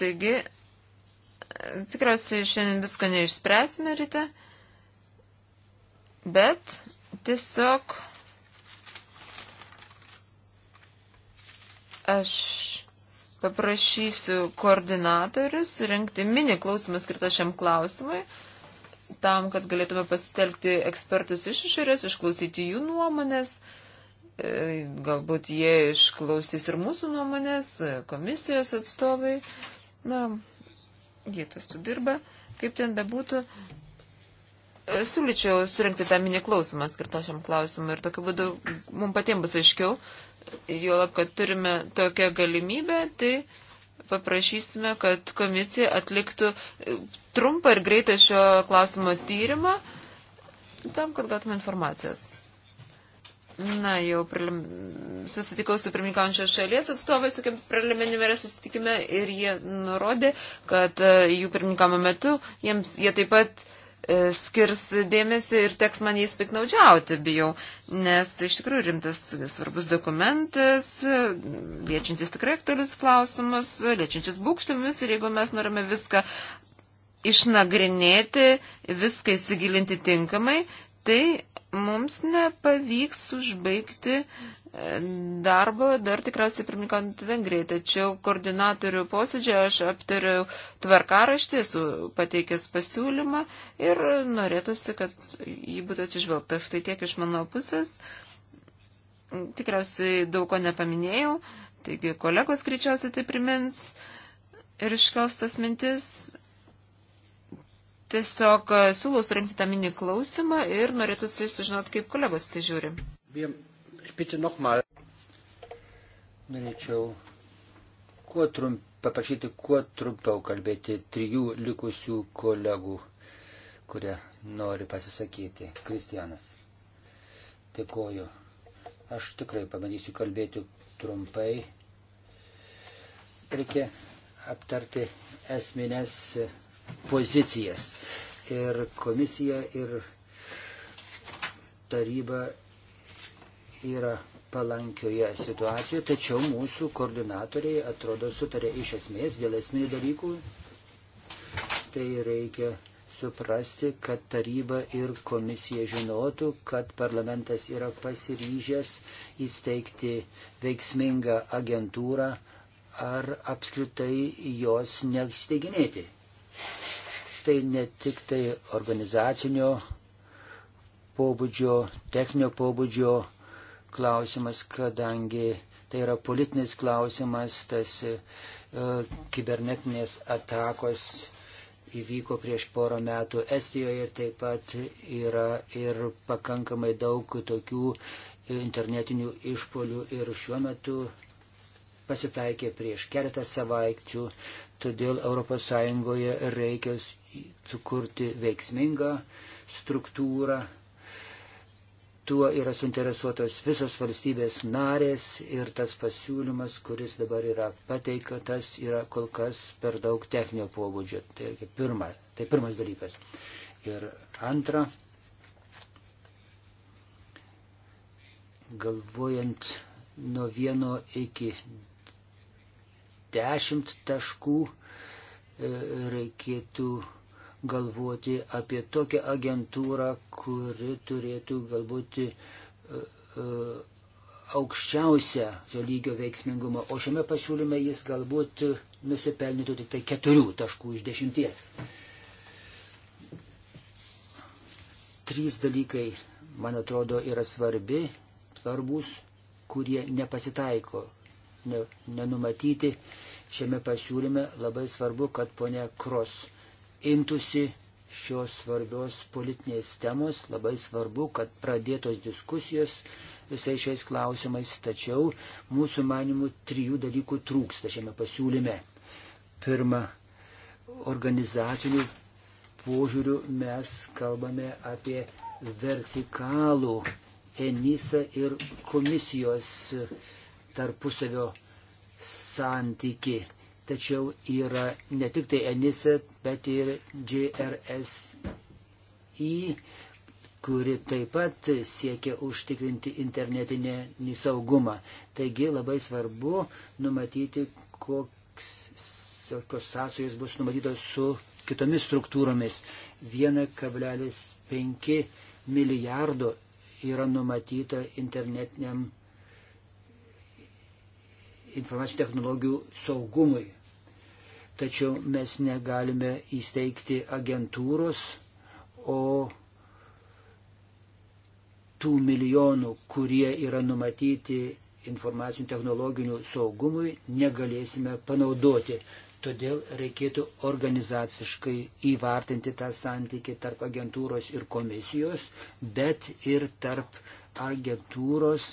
Taigi, tikriausiai šiandien visko neišspręsime ryte, bet tiesiog aš paprašysiu koordinatorių surinkti mini klausimą skirtą šiam klausimui, tam, kad galėtume pasitelkti ekspertus iš išorės, išklausyti jų nuomonės. E, galbūt jie išklausys ir mūsų nuomonės, e, komisijos atstovai. Na, jie tas tu dirba, kaip ten bebūtų. E, siūlyčiau surinkti tą mini klausimą skirtą šiam klausimui ir tokiu būdu mums patiems bus aiškiau, juolab, kad turime tokią galimybę, tai paprašysime, kad komisija atliktų trumpą ir greitą šio klausimo tyrimą, tam, kad gautume informacijas. Na, jau prelim... susitikau su pirmininkančios šalies atstovais tokiam preliminimėre susitikime ir jie nurodė, kad e, jų pirmininkamo metu jiems, jie taip pat uh, E, skirs dėmesį ir teks man jais piknaudžiauti, bijau, nes tai iš tikrųjų rimtas svarbus dokumentas, liečiantis tikrai aktualius klausimus, liečiantis būkštėmis ir jeigu mes norime viską išnagrinėti, viską įsigilinti tinkamai, tai mums nepavyks užbaigti e, darbo dar tikriausiai pirmininkant Vengrijai. Tačiau koordinatorių posėdžio aš aptariau tvarkaraštį, esu pateikęs pasiūlymą ir norėtųsi, kad jį būtų atsižvelgta. Štai tiek iš mano pusės. Tikriausiai daug ko nepaminėjau, taigi kolegos greičiausiai tai primins ir iškelstas mintis. Tiesiog e, siūlau surinkti tą mini klausimą ir norėtųsi sužinoti, kaip kolegos tai žiūri. Norėčiau kuo trump, paprašyti kuo trumpiau kalbėti trijų likusių kolegų, kurie nori pasisakyti. Kristianas. Dėkoju. Aš tikrai pabandysiu kalbėti trumpai. Reikia aptarti esminės pozicijas. Ir komisija ir taryba yra palankioje situacijoje, tačiau mūsų koordinatoriai atrodo sutarė iš esmės dėl esminių dalykų. Tai reikia suprasti, kad taryba ir komisija žinotų, kad parlamentas yra pasiryžęs įsteigti veiksmingą agentūrą ar apskritai jos nesteiginėti. Tai ne tik tai organizacinio pobūdžio, techninio pobūdžio klausimas, kadangi tai yra politinis klausimas, tas e, kibernetinės atakos įvyko prieš porą metų Estijoje, taip pat yra ir pakankamai daug tokių internetinių išpolių ir šiuo metu pasitaikė prieš keletą savaičių. Todėl ES reikia sukurti veiksmingą struktūrą. Tuo yra suinteresuotos visos valstybės narės ir tas pasiūlymas, kuris dabar yra pateiktas, yra kol kas per daug techninio pobūdžio. Tai, pirma, tai pirmas dalykas. Ir antra, galvojant nuo vieno iki 10 taškų e, reikėtų galvoti apie tokią agentūrą, kuri turėtų galbūt e, e, aukščiausią jo lygio veiksmingumą, o šiame pasiūlyme jis galbūt nusipelnytų tik tai keturių taškų iš dešimties. Trys dalykai, man atrodo, yra svarbi, svarbus, kurie nepasitaiko nenumatyti šiame pasiūlyme, labai svarbu, kad ponia Kros imtųsi šios svarbios politinės temos, labai svarbu, kad pradėtos diskusijos visais šiais klausimais, tačiau mūsų manimų trijų dalykų trūksta šiame pasiūlyme. Pirma, organizacinių požiūrių mes kalbame apie vertikalų Enisa ir komisijos uh, tarpusavio santyki. Tačiau yra ne tik tai ENISA, bet ir GRSI, kuri taip pat siekia užtikrinti internetinį saugumą. Taigi labai svarbu numatyti, koks, kokios sąsajos bus numatytos su kitomis struktūromis. 1,5 milijardo yra numatyta internetiniam informacinių technologijų saugumui. Tačiau mes negalime įsteigti agentūros, o tų milijonų, kurie yra numatyti informacinių technologinių saugumui, negalėsime panaudoti. Todėl reikėtų organizaciškai įvartinti tą santykį tarp agentūros ir komisijos, bet ir tarp agentūros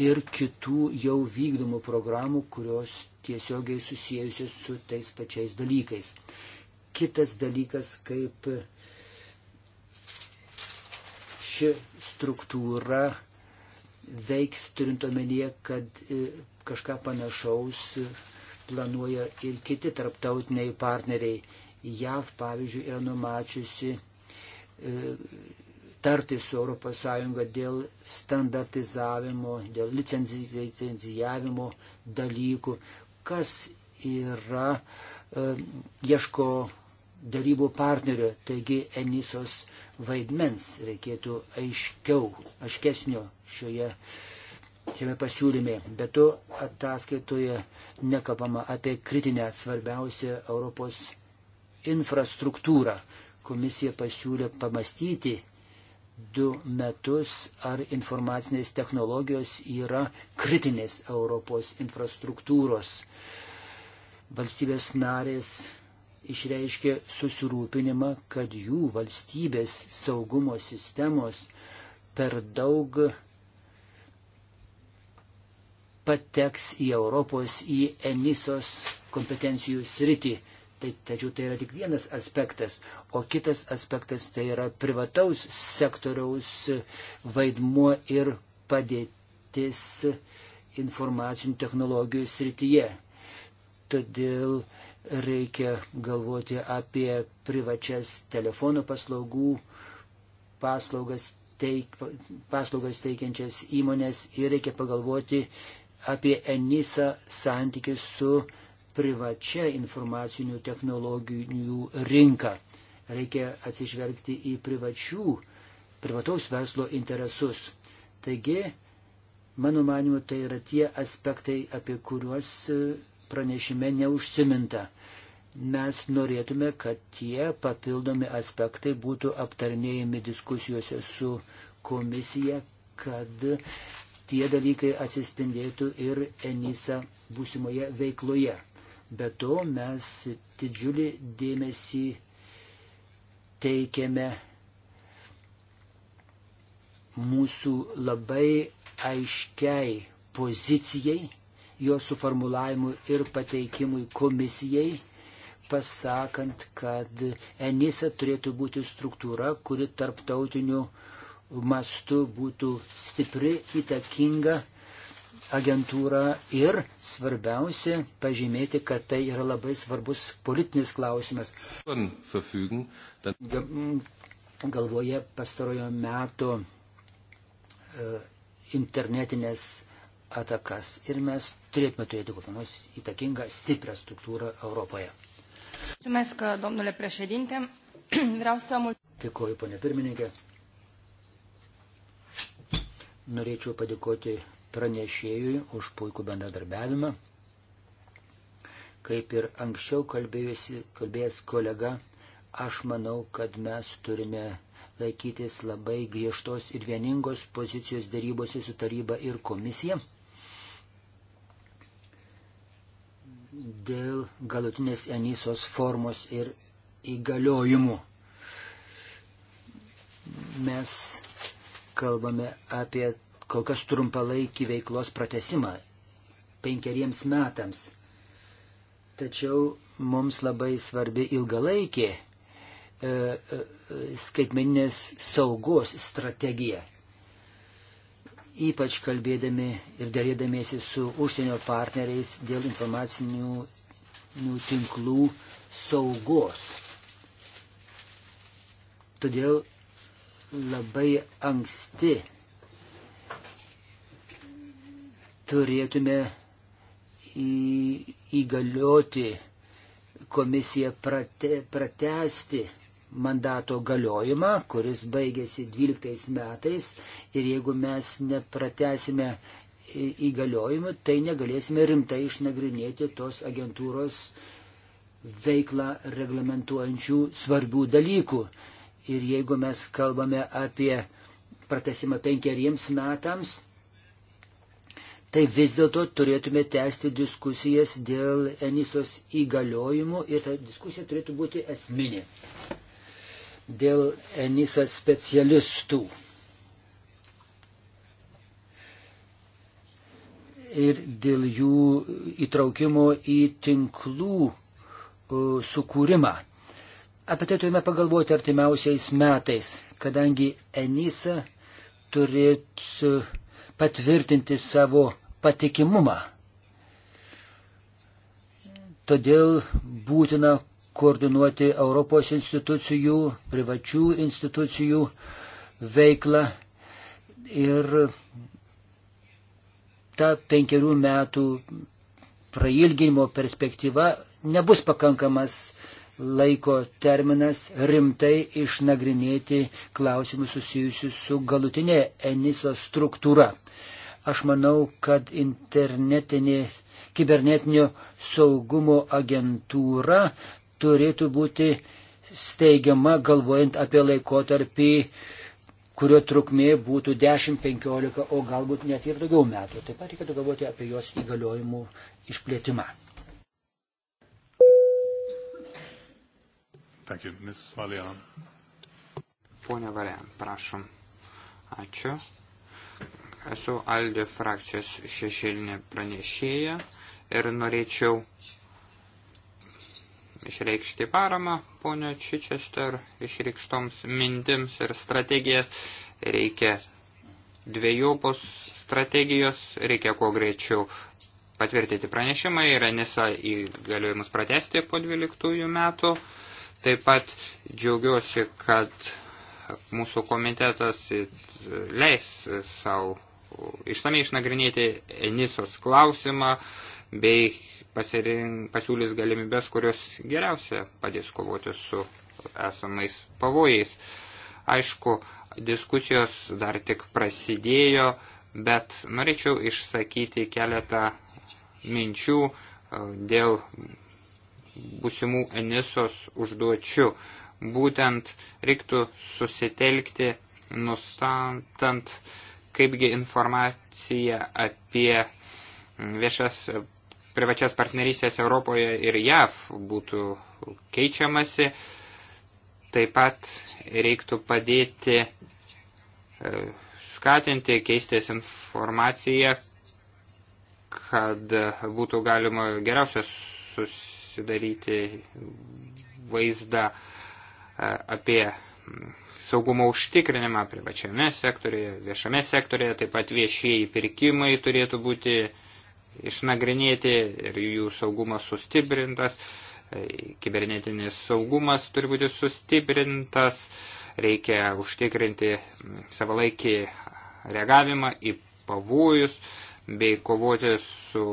ir kitų jau vykdomų programų, kurios tiesiogiai susijusios su tais pačiais dalykais. Kitas dalykas, kaip ši struktūra veiks, turint omenyje, kad e, kažką panašaus planuoja ir kiti tarptautiniai partneriai. JAV, pavyzdžiui, yra numačiusi e, tarti su ES dėl standartizavimo, dėl licenzijavimo dalykų, kas yra e, ieško darybų partnerio, taigi Enisos vaidmens reikėtų aiškiau, aiškesnio šioje šiame pasiūlyme. Be to ataskaitoje nekalbama apie kritinę svarbiausią Europos infrastruktūrą. Komisija pasiūlė pamastyti du metus, ar informacinės technologijos yra kritinės Europos infrastruktūros. Valstybės narės išreiškė susirūpinimą, kad jų valstybės saugumo sistemos per daug pateks į Europos, į Enisos kompetencijų sritį. Tai, tačiau tai yra tik vienas aspektas, o kitas aspektas tai yra privataus sektoriaus vaidmuo ir padėtis informacinių technologijų srityje. Todėl reikia galvoti apie privačias telefono paslaugų paslaugas, teik, paslaugas teikiančias įmonės ir reikia pagalvoti apie Enisa santykius su privačia informacinių technologijų rinka. Reikia atsižvelgti į privačių, privataus verslo interesus. Taigi, mano manimu, tai yra tie aspektai, apie kuriuos e, pranešime neužsiminta. Mes norėtume, kad tie papildomi aspektai būtų aptarnėjami diskusijose su komisija, kad tie dalykai atsispindėtų ir Enisa būsimoje veikloje. Be to mes didžiulį dėmesį teikiame mūsų labai aiškiai pozicijai, jo suformulavimui ir pateikimui komisijai, pasakant, kad Enisa turėtų būti struktūra, kuri tarptautiniu mastu būtų stipri, įtakinga agentūrą ir svarbiausia pažymėti, kad tai yra labai svarbus politinis klausimas. Mm, galvoje pastarojo metų e, internetinės atakas ir mes turėtume turėti kokią nors įtakingą, stiprią struktūrą Europoje. Mulțumesc, domnule președinte. Vreau să mulțumesc. Dėkuoju, ponė pirmininkė. Norėčiau padėkoti pranešėjui už puikų bendradarbiavimą. Kaip ir anksčiau kalbėjęs kolega, aš manau, kad mes turime laikytis labai griežtos ir vieningos pozicijos darybose su taryba ir komisija. Dėl galutinės Enisos formos ir įgaliojimų. Mes kalbame apie kol kas trumpalaikį veiklos pratesimą penkeriems metams. Tačiau mums labai svarbi ilgalaikė e, e, skaitmeninės saugos strategija. Ypač kalbėdami ir dėrėdamiesi su užsienio partneriais dėl informacinių nu, tinklų saugos. Todėl labai anksti turėtume į, įgalioti komisiją prate, pratesti mandato galiojimą, kuris baigėsi 12 metais ir jeigu mes nepratesime įgaliojimų, tai negalėsime rimtai išnagrinėti tos agentūros veiklą reglamentuojančių svarbių dalykų. Ir jeigu mes kalbame apie pratesimą penkeriems metams, tai vis dėlto turėtume tęsti diskusijas dėl Enisos įgaliojimų ir ta diskusija turėtų būti esminė. Dėl Enisa specialistų. Ir dėl jų įtraukimo į tinklų sukūrimą. Apie tai turime pagalvoti artimiausiais metais, kadangi Enisa turėtų patvirtinti savo patikimumą. Todėl būtina koordinuoti Europos institucijų, privačių institucijų veiklą ir ta penkerių metų prailginimo perspektyva nebus pakankamas uh, laiko terminas rimtai išnagrinėti klausimus susijusius su galutinė Eniso struktūra. Aš manau, kad internetinė kibernetinio saugumo agentūra turėtų būti steigiama galvojant apie laikotarpį, kurio trukmė būtų 10-15, o galbūt net ir daugiau metų. Taip pat reikėtų galvoti apie jos įgaliojimų išplėtimą. Thank you, Ms. Valian. Pone Valian, prašom. Ačiū. Esu Aldė frakcijos šešėlinė pranešėja ir norėčiau išreikšti paramą ponio Čičester išreikštoms mintims ir strategijas. Reikia dviejopos strategijos, reikia kuo greičiau patvirtinti pranešimą ir Anisa įgaliojimus pratesti po 12 metų. Taip pat džiaugiuosi, kad mūsų komitetas leis savo ištamiai išnagrinėti Enisos klausimą bei pasirink, pasiūlys galimybės, kurios geriausia padės kovoti su esamais pavojais. Aišku, diskusijos dar tik prasidėjo, bet norėčiau išsakyti keletą minčių e, dėl būsimų Enisos užduočių. Būtent reiktų susitelkti, nustatant, kaipgi informacija apie viešas privačias partnerystės Europoje ir JAV būtų keičiamasi. Taip pat reiktų padėti e, skatinti keistės informaciją, kad būtų galima geriausias sus susidaryti vaizdą e, apie mm, saugumo užtikrinimą privačiame sektorėje, viešame sektorėje, taip pat viešieji pirkimai turėtų būti išnagrinėti ir jų saugumas sustiprintas, e, kibernetinis saugumas turi būti sustiprintas, reikia užtikrinti mm, savalaikį reagavimą į pavojus bei kovoti su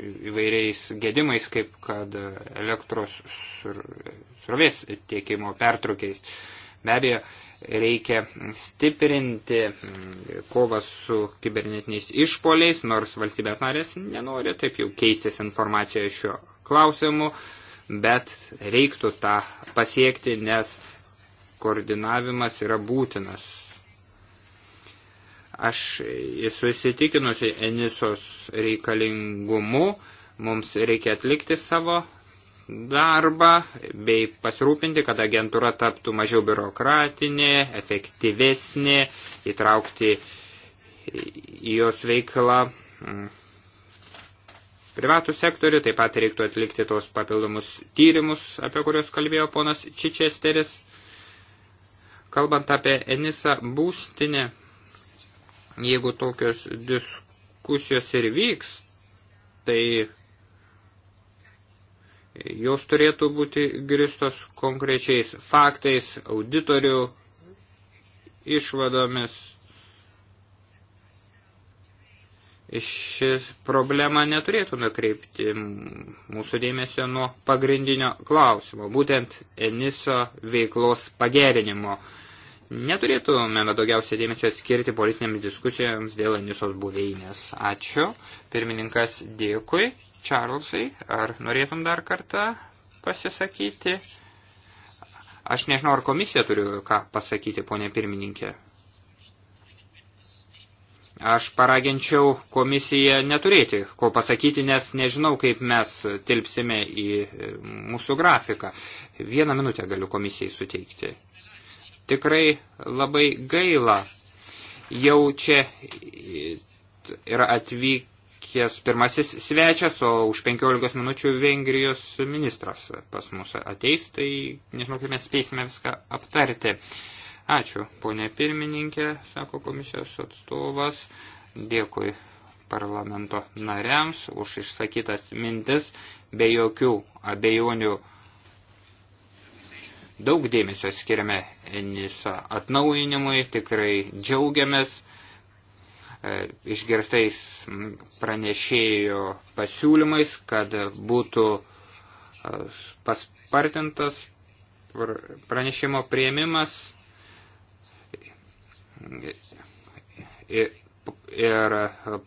įvairiais gedimais, kaip kad elektros srovės tiekimo pertrukiais. Be abejo, reikia stiprinti mm, kovą su kibernetiniais išpoliais, nors valstybės narės nenori taip jau keistis informaciją šiuo klausimu, bet reiktų tą pasiekti, nes koordinavimas yra būtinas Aš esu įsitikinusi Enisos reikalingumu, mums reikia atlikti savo darbą bei pasirūpinti, kad agentūra taptų mažiau biurokratinė, efektyvesnė, įtraukti į jos veiklą mm, privatų sektorių, taip pat reiktų atlikti tos papildomus tyrimus, apie kuriuos kalbėjo ponas Čičesteris. Kalbant apie Enisa būstinę, Jeigu tokios diskusijos ir vyks, tai jos turėtų būti gristos konkrečiais faktais, auditorių išvadomis. Šis problema neturėtų nukreipti mūsų dėmesio nuo pagrindinio klausimo, būtent ENISO veiklos pagerinimo. Neturėtumėme daugiausia dėmesio skirti politinėms diskusijoms dėl Anisos buveinės. Ačiū. Pirmininkas, dėkui. Čarlzai, ar norėtum dar kartą pasisakyti? Aš nežinau, ar komisija turiu ką pasakyti, ponė pirmininkė. Aš paraginčiau komisiją neturėti, ko pasakyti, nes nežinau, kaip mes tilpsime į mūsų grafiką. Vieną minutę galiu komisijai suteikti. Tikrai labai gaila. Jau čia yra atvykęs pirmasis svečias, o už 15 minučių Vengrijos ministras pas mus ateis, tai nežinau, kaip mes spėsime viską aptarti. Ačiū, ponė pirmininkė, sako komisijos atstovas. Dėkui parlamento nariams už išsakytas mintis, be jokių abejonių Daug dėmesio skiriame NISA atnaujinimui, tikrai džiaugiamės e, išgirstais pranešėjo pasiūlymais, kad būtų e, paspartintas pranešimo prieimimas ir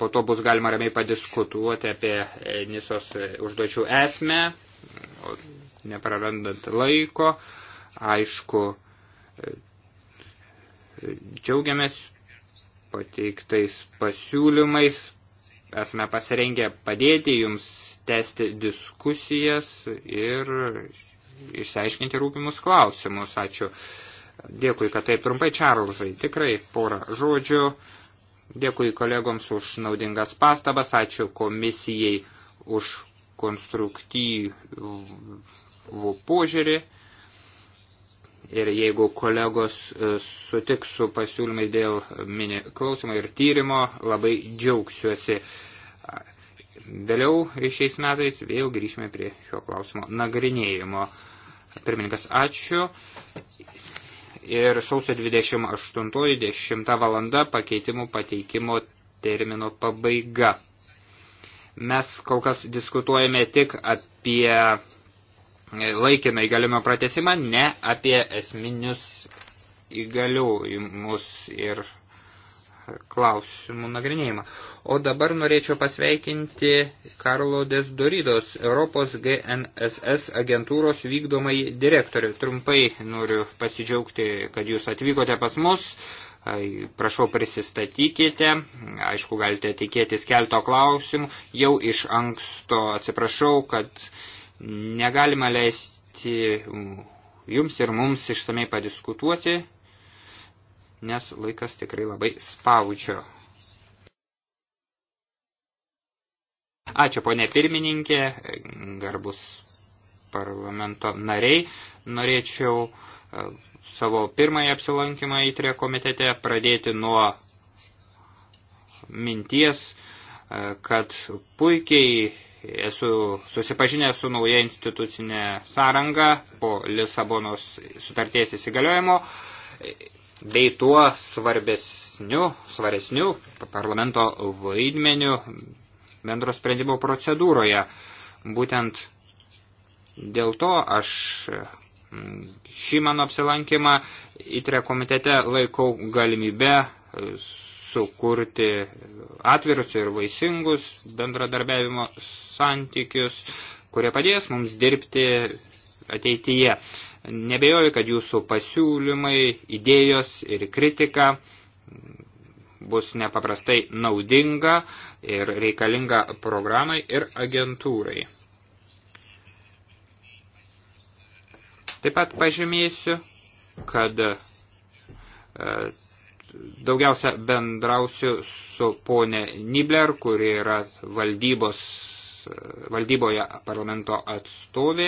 po to bus galima ramiai padiskutuoti apie Nisos užduočių esmę, neprarandant laiko aišku, džiaugiamės pateiktais pasiūlymais, esame pasirengę padėti jums tęsti diskusijas ir išsiaiškinti rūpimus klausimus. Ačiū. Dėkui, kad taip trumpai, Čarlzai. Tikrai porą žodžių. Dėkui kolegoms už naudingas pastabas. Ačiū komisijai už konstruktyvų požiūrį. Ir jeigu kolegos e, sutiks su pasiūlymai dėl mini klausimo ir tyrimo, labai džiaugsiuosi. Vėliau šiais metais vėl grįžime prie šio klausimo nagrinėjimo. Pirmininkas, ačiū. Ir sausio 28.10 valanda pakeitimų pateikimo termino pabaiga. Mes kol kas diskutuojame tik apie laikinai galima pratesimą, ne apie esminius įgaliojimus ir klausimų nagrinėjimą. O dabar norėčiau pasveikinti Karlo Desdoridos, Europos GNSS agentūros vykdomai direktorių. Trumpai noriu pasidžiaugti, kad jūs atvykote pas mus. Prašau prisistatykite, aišku, galite tikėtis kelto klausimų. Jau iš anksto atsiprašau, kad uh, Negalima leisti jums ir mums išsamei padiskutuoti, nes laikas tikrai labai spaučio. Ačiū, ponė pirmininkė, garbus parlamento nariai. Norėčiau e, savo pirmąją apsilankymą į trie komitete pradėti nuo minties, e, kad puikiai Esu susipažinęs su nauja institucinė sąranga po Lisabonos sutarties įsigaliojimo bei tuo svarbesniu, svaresniu parlamento vaidmeniu bendro sprendimo procedūroje. Būtent dėl to aš mm, šį mano apsilankymą įtre komitete laikau galimybę sukurti atvirus ir vaisingus bendradarbiavimo santykius, kurie padės mums dirbti ateityje. Nebejoju, kad jūsų pasiūlymai, idėjos ir kritika bus nepaprastai naudinga ir reikalinga programai ir agentūrai. Taip pat pažymėsiu, kad e, Daugiausia bendrausiu su ponė Nibler, kuri yra valdybos, valdyboje parlamento atstovė.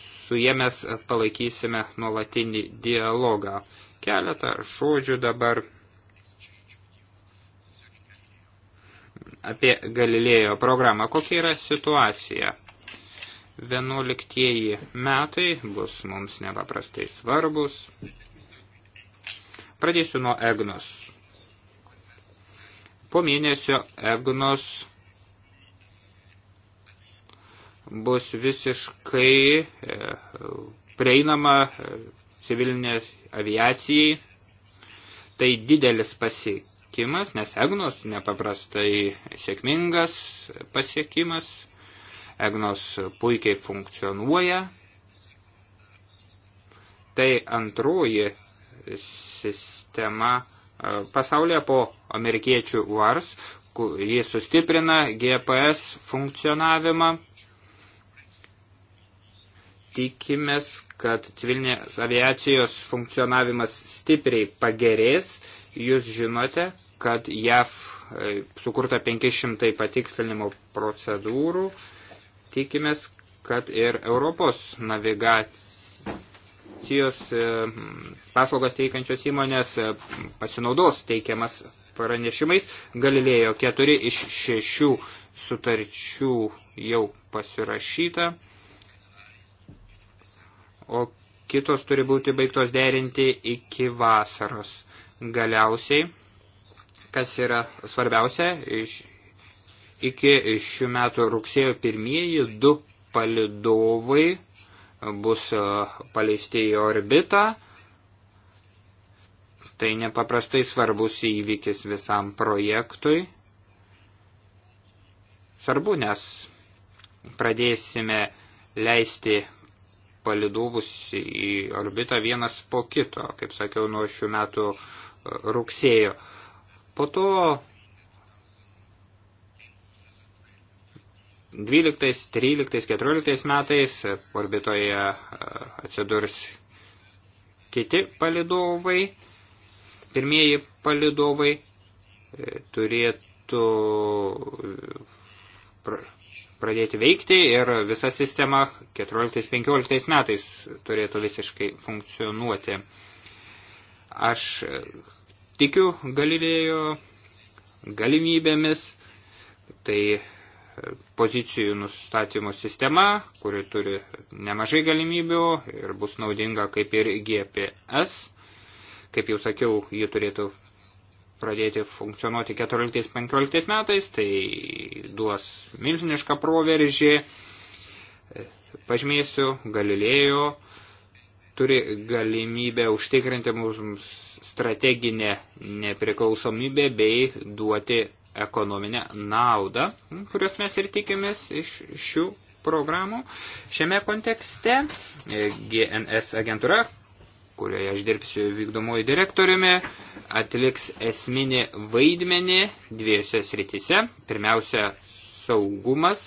Su jie mes palaikysime nuolatinį dialogą. Keletą žodžių dabar apie Galilėjo programą. Kokia yra situacija? 11 metai bus mums nepaprastai svarbus. Pradėsiu nuo EGNOS. Po mėnesio EGNOS bus visiškai e, prieinama e, civilinės aviacijai. Tai didelis pasiekimas, nes EGNOS nepaprastai sėkmingas pasiekimas. EGNOS puikiai funkcionuoja. Tai antroji sistema e, pasaulyje po amerikiečių VARS, jį sustiprina GPS funkcionavimą. Tikimės, kad civilinės aviacijos funkcionavimas stipriai pagerės. Jūs žinote, kad JAV e, sukurta 500 patikslinimo procedūrų. Tikimės, kad ir Europos navigacija Venecijos e, paslaugas teikiančios įmonės e, pasinaudos teikiamas pranešimais. Galilėjo keturi iš šešių sutarčių jau pasirašyta, o kitos turi būti baigtos derinti iki vasaros. Galiausiai, kas yra svarbiausia, iš, iki šių metų rugsėjo pirmieji du palidovai bus e, paleisti į orbitą. Tai nepaprastai svarbus įvykis visam projektui. Svarbu, nes pradėsime leisti palidovus į orbitą vienas po kito, kaip sakiau, nuo šių metų e, rugsėjo. Po to 12, 13, 14 metais orbitoje e, atsidurs kiti palidovai. Pirmieji palidovai e, turėtų e, pradėti veikti ir visa sistema 14-15 metais turėtų visiškai funkcionuoti. Aš tikiu Galilėjo galimybėmis, tai pozicijų nustatymo sistema, kuri turi nemažai galimybių ir bus naudinga kaip ir GPS. Kaip jau sakiau, ji turėtų pradėti funkcionuoti 14-15 metais, tai duos milžinišką proveržį. Pažymėsiu, Galilėjo turi galimybę užtikrinti mums strateginę nepriklausomybę bei duoti ekonominę naudą, kurios mes ir tikimės iš šių programų. Šiame kontekste e, GNS agentūra, kurioje aš dirbsiu vykdomuoju direktoriumi, atliks esminį vaidmenį dviejose srityse. Pirmiausia, saugumas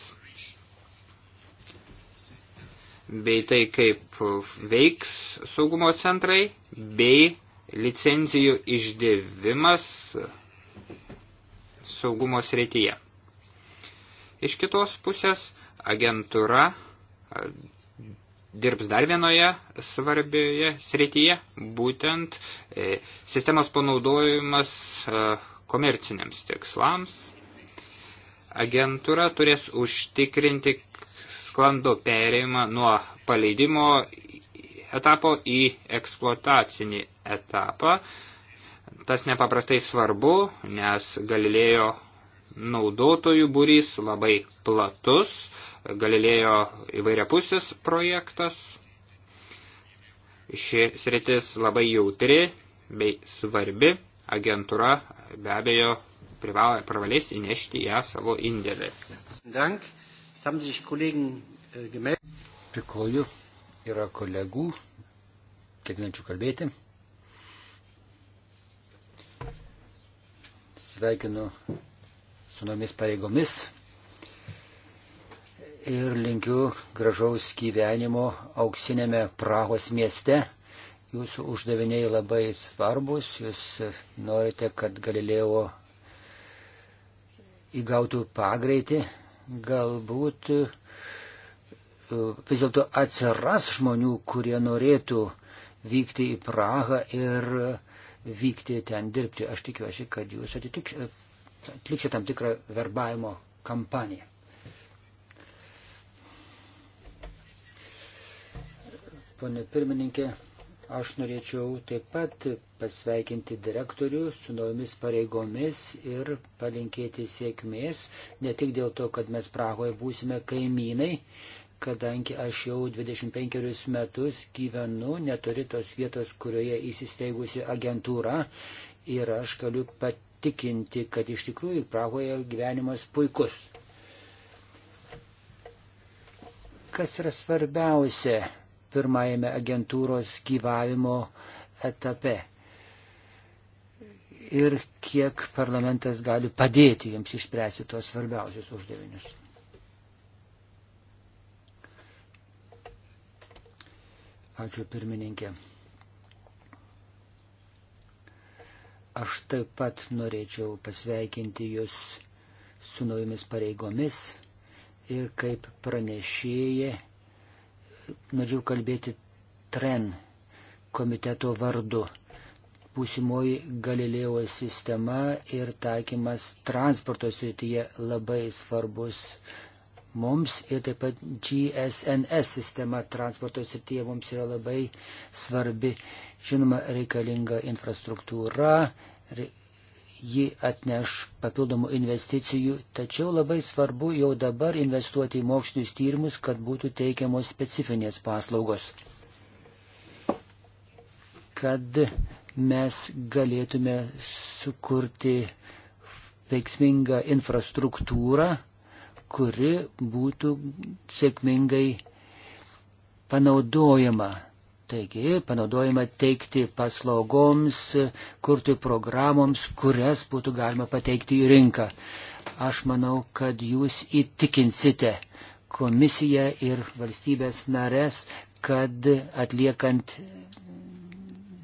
bei tai, kaip veiks saugumo centrai, bei licenzijų išdėvimas saugumo srityje. Iš kitos pusės agentūra dirbs dar vienoje svarbioje srityje, būtent e, sistemos panaudojimas e, komerciniams tikslams. Agentūra turės užtikrinti sklandų perėjimą nuo paleidimo etapo į eksploatacinį etapą. E, Tas nepaprastai svarbu, nes Galilėjo naudotojų būrys labai platus, Galilėjo įvairiapusis projektas. Ši sritis labai jautri bei svarbi, agentūra be abejo privalo, privalės įnešti ją savo indėlį. Dank. Äh, Dėkoju. Yra kolegų, ketinančių kalbėti. sveikinu su nomis pareigomis ir linkiu gražaus gyvenimo auksinėme Prahos mieste. Jūsų uždaviniai labai svarbus, jūs norite, kad Galilėjo įgautų pagreitį, galbūt e, vis dėlto atsiras žmonių, kurie norėtų vykti į Prahą ir uh, vykti ten dirbti. Aš tikiuosi, kad jūs atitiks, atliksite tam tikrą verbavimo kampaniją. Pone pirmininkė, aš norėčiau taip pat pasveikinti direktorių su naujomis pareigomis ir palinkėti sėkmės, ne tik dėl to, kad mes Prahoje būsime kaimynai, kadangi aš jau 25 metus gyvenu netoli tos vietos, kurioje įsisteigusi agentūra ir aš galiu patikinti, kad iš tikrųjų Prahoje gyvenimas puikus. Kas yra svarbiausia pirmajame agentūros gyvavimo etape? Ir kiek parlamentas gali padėti jiems išspręsti tos svarbiausius uždavinius? Ačiū pirmininkė. Aš taip pat norėčiau pasveikinti Jūs su naujomis pareigomis ir kaip pranešėję norėjau kalbėti TREN komiteto vardu. Būsimoji Galilėjo sistema ir taikymas transporto srityje labai svarbus mums ir taip pat GSNS sistema transporto srityje mums yra labai svarbi. Žinoma, reikalinga infrastruktūra, ji atneš papildomų investicijų, tačiau labai svarbu jau dabar investuoti į mokslinius tyrimus, kad būtų teikiamos specifinės paslaugos. Kad mes galėtume sukurti veiksmingą infrastruktūrą, kuri būtų sėkmingai panaudojama. Taigi, panaudojama teikti paslaugoms, kurti programoms, kurias būtų galima pateikti į rinką. Aš manau, kad jūs įtikinsite komisiją ir valstybės narės, kad atliekant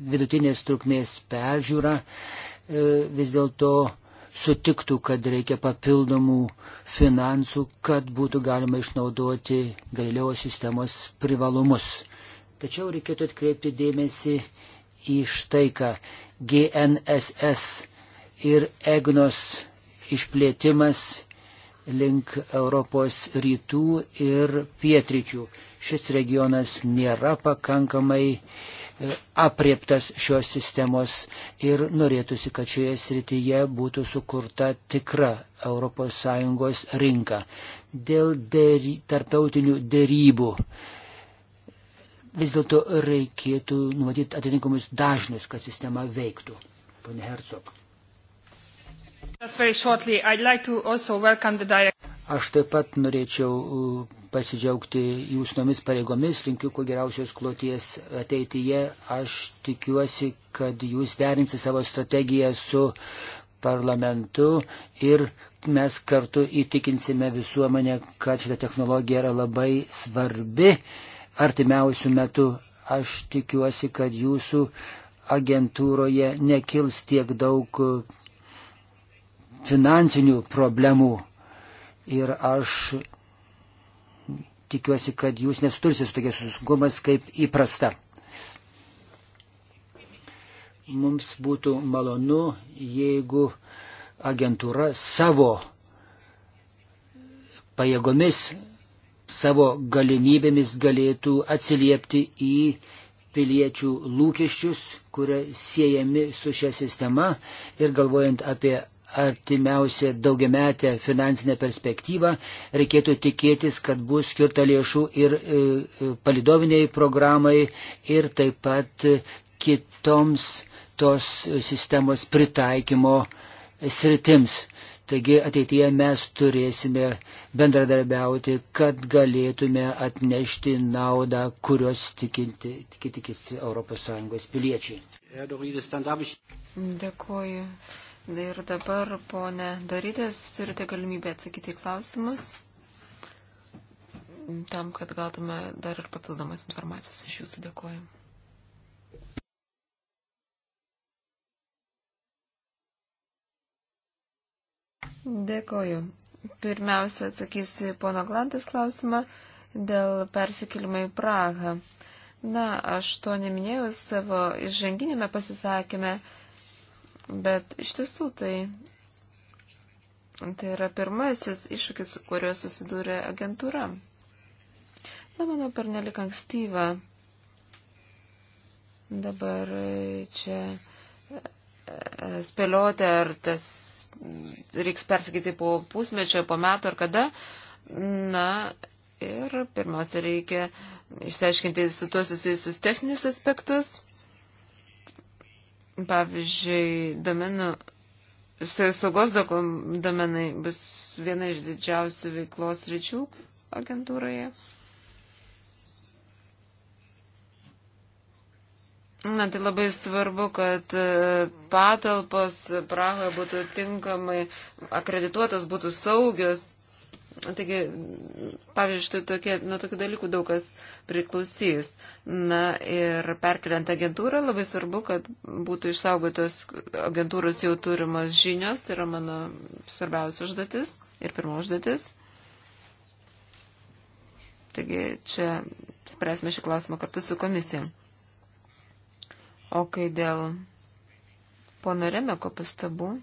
vidutinės trukmės peržiūrą e, vis dėlto sutiktų, kad reikia papildomų finansų, kad būtų galima išnaudoti Galileo sistemos privalumus. Tačiau reikėtų atkreipti dėmesį į štai ką GNSS ir EGNOS išplėtimas link Europos rytų ir pietryčių. Šis regionas nėra pakankamai uh, apriektas šios sistemos ir norėtųsi, kad šioje srityje būtų sukurta tikra ES rinka. Dėl dėry, tarptautinių dėrybų vis dėlto reikėtų numatyti atitinkamus dažnius, kad sistema veiktų. Pone Hercog. Like Aš taip pat norėčiau pasidžiaugti jūsnomis pareigomis, linkiu kuo geriausios kloties ateityje. Aš tikiuosi, kad jūs derinsi savo strategiją su parlamentu ir mes kartu įtikinsime visuomenę, kad šita technologija yra labai svarbi artimiausių metų. Aš tikiuosi, kad jūsų agentūroje nekils tiek daug finansinių problemų Ir aš tikiuosi, kad jūs nesutursite su tokia susigumas kaip įprasta. Mums būtų malonu, jeigu agentūra savo pajėgomis, savo galimybėmis galėtų atsiliepti į piliečių lūkesčius, kurie siejami su šia sistema ir galvojant apie artimiausią daugiametę finansinę perspektyvą reikėtų tikėtis, kad bus skirta lėšų ir e, e, palidoviniai programai ir taip pat e, kitoms tos sistemos pritaikymo sritims. Taigi ateityje mes turėsime bendradarbiauti, kad galėtume atnešti naudą, kurios tikinti, tikinti, tikinti ES piliečiai. Dėkuoju. Ir dabar, ponė Darytės, turite galimybę atsakyti į klausimus, tam, kad gautume dar ir papildomas informacijos iš jūsų. Dėkuoju. Dėkoju. Pirmiausia, atsakysiu į pono Glantės klausimą dėl persikilimo į Prahą. Na, aš to neminėjau savo išžanginėme pasisakymę, Bet iš tiesų tai, tai yra pirmasis iššūkis, su kuriuo susidūrė agentūra. Na, manau, per nelik ankstyva dabar čia e, e, spėlioti, ar tas reiks persakyti po pusmečio, po metų ar kada. Na, ir pirmiausia, reikia išsiaiškinti su tuo susijusius techninius aspektus. Pavyzdžiui, domenų, saugos domenai bus viena iš didžiausių veiklos ryčių agentūroje. Na, tai labai svarbu, kad e, patalpos Prahoje būtų tinkamai akredituotos, būtų saugios. Taigi, pavyzdžiui, tokie, nuo tokių dalykų daug kas priklausys. Na ir perkeliant agentūrą, labai svarbu, kad būtų išsaugotos agentūros jau turimos žinios, tai yra mano svarbiausia užduotis ir pirmo užduotis. Taigi čia spręsime šį klausimą kartu su komisija. O kai dėl pono Remeko pastabų.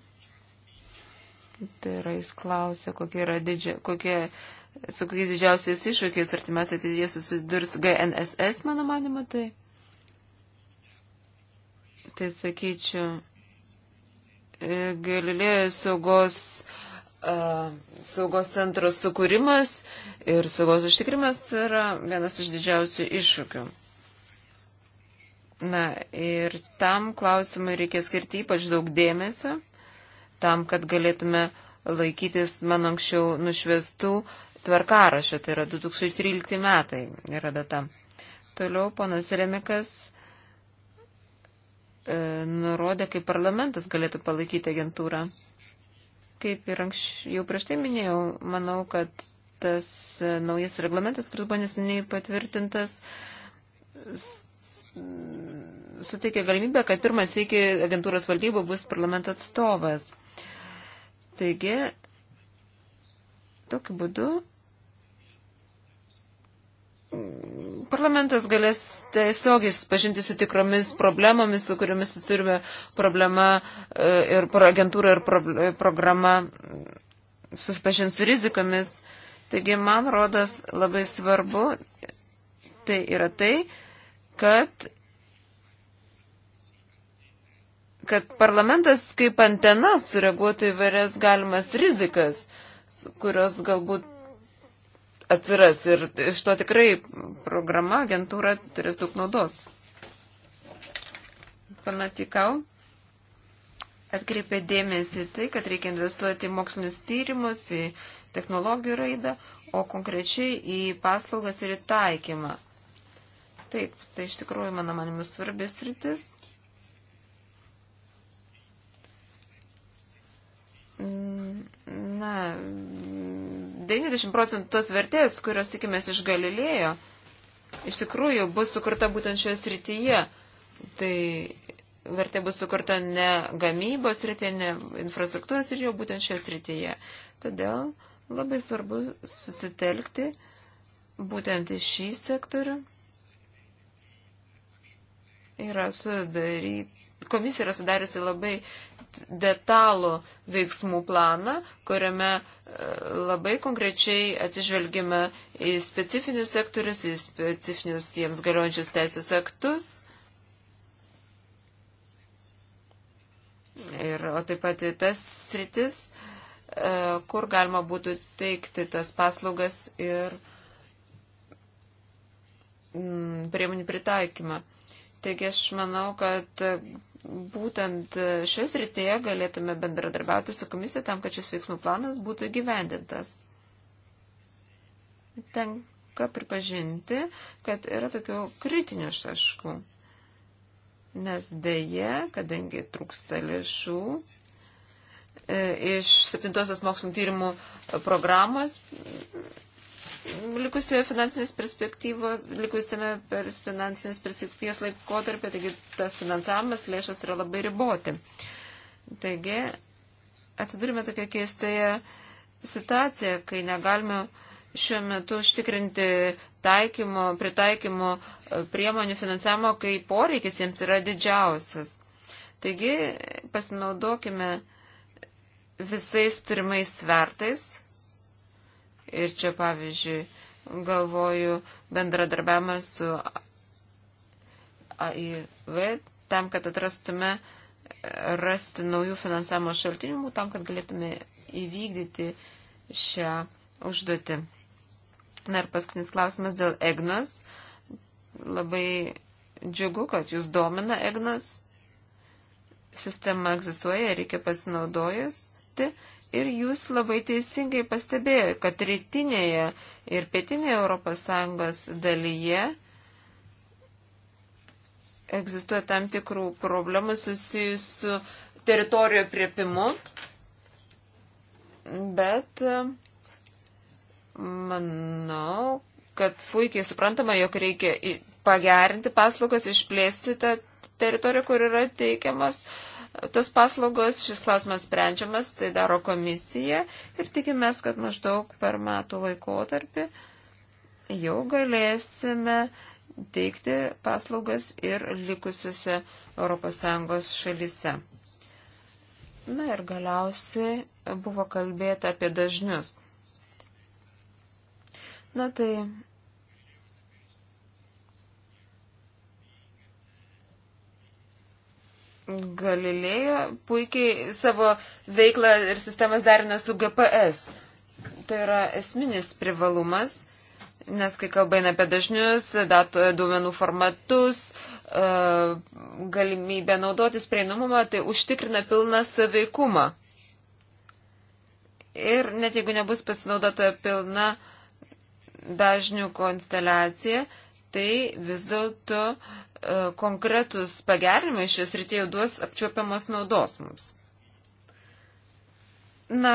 Tai yra, jis klausė, kokie yra didžia, kokie, su kokie didžiausiais iššūkiais artimiausiai ateityje susidurs GNSS, mano manimo, tai. Tai sakyčiau, e, Galilėjo saugos, uh, saugos centro sukūrimas ir saugos užtikrimas yra vienas iš didžiausių iššūkių. Na ir tam klausimui reikia skirti ypač daug dėmesio tam, kad galėtume laikytis man anksčiau nušvestų tvarkarašio, tai yra 2013 metai yra data. Toliau ponas Remikas e, nurodė, kaip parlamentas galėtų palaikyti agentūrą. Kaip ir anksčiau, jau prieš tai minėjau, manau, kad tas e, naujas reglamentas, kuris buvo neseniai patvirtintas, suteikia galimybę, kad pirmas iki agentūros valdybų bus parlamento atstovas. Taigi, tokiu būdu parlamentas galės tiesiogiai susipažinti su tikromis problemomis, su kuriomis turime problema e, ir agentūra ir pro, programa susipažinti su rizikomis. Taigi, man rodos labai svarbu tai yra tai, kad kad parlamentas kaip antena sureaguotų į vairias galimas rizikas, kurios galbūt atsiras ir iš to tikrai programa, agentūra turės daug naudos. Panatikau atkreipė dėmesį tai, kad reikia investuoti į mokslinius tyrimus, į technologijų raidą, o konkrečiai į paslaugas ir į taikymą. Taip, tai iš tikrųjų, mano manimis, svarbis rytis. na, 90 procentų tos vertės, kurios tikimės iš Galilėjo, iš tikrųjų bus sukurta būtent šioje srityje. Tai vertė bus sukurta ne gamybos srityje, ne infrastruktūros srityje, būtent šioje srityje. Todėl labai svarbu susitelkti būtent į šį sektorių. Yra sudaryt, komisija yra sudariusi labai detalų veiksmų planą, kuriame e, labai konkrečiai atsižvelgime į specifinius sektorius, į specifinius jiems galiojančius teisės aktus. Ir, o taip pat į tas sritis, e, kur galima būtų teikti tas paslaugas ir mm, priemonių pritaikymą. Taigi aš manau, kad būtent šios rytėje galėtume bendradarbiauti su komisija tam, kad šis veiksmų planas būtų gyvendintas. Tenka pripažinti, kad yra tokių kritinių taškų, nes dėje, kadangi trūksta lėšų, e, iš 7 mokslinų tyrimų programos likusioje finansinės perspektyvos, likusiame per finansinės perspektyvos laikotarpė, taigi tas finansavimas lėšas yra labai riboti. Taigi, atsidurime tokioje keistoje situacijoje, kai negalime šiuo metu užtikrinti taikymo, pritaikymo e, priemonių finansavimo, kai poreikis jiems yra didžiausias. Taigi, pasinaudokime visais turimais svertais Ir čia, pavyzdžiui, galvoju bendradarbiavimą su AIV tam, kad atrastume rasti naujų finansavimo šaltinių, tam, kad galėtume įvykdyti šią užduotį. Na ir paskutinis klausimas dėl EGNOS. Labai džiugu, kad jūs domina EGNOS. Sistema egzistuoja, reikia pasinaudojusti. Ir jūs labai teisingai pastebėjote, kad rytinėje ir pietinėje ES dalyje egzistuoja tam tikrų problemų susijusių su teritorijų priepimu, bet manau, kad puikiai suprantama, jog reikia pagerinti paslaugas, išplėsti tą teritoriją, kur yra teikiamas uh, tos paslaugos, šis klausimas sprendžiamas, tai daro komisija ir tikimės, kad maždaug per metų laikotarpį jau galėsime teikti paslaugas ir likusiuose ES šalyse. Na ir galiausiai buvo kalbėta apie dažnius. Na tai Galilėjo puikiai savo veiklą ir sistemas derina su GPS. Tai yra esminis privalumas, nes kai kalba eina apie dažnius, datų, duomenų formatus, e, galimybę naudotis prieinamumą, tai užtikrina pilną saveikumą. Ir net jeigu nebus pasinaudota pilna dažnių konsteliacija, tai vis dėlto uh, E, konkretus pagerinimai šios rytėjų duos apčiuopiamos naudos mums. Na,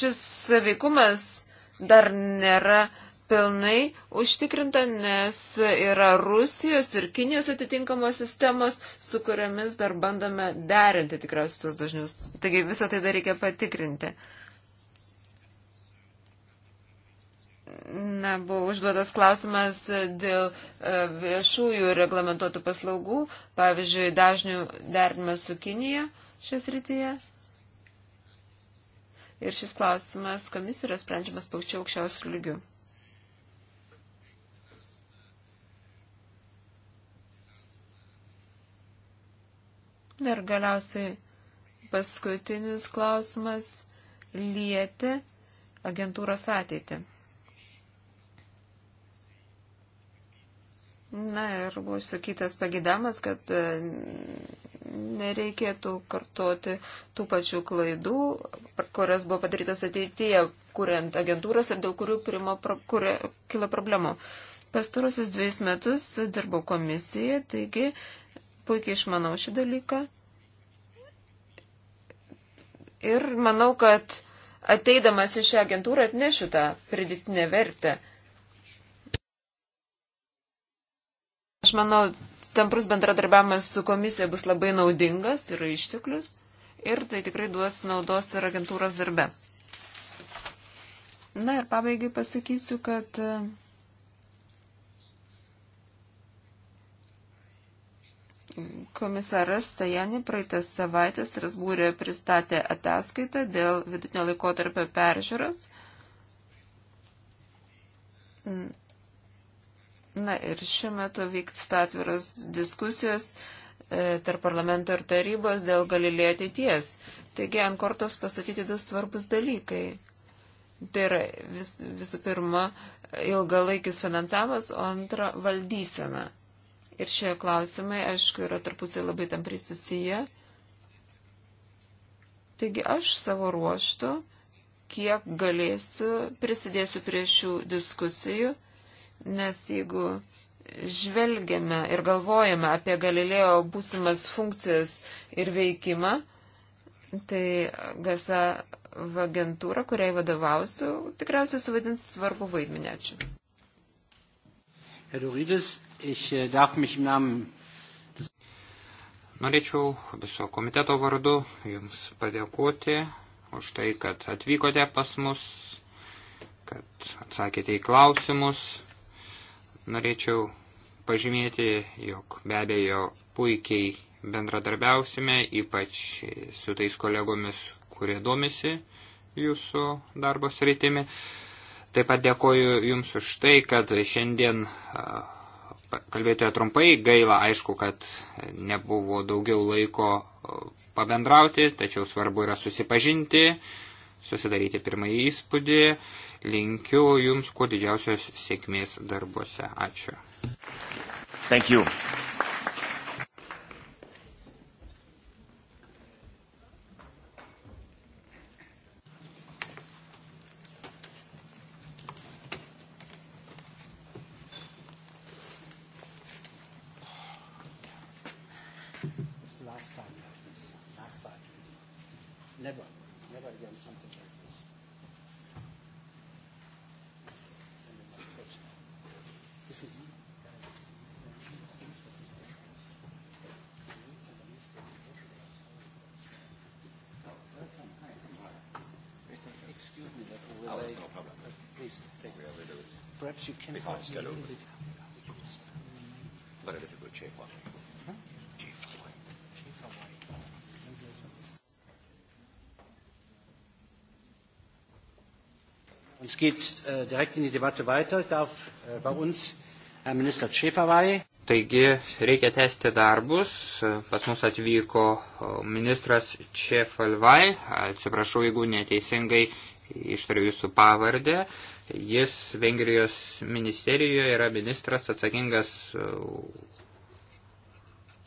šis veikumas dar nėra pilnai užtikrinta, nes yra Rusijos ir Kinijos atitinkamos sistemos, su kuriamis dar bandome derinti tikriausiai tuos dažnius. Taigi visą tai dar reikia patikrinti. Uh, Na, buvo užduotas klausimas dėl e, viešųjų reglamentuotų paslaugų, pavyzdžiui, dažnių derinimas su Kinija šias rytyje. Ir šis klausimas komisijų yra sprendžiamas paukščiau aukščiausių lygių. Ir galiausiai paskutinis klausimas lieti agentūros ateitį. Na ir buvo išsakytas pagidamas, kad e, nereikėtų kartoti tų pačių klaidų, kurias buvo padarytas ateityje, kuriant agentūras ir dėl kurių pirmo, kuria, kila problemų. Pastarosius dviejus metus dirbau komisijoje, taigi puikiai išmanau šį dalyką. Ir manau, kad ateidamas į šią agentūrą atnešiu tą pridėtinę vertę. Aš manau, tamprus bendradarbiavimas su komisija bus labai naudingas ir išteklius ir tai tikrai duos naudos ir agentūros darbe. Na ir pabaigai pasakysiu, kad e, komisaras Stajani praeitą savaitę Strasbūrė pristatė ataskaitą dėl vidutinio laikotarpio peržiūros. Na ir šiuo metu vyksta atviros diskusijos e, tarp parlamento ir tarybos dėl galilėjo ateities. Taigi ant kortos pastatyti du svarbus dalykai. Tai yra vis, visų pirma ilgalaikis finansavimas, o antra valdysena. Ir šie klausimai, aišku, yra tarpusiai labai tampriai susiję. Taigi aš savo ruoštų, kiek galėsiu, prisidėsiu prie šių diskusijų nes jeigu žvelgiame ir galvojame apie Galilėjo būsimas funkcijas ir veikimą, tai GASA agentūra, kuriai vadovausiu, tikriausiai suvadins svarbu vaidmenį. Ačiū. Herr Doridis, ich äh, darf mich im Namen Norėčiau viso komiteto vardu Jums padėkoti už tai, kad atvykote pas mus, kad atsakėte į klausimus norėčiau pažymėti, jog be abejo puikiai bendradarbiausime, ypač su tais kolegomis, kurie domisi jūsų darbo sritimi. Taip pat dėkoju Jums už tai, kad šiandien kalbėtoje trumpai gaila, aišku, kad nebuvo daugiau laiko pabendrauti, tačiau svarbu yra susipažinti, susidaryti pirmąjį įspūdį. Linkiu Jums kuo didžiausios sėkmės darbuose. Ačiū. Thank you. geht äh, direkt in die Debatte weiter. Ich darf äh, bei uns Herr Minister Schäferwey. Taigi reikia tęsti darbus. Pas mus atvyko ministras Čefalvai. Atsiprašau, jeigu neteisingai ištariu jūsų pavardę. Jis Vengrijos ministerijoje yra ministras atsakingas,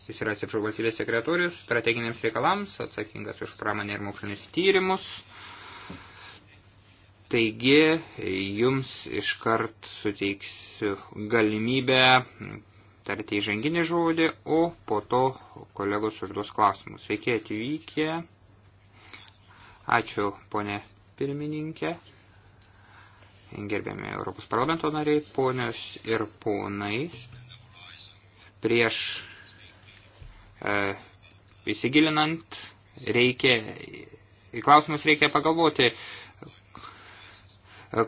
jis yra atsiprašau valstybės sekretorius, strateginiams reikalams, atsakingas už pramonę ir mokslinius tyrimus Taigi jums iškart suteiksiu galimybę tarti įžanginį žodį, o po to kolegos užduos klausimus. Sveiki atvykę. Ačiū, ponė pirmininkė. Gerbėme Europos parlamento nariai, ponios ir ponai. Prieš e, įsigilinant reikia, į klausimus reikia pagalvoti. E,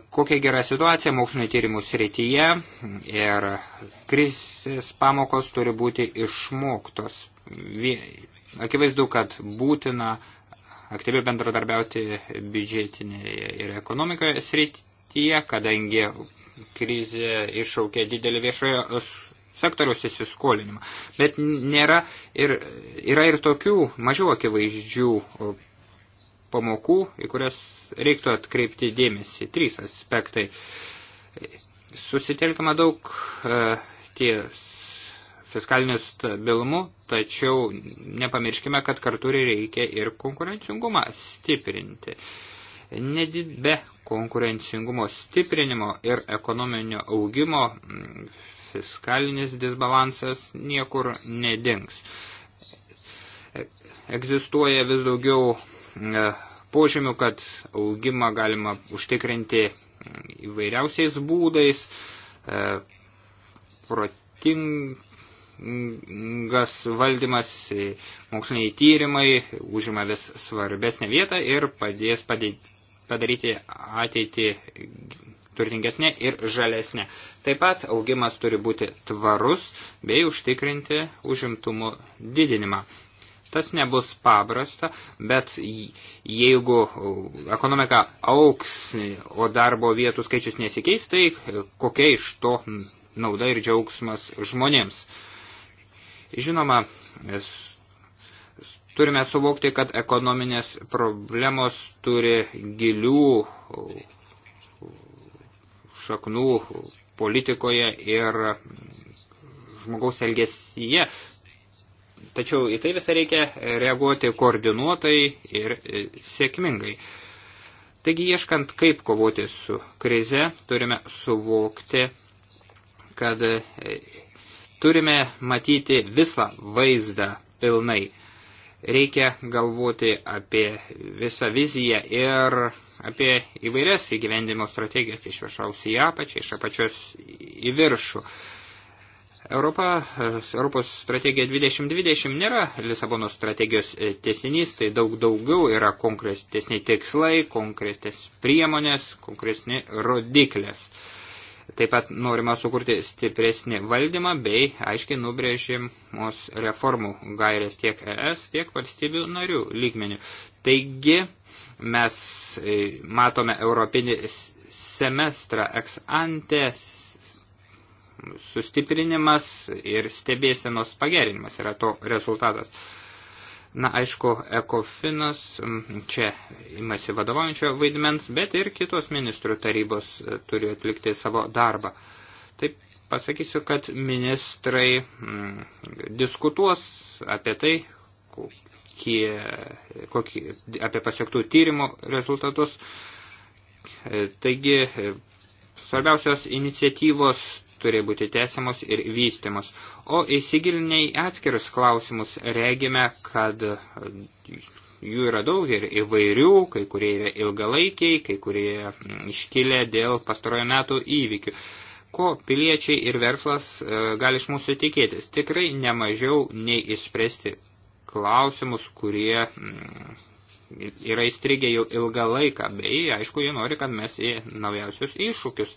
kokia gera situacija mokslinio tyrimų srityje ir krizės pamokos turi būti išmoktos. Akivaizdu, kad būtina aktyviai bendradarbiauti biudžetinėje ir ekonomikoje srityje, kadangi krizė iššaukė didelį viešojo sektoriaus įsiskolinimą. Bet nėra ir, yra ir tokių mažiau akivaizdžių pamokų, į kurias reiktų atkreipti dėmesį. Trys aspektai. Susitelkama daug e, ties fiskaliniu stabilumu, tačiau nepamirškime, kad kartu reikia ir konkurencingumą stiprinti. Nedid be konkurencingumo stiprinimo ir ekonominio augimo fiskalinis disbalansas niekur nedings. Egzistuoja vis daugiau požymių, kad augimą galima užtikrinti įvairiausiais būdais. E, protingas valdymas, e, moksliniai tyrimai užima vis svarbesnę vietą ir padės padaryti ateitį turtingesnė ir žalesnė. Taip pat augimas turi būti tvarus bei užtikrinti užimtumo didinimą tas nebus paprasta, bet jeigu ekonomika auks, o darbo vietų skaičius nesikeis, tai kokia iš to nauda ir džiaugsmas žmonėms. Žinoma, mes turime suvokti, kad ekonominės problemos turi gilių šaknų politikoje ir žmogaus elgesyje. Tačiau į tai visą reikia e, reaguoti koordinuotai ir e, sėkmingai. Taigi, ieškant, kaip kovoti su krize, turime suvokti, kad e, turime matyti visą vaizdą pilnai. Reikia galvoti apie visą viziją ir apie įvairias įgyvendimo strategijas iš viršaus į apačią, iš apačios į viršų. Europa, e, Europos strategija 2020 nėra Lisabono strategijos e, tiesinys, tai daug daugiau yra konkretesni tikslai, konkretės priemonės, konkretesni rodiklės. Taip pat norima sukurti stipresnį valdymą bei aiškiai nubrėžimos reformų gairės tiek ES, tiek valstybių narių lygmenių. Taigi mes e, matome europinį semestrą ex antes sustiprinimas ir stebėsenos pagerinimas yra to rezultatas. Na, aišku, ekofinas čia imasi vadovaujančio vaidmens, bet ir kitos ministrų tarybos e, turi atlikti savo darbą. Taip pasakysiu, kad ministrai m, diskutuos apie tai, kokie, kokie, apie pasiektų tyrimų rezultatus. E, taigi, e, svarbiausios iniciatyvos turi būti tęsiamos ir vystimos. O įsigilinę į atskirus klausimus regime, kad e, jų yra daug ir įvairių, kai kurie yra ilgalaikiai, kai kurie mm, iškilę dėl pastarojo metų įvykių. Ko piliečiai ir verslas e, gali iš mūsų tikėtis? Tikrai nemažiau nei išspręsti klausimus, kurie mm, yra įstrigę jau ilgą laiką, bei aišku, jie nori, kad mes į naujausius iššūkius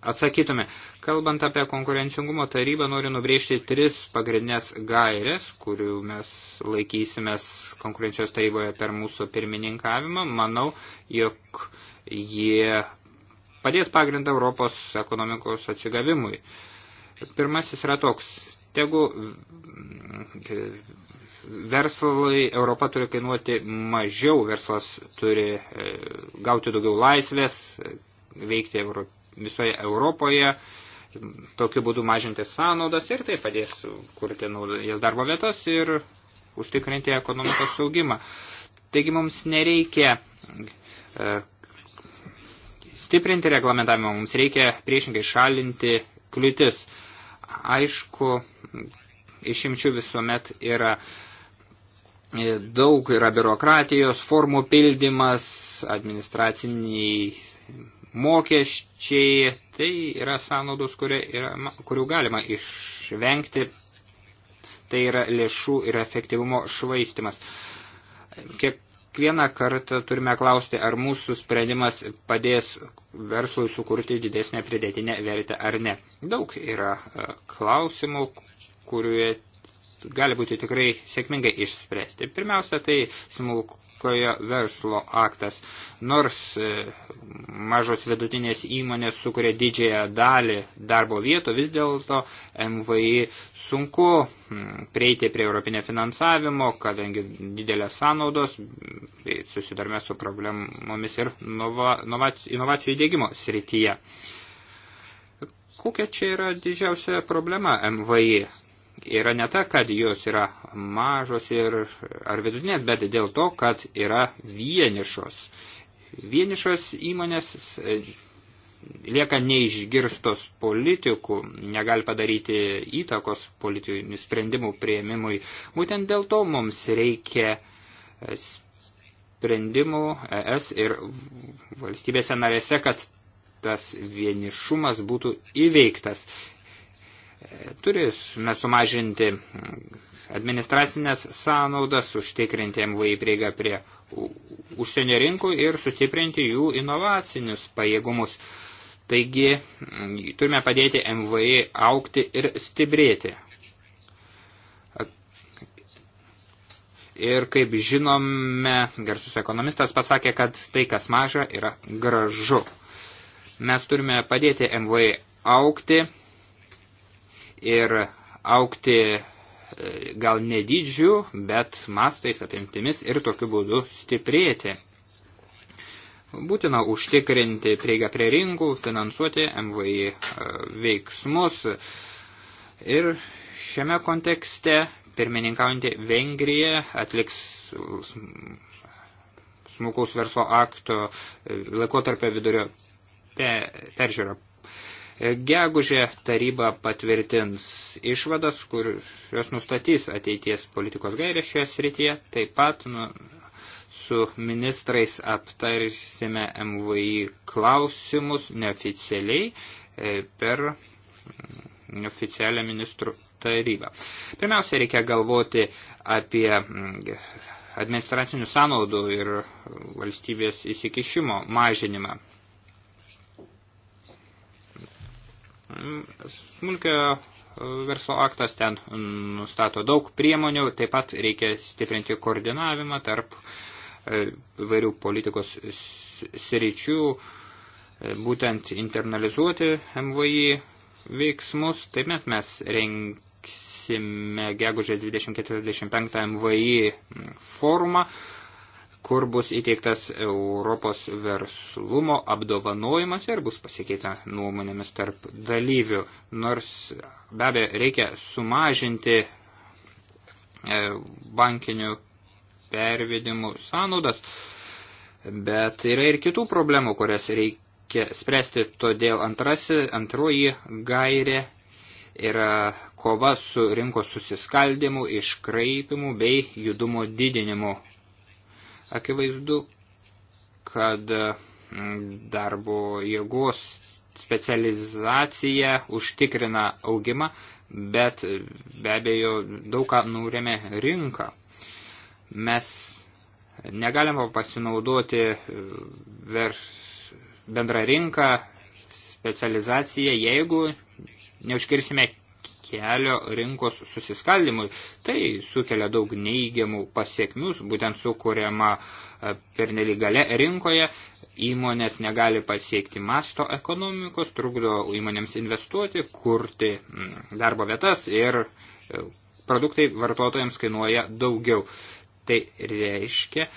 atsakytume. Kalbant apie konkurencingumo tarybą, noriu nubrėžti tris pagrindinės gairės, kurių mes laikysimės konkurencijos taryboje per mūsų pirmininkavimą. Manau, jog jie padės pagrindą Europos ekonomikos atsigavimui. Pirmasis yra toks. Tegu verslai Europa turi kainuoti mažiau, verslas turi e, gauti daugiau laisvės, veikti Europą visoje Europoje, tokiu būdu mažinti sąnaudas ir tai padės kurti naujas darbo vietas ir užtikrinti ekonomikos saugimą. Taigi mums nereikia e, stiprinti reglamentavimą, mums reikia priešingai šalinti kliūtis. Aišku, išimčių visuomet yra e, daug, yra biurokratijos, formų pildymas, administraciniai mokesčiai, tai yra sąnaudos, yra, kurių galima išvengti, tai yra lėšų ir efektyvumo švaistimas. Kiekvieną kartą turime klausti, ar mūsų sprendimas padės verslui sukurti didesnę pridėtinę vertę ar ne. Daug yra e, klausimų, kurie gali būti tikrai sėkmingai išspręsti. Pirmiausia, tai smulk, Amerikoje verslo aktas. Nors e, mažos vidutinės įmonės sukuria didžiąją dalį darbo vietų, vis dėlto MVI sunku prieiti prie europinio finansavimo, kadangi didelės sąnaudos tai susidarme su problemomis ir nova, inovacijų įdėgymo srityje. Kokia čia yra didžiausia problema MVI? yra ne ta, kad jos yra mažos ir, ar vidutinės, bet dėl to, kad yra vienišos. Vienišos įmonės e, lieka neišgirstos politikų, negali padaryti įtakos politinių sprendimų prieimimui. Būtent dėl to mums reikia e, sprendimų e, ES ir valstybėse narėse, kad tas vienišumas būtų įveiktas. Turėsime sumažinti administracinės sąnaudas, užtikrinti MVI prieigą prie užsienio rinkų ir sustiprinti jų inovacinius pajėgumus. Taigi turime padėti MVI aukti ir stiprėti. Ir kaip žinome, garsus ekonomistas pasakė, kad tai, kas maža, yra gražu. Mes turime padėti MVI aukti ir aukti e, gal nedidžių, bet mastais apimtimis ir tokiu būdu stiprėti. Būtina užtikrinti prieigą prie rinkų, finansuoti MVI e, veiksmus ir šiame kontekste pirmininkaujantį Vengriją atliks smulkaus verslo akto e, laikotarpio vidurio peržiūrą Gegužė taryba patvirtins išvadas, kurios nustatys ateities politikos gairės šioje srityje. Taip pat nu, su ministrais aptarsime MVI klausimus neoficialiai e, per oficialią ministrų tarybą. Pirmiausia, reikia galvoti apie mm, administracinių sąnaudų ir valstybės įsikišimo mažinimą. Smulkio e, verslo aktas ten nustato daug priemonių, taip pat reikia stiprinti koordinavimą tarp e, vairių politikos sričių, e, būtent internalizuoti MVI veiksmus. Taip met mes renksime gegužė 2045 MVI forumą, kur bus įteiktas Europos verslumo apdovanojimas ir bus pasikeita nuomonėmis tarp dalyvių. Nors be abejo reikia sumažinti e, bankinių pervedimų sąnaudas, bet yra ir kitų problemų, kurias reikia spręsti, todėl antrasi, antroji gairė yra kova su rinkos susiskaldimu, iškraipimu bei judumo didinimu. Akivaizdu, kad mm, darbo jėgos specializacija užtikrina augimą, bet be abejo daug ką nūrėme rinką. Mes negalime pasinaudoti mm, ver bendrą rinką, specializaciją, jeigu neužkirsime kelio rinkos susiskaldimui. Tai sukelia daug neįgiamų pasiekmių, būtent sukūriama e, perneligale rinkoje, įmonės negali pasiekti masto ekonomikos, trukdo įmonėms investuoti, kurti mm, darbo vietas ir e, produktai vartotojams kainuoja daugiau. Tai reiškia,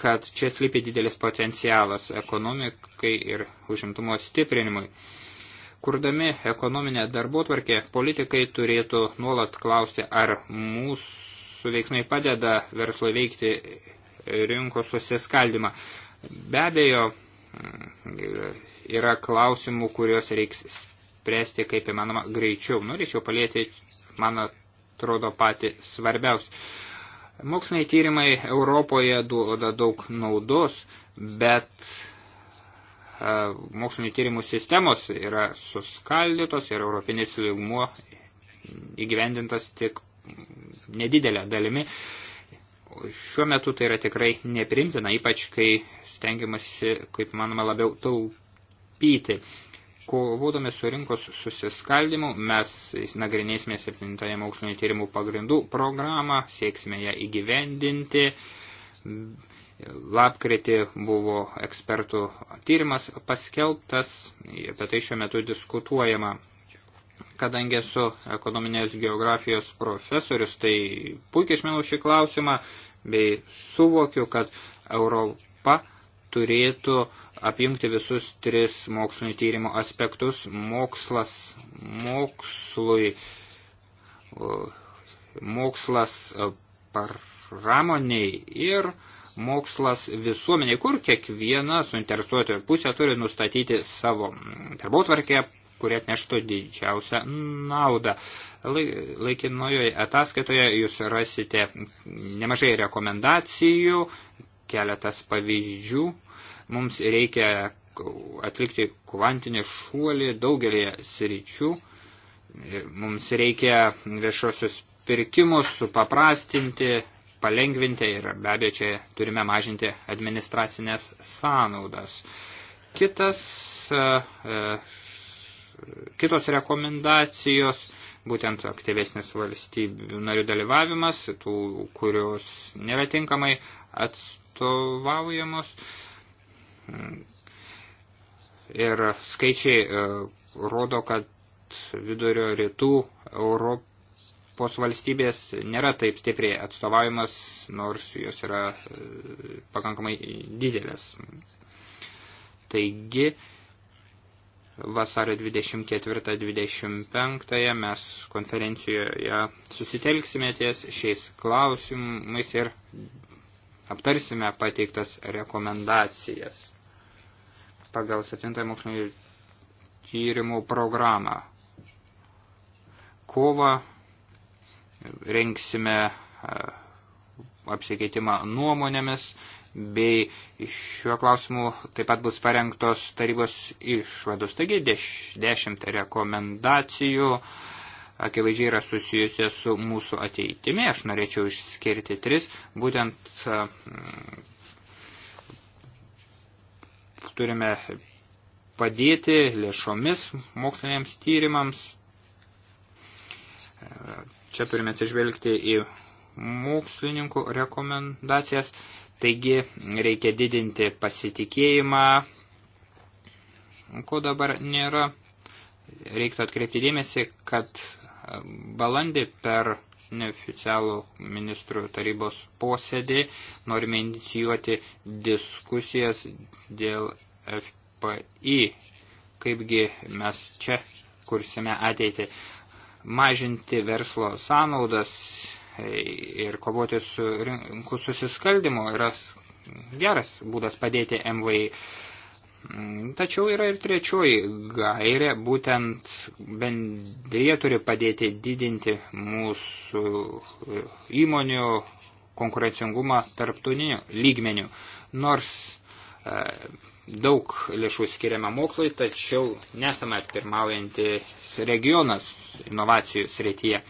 kad čia slypi didelis potencialas ekonomikai ir užimtumo stiprinimui. Kurdami ekonominę darbotvarkę, politikai turėtų nuolat klausti, ar mūsų veiksmai padeda verslo veikti rinkos susiskaldimą. Be abejo, mm, yra klausimų, kuriuos reiks spręsti kaip įmanoma greičiau. Norėčiau palėti, man atrodo, patį svarbiausią. Moksliniai tyrimai Europoje duoda daug naudos, bet mokslinio tyrimų sistemos yra suskaldytos ir europinis lygmuo įgyvendintas tik nedidelę dalimi. Šiuo metu tai yra tikrai neprimtina, ypač kai stengiamasi, kaip manoma, labiau taupyti. Kovodami su rinkos susiskaldimu, mes nagrinėsime 7 mokslinio tyrimų pagrindų programą, sieksime ją įgyvendinti Lapkritį buvo ekspertų tyrimas paskelbtas, apie tai šiuo metu diskutuojama. Kadangi esu ekonominės geografijos profesorius, tai puikiai išmenau šį klausimą bei suvokiu, kad Europa turėtų apjungti visus tris mokslinio tyrimo aspektus. Mokslas mokslui, mokslas par pramoniai ir mokslas visuomeniai, kur kiekviena suinteresuotoja pusė turi nustatyti savo darbotvarkę, kurie atneštų didžiausią naudą. Laikinojoje ataskaitoje jūs rasite nemažai rekomendacijų, keletas pavyzdžių. Mums reikia atlikti kvantinį šuolį daugelį sričių. Mums reikia viešosius pirkimus supaprastinti, palengvinti ir be abejo čia turime mažinti administracinės sąnaudas. Kitas, e, e, kitos rekomendacijos būtent aktyvesnis valstybių narių dalyvavimas, tų, kurios nėra tinkamai atstovaujamos. Ir skaičiai e, rodo, kad vidurio rytų Europos Europos valstybės nėra taip stipriai atstovavimas, nors jos yra e, pakankamai didelės. Taigi, vasario 24-25 mes konferencijoje susitelksime ties šiais klausimais ir aptarsime pateiktas rekomendacijas pagal 7 mokslinio tyrimų programą. Kova rengsime e, apsikeitimą nuomonėmis, bei šiuo klausimu taip pat bus parengtos tarybos išvados. Taigi deš, dešimt rekomendacijų akivaizdžiai yra susijusi su mūsų ateitimi. Aš norėčiau išskirti tris, būtent e, m, turime padėti lėšomis moksliniams tyrimams e, Čia turime atsižvelgti į mokslininkų rekomendacijas, taigi reikia didinti pasitikėjimą, ko dabar nėra. Reiktų atkreipti dėmesį, kad balandį per neoficialų ministrų tarybos posėdį norime inicijuoti diskusijas dėl FPI, kaipgi mes čia kursime ateitį mažinti verslo sąnaudas e, ir kovoti su rinkų susiskaldimu yra geras būdas padėti MVI. Mm, tačiau yra ir trečioji gairė, būtent bendrėje turi padėti didinti mūsų e, įmonių konkurencingumą tarptautiniu lygmeniu. Nors E, daug lėšų skiriame mokslui, tačiau nesame pirmaujantis regionas inovacijų srityje.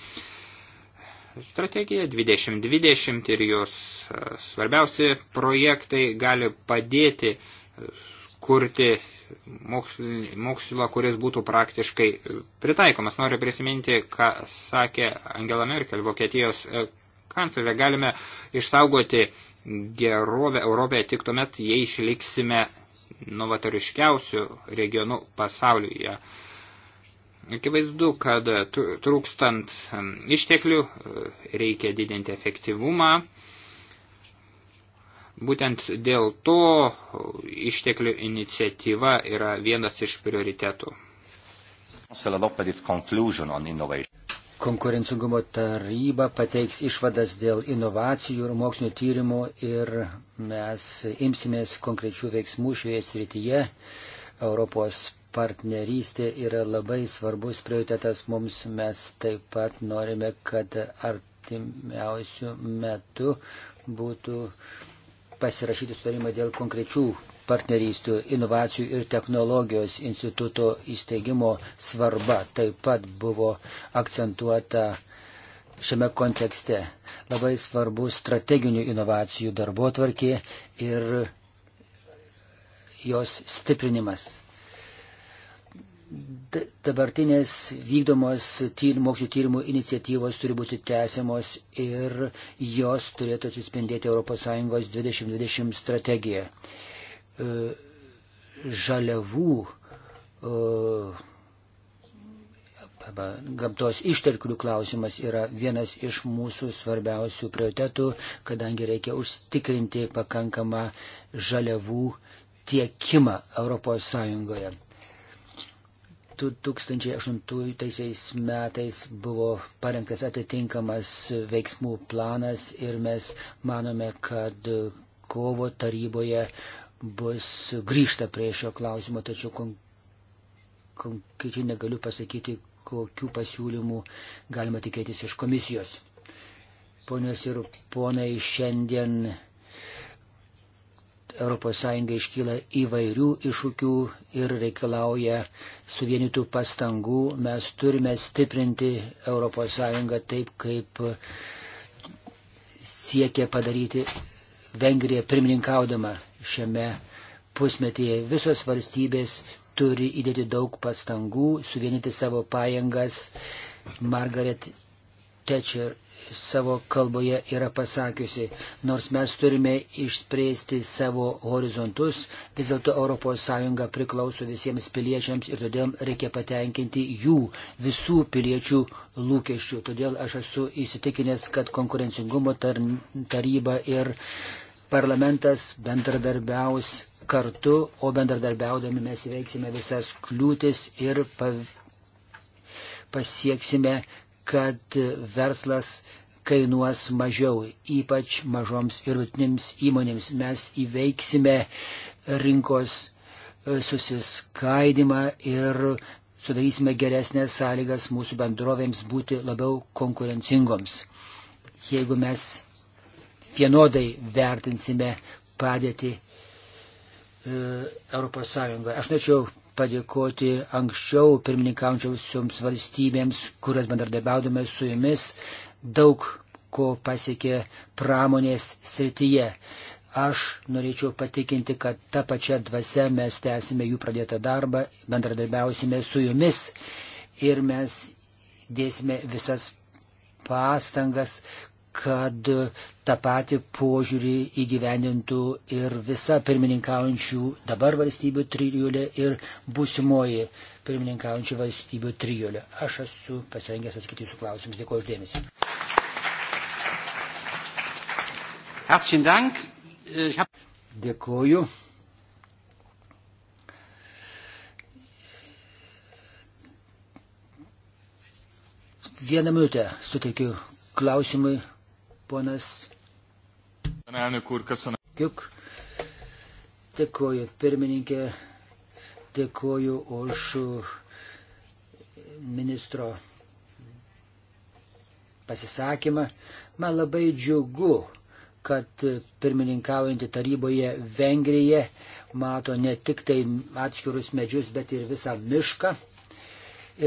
Strategija 2020 ir jos e, svarbiausi projektai gali padėti kurti mokslą, kuris būtų praktiškai pritaikomas. Noriu prisiminti, ką sakė Angela Merkel, Vokietijos e, kanclerė. Galime išsaugoti gerovę Europoje tik tuomet, jei išliksime novatoriškiausių regionų pasaulyje. Akivaizdu, kad trūkstant išteklių e, reikia didinti efektyvumą. Būtent dėl to išteklių iniciatyva yra vienas iš prioritetų konkurencingumo taryba pateiks išvadas dėl inovacijų ir mokslinio tyrimų ir mes imsimės konkrečių veiksmų šioje srityje. Europos partnerystė yra labai svarbus prioritetas mums. Mes taip pat norime, kad artimiausių metų būtų pasirašyti sutarimą dėl konkrečių partnerystių inovacijų ir technologijos instituto įsteigimo svarba taip pat buvo akcentuota šiame kontekste. Labai svarbu strateginių inovacijų darbo tvarkė ir jos stiprinimas. Dabartinės vykdomos tyrimų, mokslių tyrimų iniciatyvos turi būti tęsiamos ir jos turėtų atsispindėti ES 2020 strategijoje. E, žaliavų e, gamtos išteklių klausimas yra vienas iš mūsų svarbiausių prioritetų, kadangi reikia užtikrinti pakankamą žaliavų tiekimą ES. 2008 metais buvo parengtas atitinkamas veiksmų planas ir mes manome, kad kovo taryboje bus grįžta prie šio klausimo, tačiau konkrečiai negaliu pasakyti, kokių pasiūlymų galima tikėtis iš komisijos. Ponios ir ponai, šiandien ES iškyla įvairių iššūkių ir reikalauja suvienytų pastangų. Mes turime stiprinti ES taip, kaip siekia padaryti Vengrija pirmininkaudama šiame pusmetyje. Visos valstybės turi įdėti daug pastangų, suvienyti savo pajėgas. Margaret Thatcher savo kalboje yra pasakiusi, nors mes turime išspręsti savo horizontus, vis dėlto ES priklauso visiems piliečiams ir todėl reikia patenkinti jų visų piliečių lūkesčių. Todėl aš esu įsitikinęs, kad konkurencingumo taryba ir parlamentas bendradarbiaus kartu, o bendradarbiaudami mes įveiksime visas kliūtis ir pasieksime, kad verslas kainuos mažiau, ypač mažoms ir rutinėms įmonėms. Mes įveiksime rinkos e, susiskaidimą ir sudarysime geresnės sąlygas mūsų bendrovėms būti labiau konkurencingoms. Jeigu mes vienodai vertinsime padėtį e, Europos Sąjungoje. Aš norėčiau padėkoti anksčiau pirmininkaujančiosioms valstybėms, kurias bendradarbiaudame su jumis, daug ko pasiekė pramonės srityje. Aš norėčiau patikinti, kad tą pačią dvasę mes tęsime jų pradėtą darbą, bendradarbiausime su jumis ir mes dėsime visas pastangas, kad tą patį požiūrį įgyvendintų ir visa pirmininkaujančių dabar valstybių trijulė ir būsimoji pirmininkaujančių valstybių trijulė. Aš esu pasirengęs atsakyti jūsų klausimus. Dėkuoju uždėmesi. Dėkuoju. Vieną minutę suteikiu klausimui Ponas. Juk. Dėkoju, pirmininkė. Dėkoju už ministro pasisakymą. Man labai džiugu, kad pirmininkaujantį taryboje Vengrija mato ne tik tai atskirus medžius, bet ir visą mišką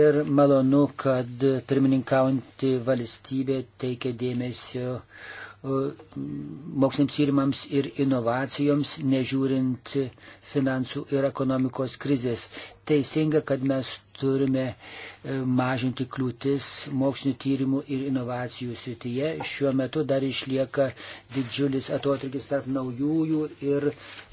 ir malonu, kad pirmininkaujantį valstybę teikia dėmesio e, moksliniams tyrimams ir inovacijoms, nežiūrint finansų ir ekonomikos krizės. Teisinga, kad mes turime e, mažinti kliūtis mokslinio tyrimų ir inovacijų srityje. Šiuo metu dar išlieka didžiulis atotrukis tarp naujųjų ir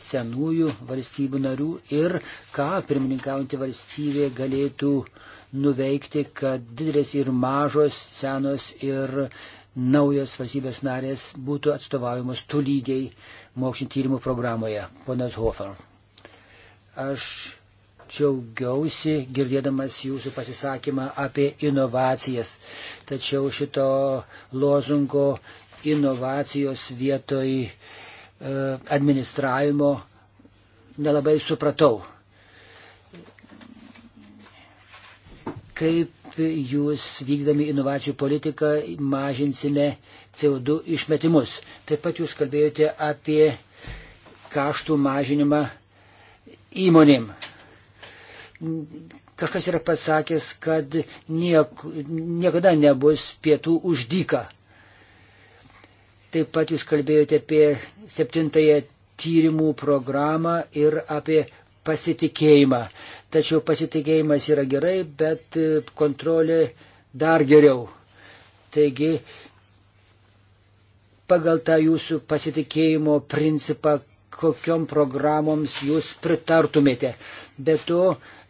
senųjų valstybių narių ir ką pirmininkaujantį valstybė galėtų uh, nuveikti, kad didelės ir mažos, senos ir naujos valstybės narės būtų atstovaujamos tolygiai mokslinio tyrimų programoje. Ponas Hofer, aš džiaugiausi girdėdamas jūsų pasisakymą apie inovacijas, tačiau šito lozungo inovacijos vietoj e, administravimo nelabai supratau. kaip jūs vykdami inovacijų politiką mažinsime CO2 išmetimus. Taip pat jūs kalbėjote apie kaštų mažinimą įmonėm. Kažkas yra pasakęs, kad niek, niekada nebus pietų uždyka. Taip pat jūs kalbėjote apie septintąją tyrimų programą ir apie pasitikėjimą. Tačiau pasitikėjimas yra gerai, bet e, kontrolė dar geriau. Taigi, pagal tą jūsų pasitikėjimo principą, kokiom programoms jūs pritartumėte. Be to,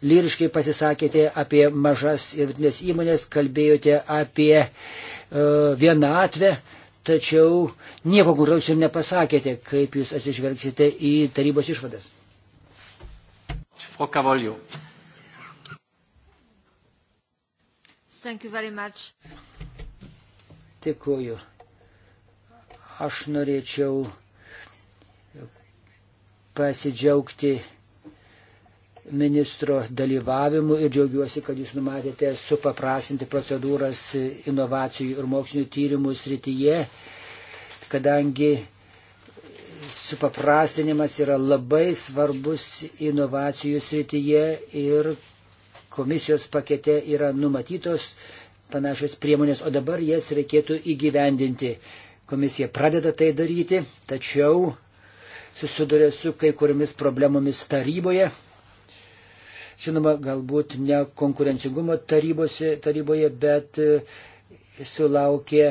lyriškai pasisakėte apie mažas ir vidutinės įmonės, kalbėjote apie e, vienatvę, tačiau nieko konkretaus ir nepasakėte, kaip jūs atsižvelgsite į tarybos išvadas. Frau Cavaglio. Thank you very much. Dėkuoju. Aš norėčiau pasidžiaugti ministro dalyvavimu ir džiaugiuosi, kad jūs numatėte supaprasinti procedūras inovacijų ir mokslinio tyrimų srityje, kadangi supaprastinimas yra labai svarbus inovacijų srityje ir komisijos pakete yra numatytos panašios priemonės, o dabar jas reikėtų įgyvendinti. Komisija pradeda tai daryti, tačiau susiduria su kai kuriomis problemomis taryboje. Žinoma, galbūt ne konkurencingumo tarybose, taryboje, bet e, sulaukė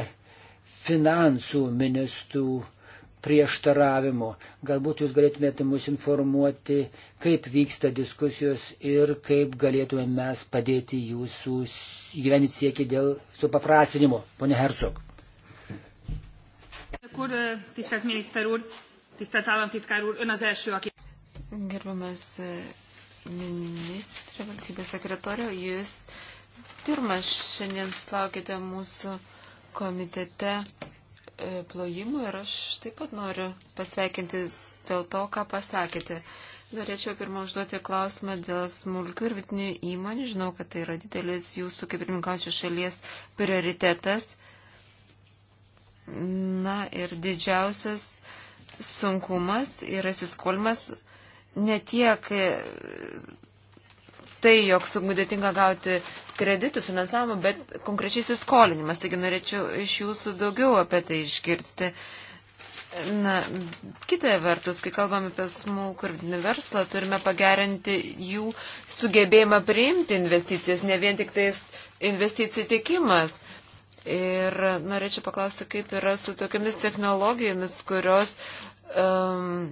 finansų ministrų prieštaravimų. Galbūt jūs galėtumėte mus informuoti, kaip vyksta diskusijos ir kaip galėtume mes padėti jūsų gyvenit siekį dėl supaprastinimo. Pone Hercog. Gerbiamas e, ministrė, valstybės sekretorio, jūs pirmas šiandien sulaukite mūsų komitete E, plojimų ir aš taip pat noriu pasveikinti dėl to, ką pasakėte. Norėčiau pirmą užduoti klausimą dėl smulkių ir vidinių įmonių. Žinau, kad tai yra didelis jūsų kaip pirmininkaučių šalies prioritetas. Na ir didžiausias sunkumas yra įsiskolimas ne tiek e, tai, jog sudėtinga gauti kreditų finansavimą, bet konkrečiai įsiskolinimas. Taigi norėčiau iš jūsų daugiau apie tai išgirsti. Na, kita vertus, kai kalbame apie smulkų ir vidinį verslą, turime pagerinti jų sugebėjimą priimti investicijas, ne vien tik tais investicijų tiekimas. Ir norėčiau paklausti, kaip yra su tokiamis technologijomis, kurios um,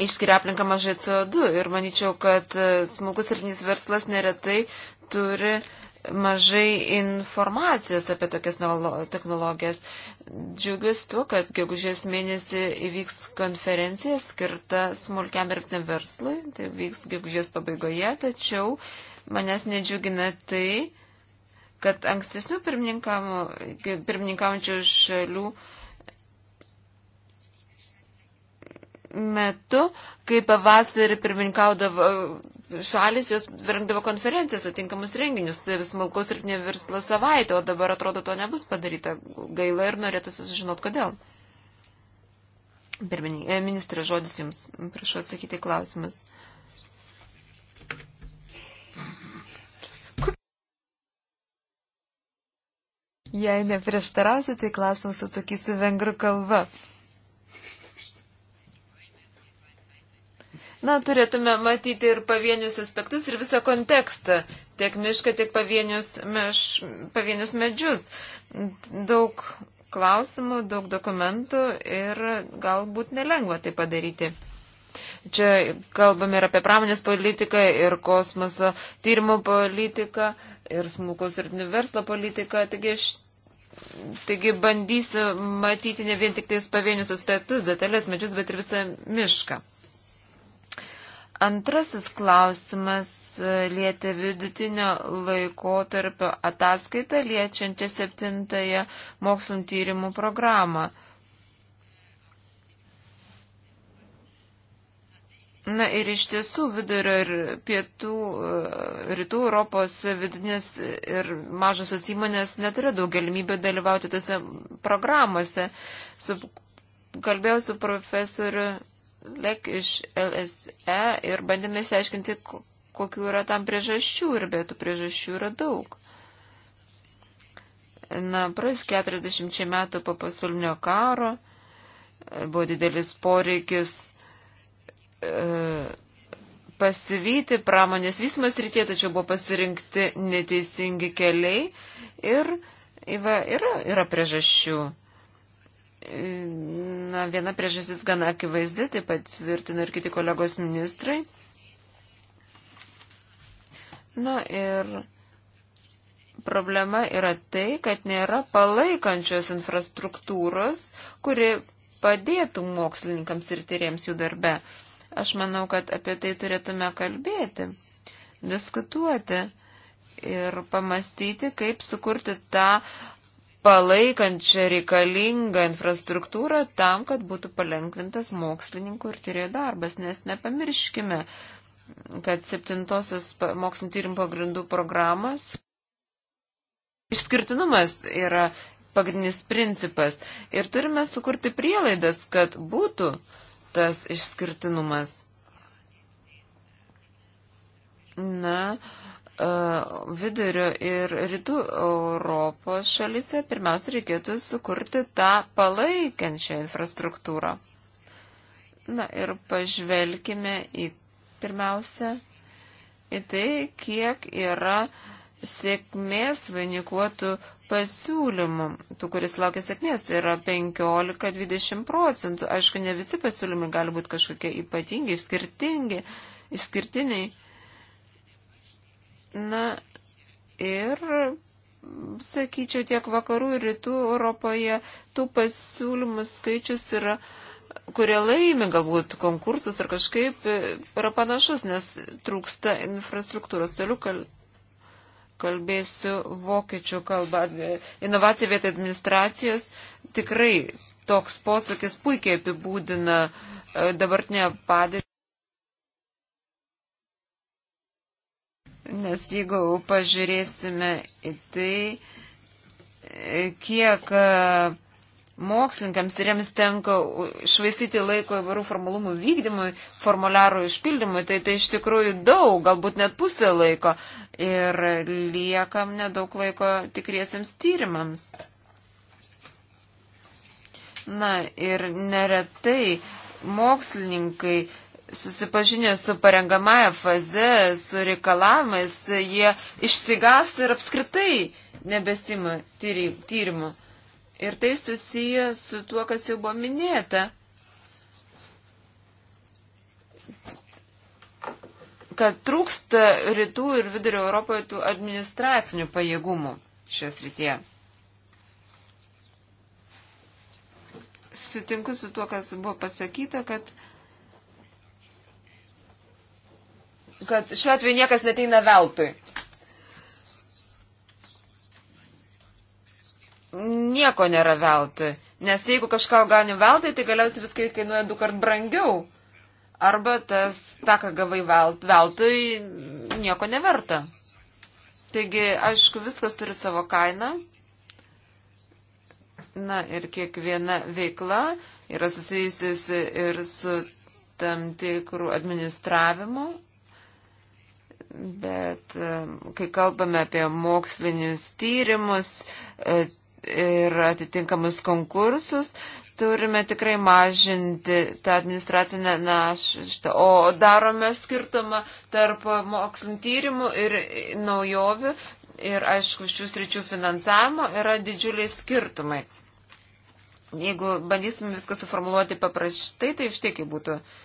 išskiria aplinką mažai CO2 ir manyčiau, kad e, smulkus ir nys verslas neretai turi mažai informacijos apie tokias technologijas. Džiugiuosi tuo, kad gegužės mėnesį įvyks konferencija skirta smulkiam ir verslui, tai vyks gegužės pabaigoje, tačiau manęs nedžiugina tai, kad ankstesnių pirmininkaujančių šalių uh, metu, kai pavasarį pirmininkaudavo e, šalis, jos rengdavo konferencijas, atinkamus renginius, e, smulkus ir neverslo savaitę, o dabar atrodo to nebus padaryta. Gaila ir norėtųsi sužinot, kodėl. Pirmininkai, e, ministrė, žodis jums. Prašau atsakyti klausimus. Jei neprieštarausite, tai klausimus atsakysiu vengrų kalba. Na, turėtume matyti ir pavienius aspektus ir visą kontekstą, tiek mišką, tiek pavienius, meš, pavienius medžius. Daug klausimų, daug dokumentų ir galbūt nelengva tai padaryti. Čia kalbame ir apie pramonės politiką, ir kosmoso tyrimo politiką, ir smulkos ir verslo politiką. Taigi aš taigi bandysiu matyti ne vien tik tais pavienius aspektus, detalės medžius, bet ir visą mišką. Antrasis klausimas e, lietė vidutinio laikotarpio ataskaitą liečiančią septintąją mokslinų tyrimų programą. Na ir iš tiesų vidurio ir pietų, e, rytų Europos vidinės ir mažosios įmonės neturi daug galimybę dalyvauti tose programuose. Su, kalbėjau su profesoriu Lek iš LSE ir bandėme įsiaiškinti, kokiu yra tam priežasčių ir be tų priežasčių yra daug. Na, praeis 40 metų po pasaulinio karo e, buvo didelis poreikis e, pasivyti pramonės vysimas rytie, tačiau buvo pasirinkti neteisingi keliai ir yra, yra, yra priežasčių. Na, viena priežastis gana akivaizdi, taip pat tvirtina ir kiti kolegos ministrai. Na ir problema yra tai, kad nėra palaikančios infrastruktūros, kuri padėtų mokslininkams ir tyriems jų darbe. Aš manau, kad apie tai turėtume kalbėti, diskutuoti ir pamastyti, kaip sukurti tą uh, palaikančią reikalingą infrastruktūrą tam, kad būtų palengvintas mokslininkų ir tyrėjų darbas, nes nepamirškime, kad septintosios mokslinio tyrimų pagrindų programos išskirtinumas yra pagrindinis principas ir turime sukurti prielaidas, kad būtų tas išskirtinumas. Na, uh, E, vidurio ir rytų Europos šalise, pirmiausia, reikėtų sukurti tą palaikančią infrastruktūrą. Na ir pažvelkime į pirmiausia, į tai, kiek yra sėkmės vainikuotų pasiūlymų, tų, kuris laukia sėkmės, tai yra 15-20 procentų. Aišku, ne visi pasiūlymai gali būti kažkokie ypatingi, išskirtingi, išskirtiniai. Na ir, sakyčiau, tiek vakarų ir rytų Europoje tų pasiūlymų skaičius yra kurie laimi galbūt konkursus ar kažkaip yra panašus, nes trūksta infrastruktūros. Toliau kal... kalbėsiu vokiečių kalbą. Inovacija vietoj administracijos tikrai toks posakis puikiai apibūdina e, dabartinę padėtį. Nes jeigu pažiūrėsime į tai, e, kiek e, mokslininkams ir jiems tenka švaistyti laiko įvarų formalumų vykdymui, formuliarų išpildymui, tai tai iš tikrųjų daug, galbūt net pusė laiko ir liekam nedaug laiko tikriesiems tyrimams. Na ir neretai mokslininkai susipažinę su parengamąją faze, su reikalavimais, jie išsigąsta ir apskritai nebesima tyrimų. Ir tai susiję su tuo, kas jau buvo minėta. kad trūksta rytų ir vidurio Europoje tų administracinių pajėgumų šios rytie. Sutinku su tuo, kas buvo pasakyta, kad kad šiuo atveju niekas neteina veltui. Nieko nėra veltui, nes jeigu kažką gauni veltui, tai galiausiai viskai kainuoja du kart brangiau. Arba tas, tą, ką gavai veltui, nieko neverta. Taigi, aišku, viskas turi savo kainą. Na ir kiekviena veikla yra susijusiusi ir su tam tikrų administravimų Bet e, kai kalbame apie mokslinius tyrimus e, ir atitinkamus konkursus, turime tikrai mažinti tą administracinę naštą, o darome skirtumą tarp mokslinų tyrimų ir naujovių. Ir aišku, šių sričių finansavimo yra didžiuliai skirtumai. Jeigu bandysime viską suformuoluoti paprastai, tai štai kaip būtų. Uh,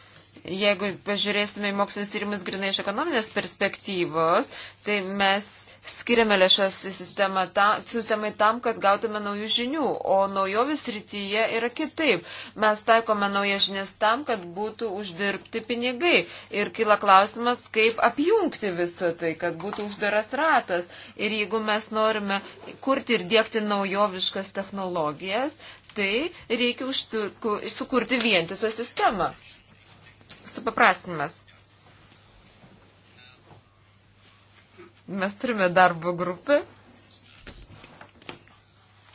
Jeigu pažiūrėsime į mokslinis tyrimus grinai iš ekonominės perspektyvos, tai mes skiriame lėšas sistemą ta, sistemai tam, kad gautume naujų žinių, o naujovis rytyje yra kitaip. Mes taikome naujas žinias tam, kad būtų uždirbti pinigai. Ir kyla klausimas, kaip apjungti visą tai, kad būtų uždaras ratas. Ir jeigu mes norime kurti ir dėkti naujoviškas technologijas, tai reikia užtur, sukurti vientisą sistemą supaprastinimas. Mes turime darbo grupę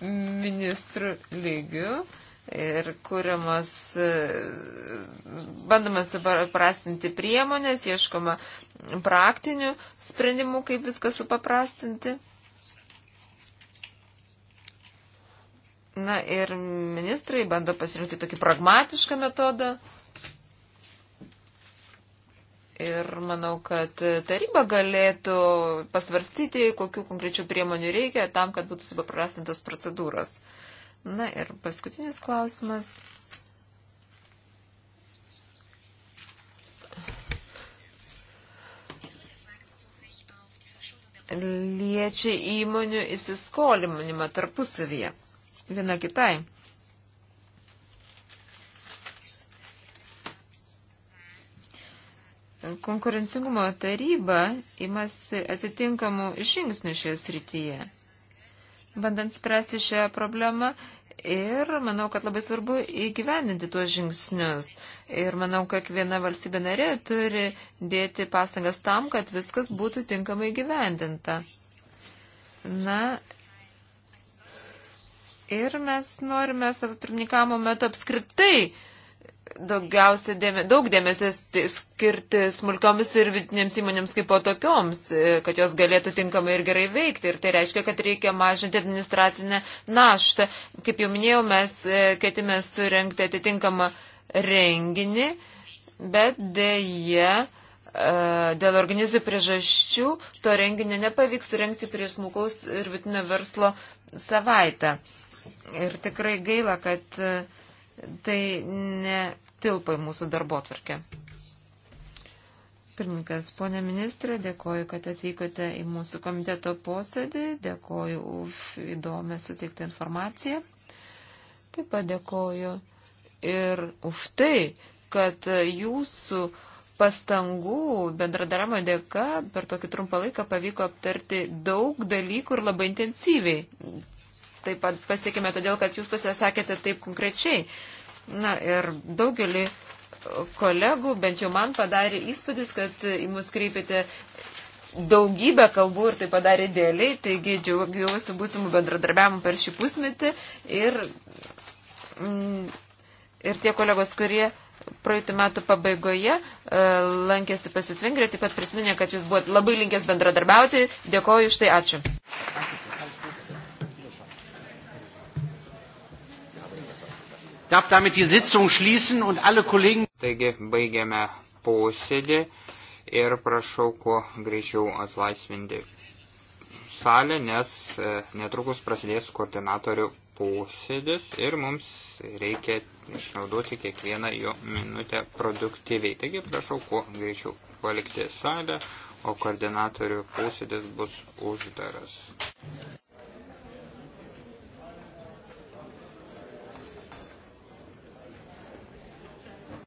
ministrų lygių ir kuriamas, bandoma supaprastinti priemonės, ieškoma praktinių sprendimų, kaip viską supaprastinti. Na ir ministrai bando pasirinkti tokį pragmatišką metodą. Ir manau, kad taryba galėtų pasvarstyti, kokiu konkrečiu priemonių reikia tam, kad būtų supaprastintos procedūros. Na ir paskutinis klausimas. Liečia įmonių įsiskolinimą tarpusavyje. Viena kitai. konkurencingumo taryba imasi atitinkamų žingsnių šioje srityje, bandant spręsti šią problemą ir manau, kad labai svarbu įgyvendinti tuos žingsnius. Ir manau, kad kiekviena valstybė narė turi dėti pastangas tam, kad viskas būtų tinkamai įgyvendinta. Na, ir mes norime savo pirmininkamo metu apskritai daugiausia dėmesio, daug dėmesio skirti smulkioms ir vidinėms įmonėms kaip po tokioms, kad jos galėtų tinkamai ir gerai veikti. Ir tai reiškia, kad reikia mažinti administracinę naštą. Kaip jau minėjau, mes e, ketime surenkti atitinkamą renginį, bet dėje. Dėl organizų priežasčių to renginio nepavyks surenkti prieš smulkaus ir vidutinio verslo savaitę. Ir tikrai gaila, kad e, tai ne tilpa į mūsų darbo tvarkę. Pirmininkas, ponė ministrė, dėkoju, kad atvykote į mūsų komiteto posėdį, dėkoju už įdomią suteiktą informaciją. Taip pat dėkoju ir už tai, kad jūsų pastangų bendradaramo dėka per tokį trumpą laiką pavyko aptarti daug dalykų ir labai intensyviai. Taip pat pasiekime todėl, kad jūs pasisakėte taip konkrečiai. Na ir daugelį kolegų, bent jau man padarė įspūdis, kad į mus kreipėte daugybę kalbų ir tai padarė dėliai, taigi džiaugiuosi būsimų bendradarbiavimų per šį pusmetį ir, mm, ir tie kolegos, kurie praeitų metų pabaigoje e, lankėsi pas jūs Vengriją, taip pat prisiminė, kad jūs buvote labai linkęs bendradarbiauti. Dėkoju už tai, ačiū. ačiū. darf damit die Sitzung schließen und alle Kollegen. Taigi, baigiame posėdį ir prašau kuo greičiau atlaisvinti salę, nes e, netrukus prasidės koordinatorių posėdis ir mums reikia išnaudoti kiekvieną jo minutę produktyviai. Taigi, prašau kuo greičiau palikti salę, o koordinatorių posėdis bus uždaras.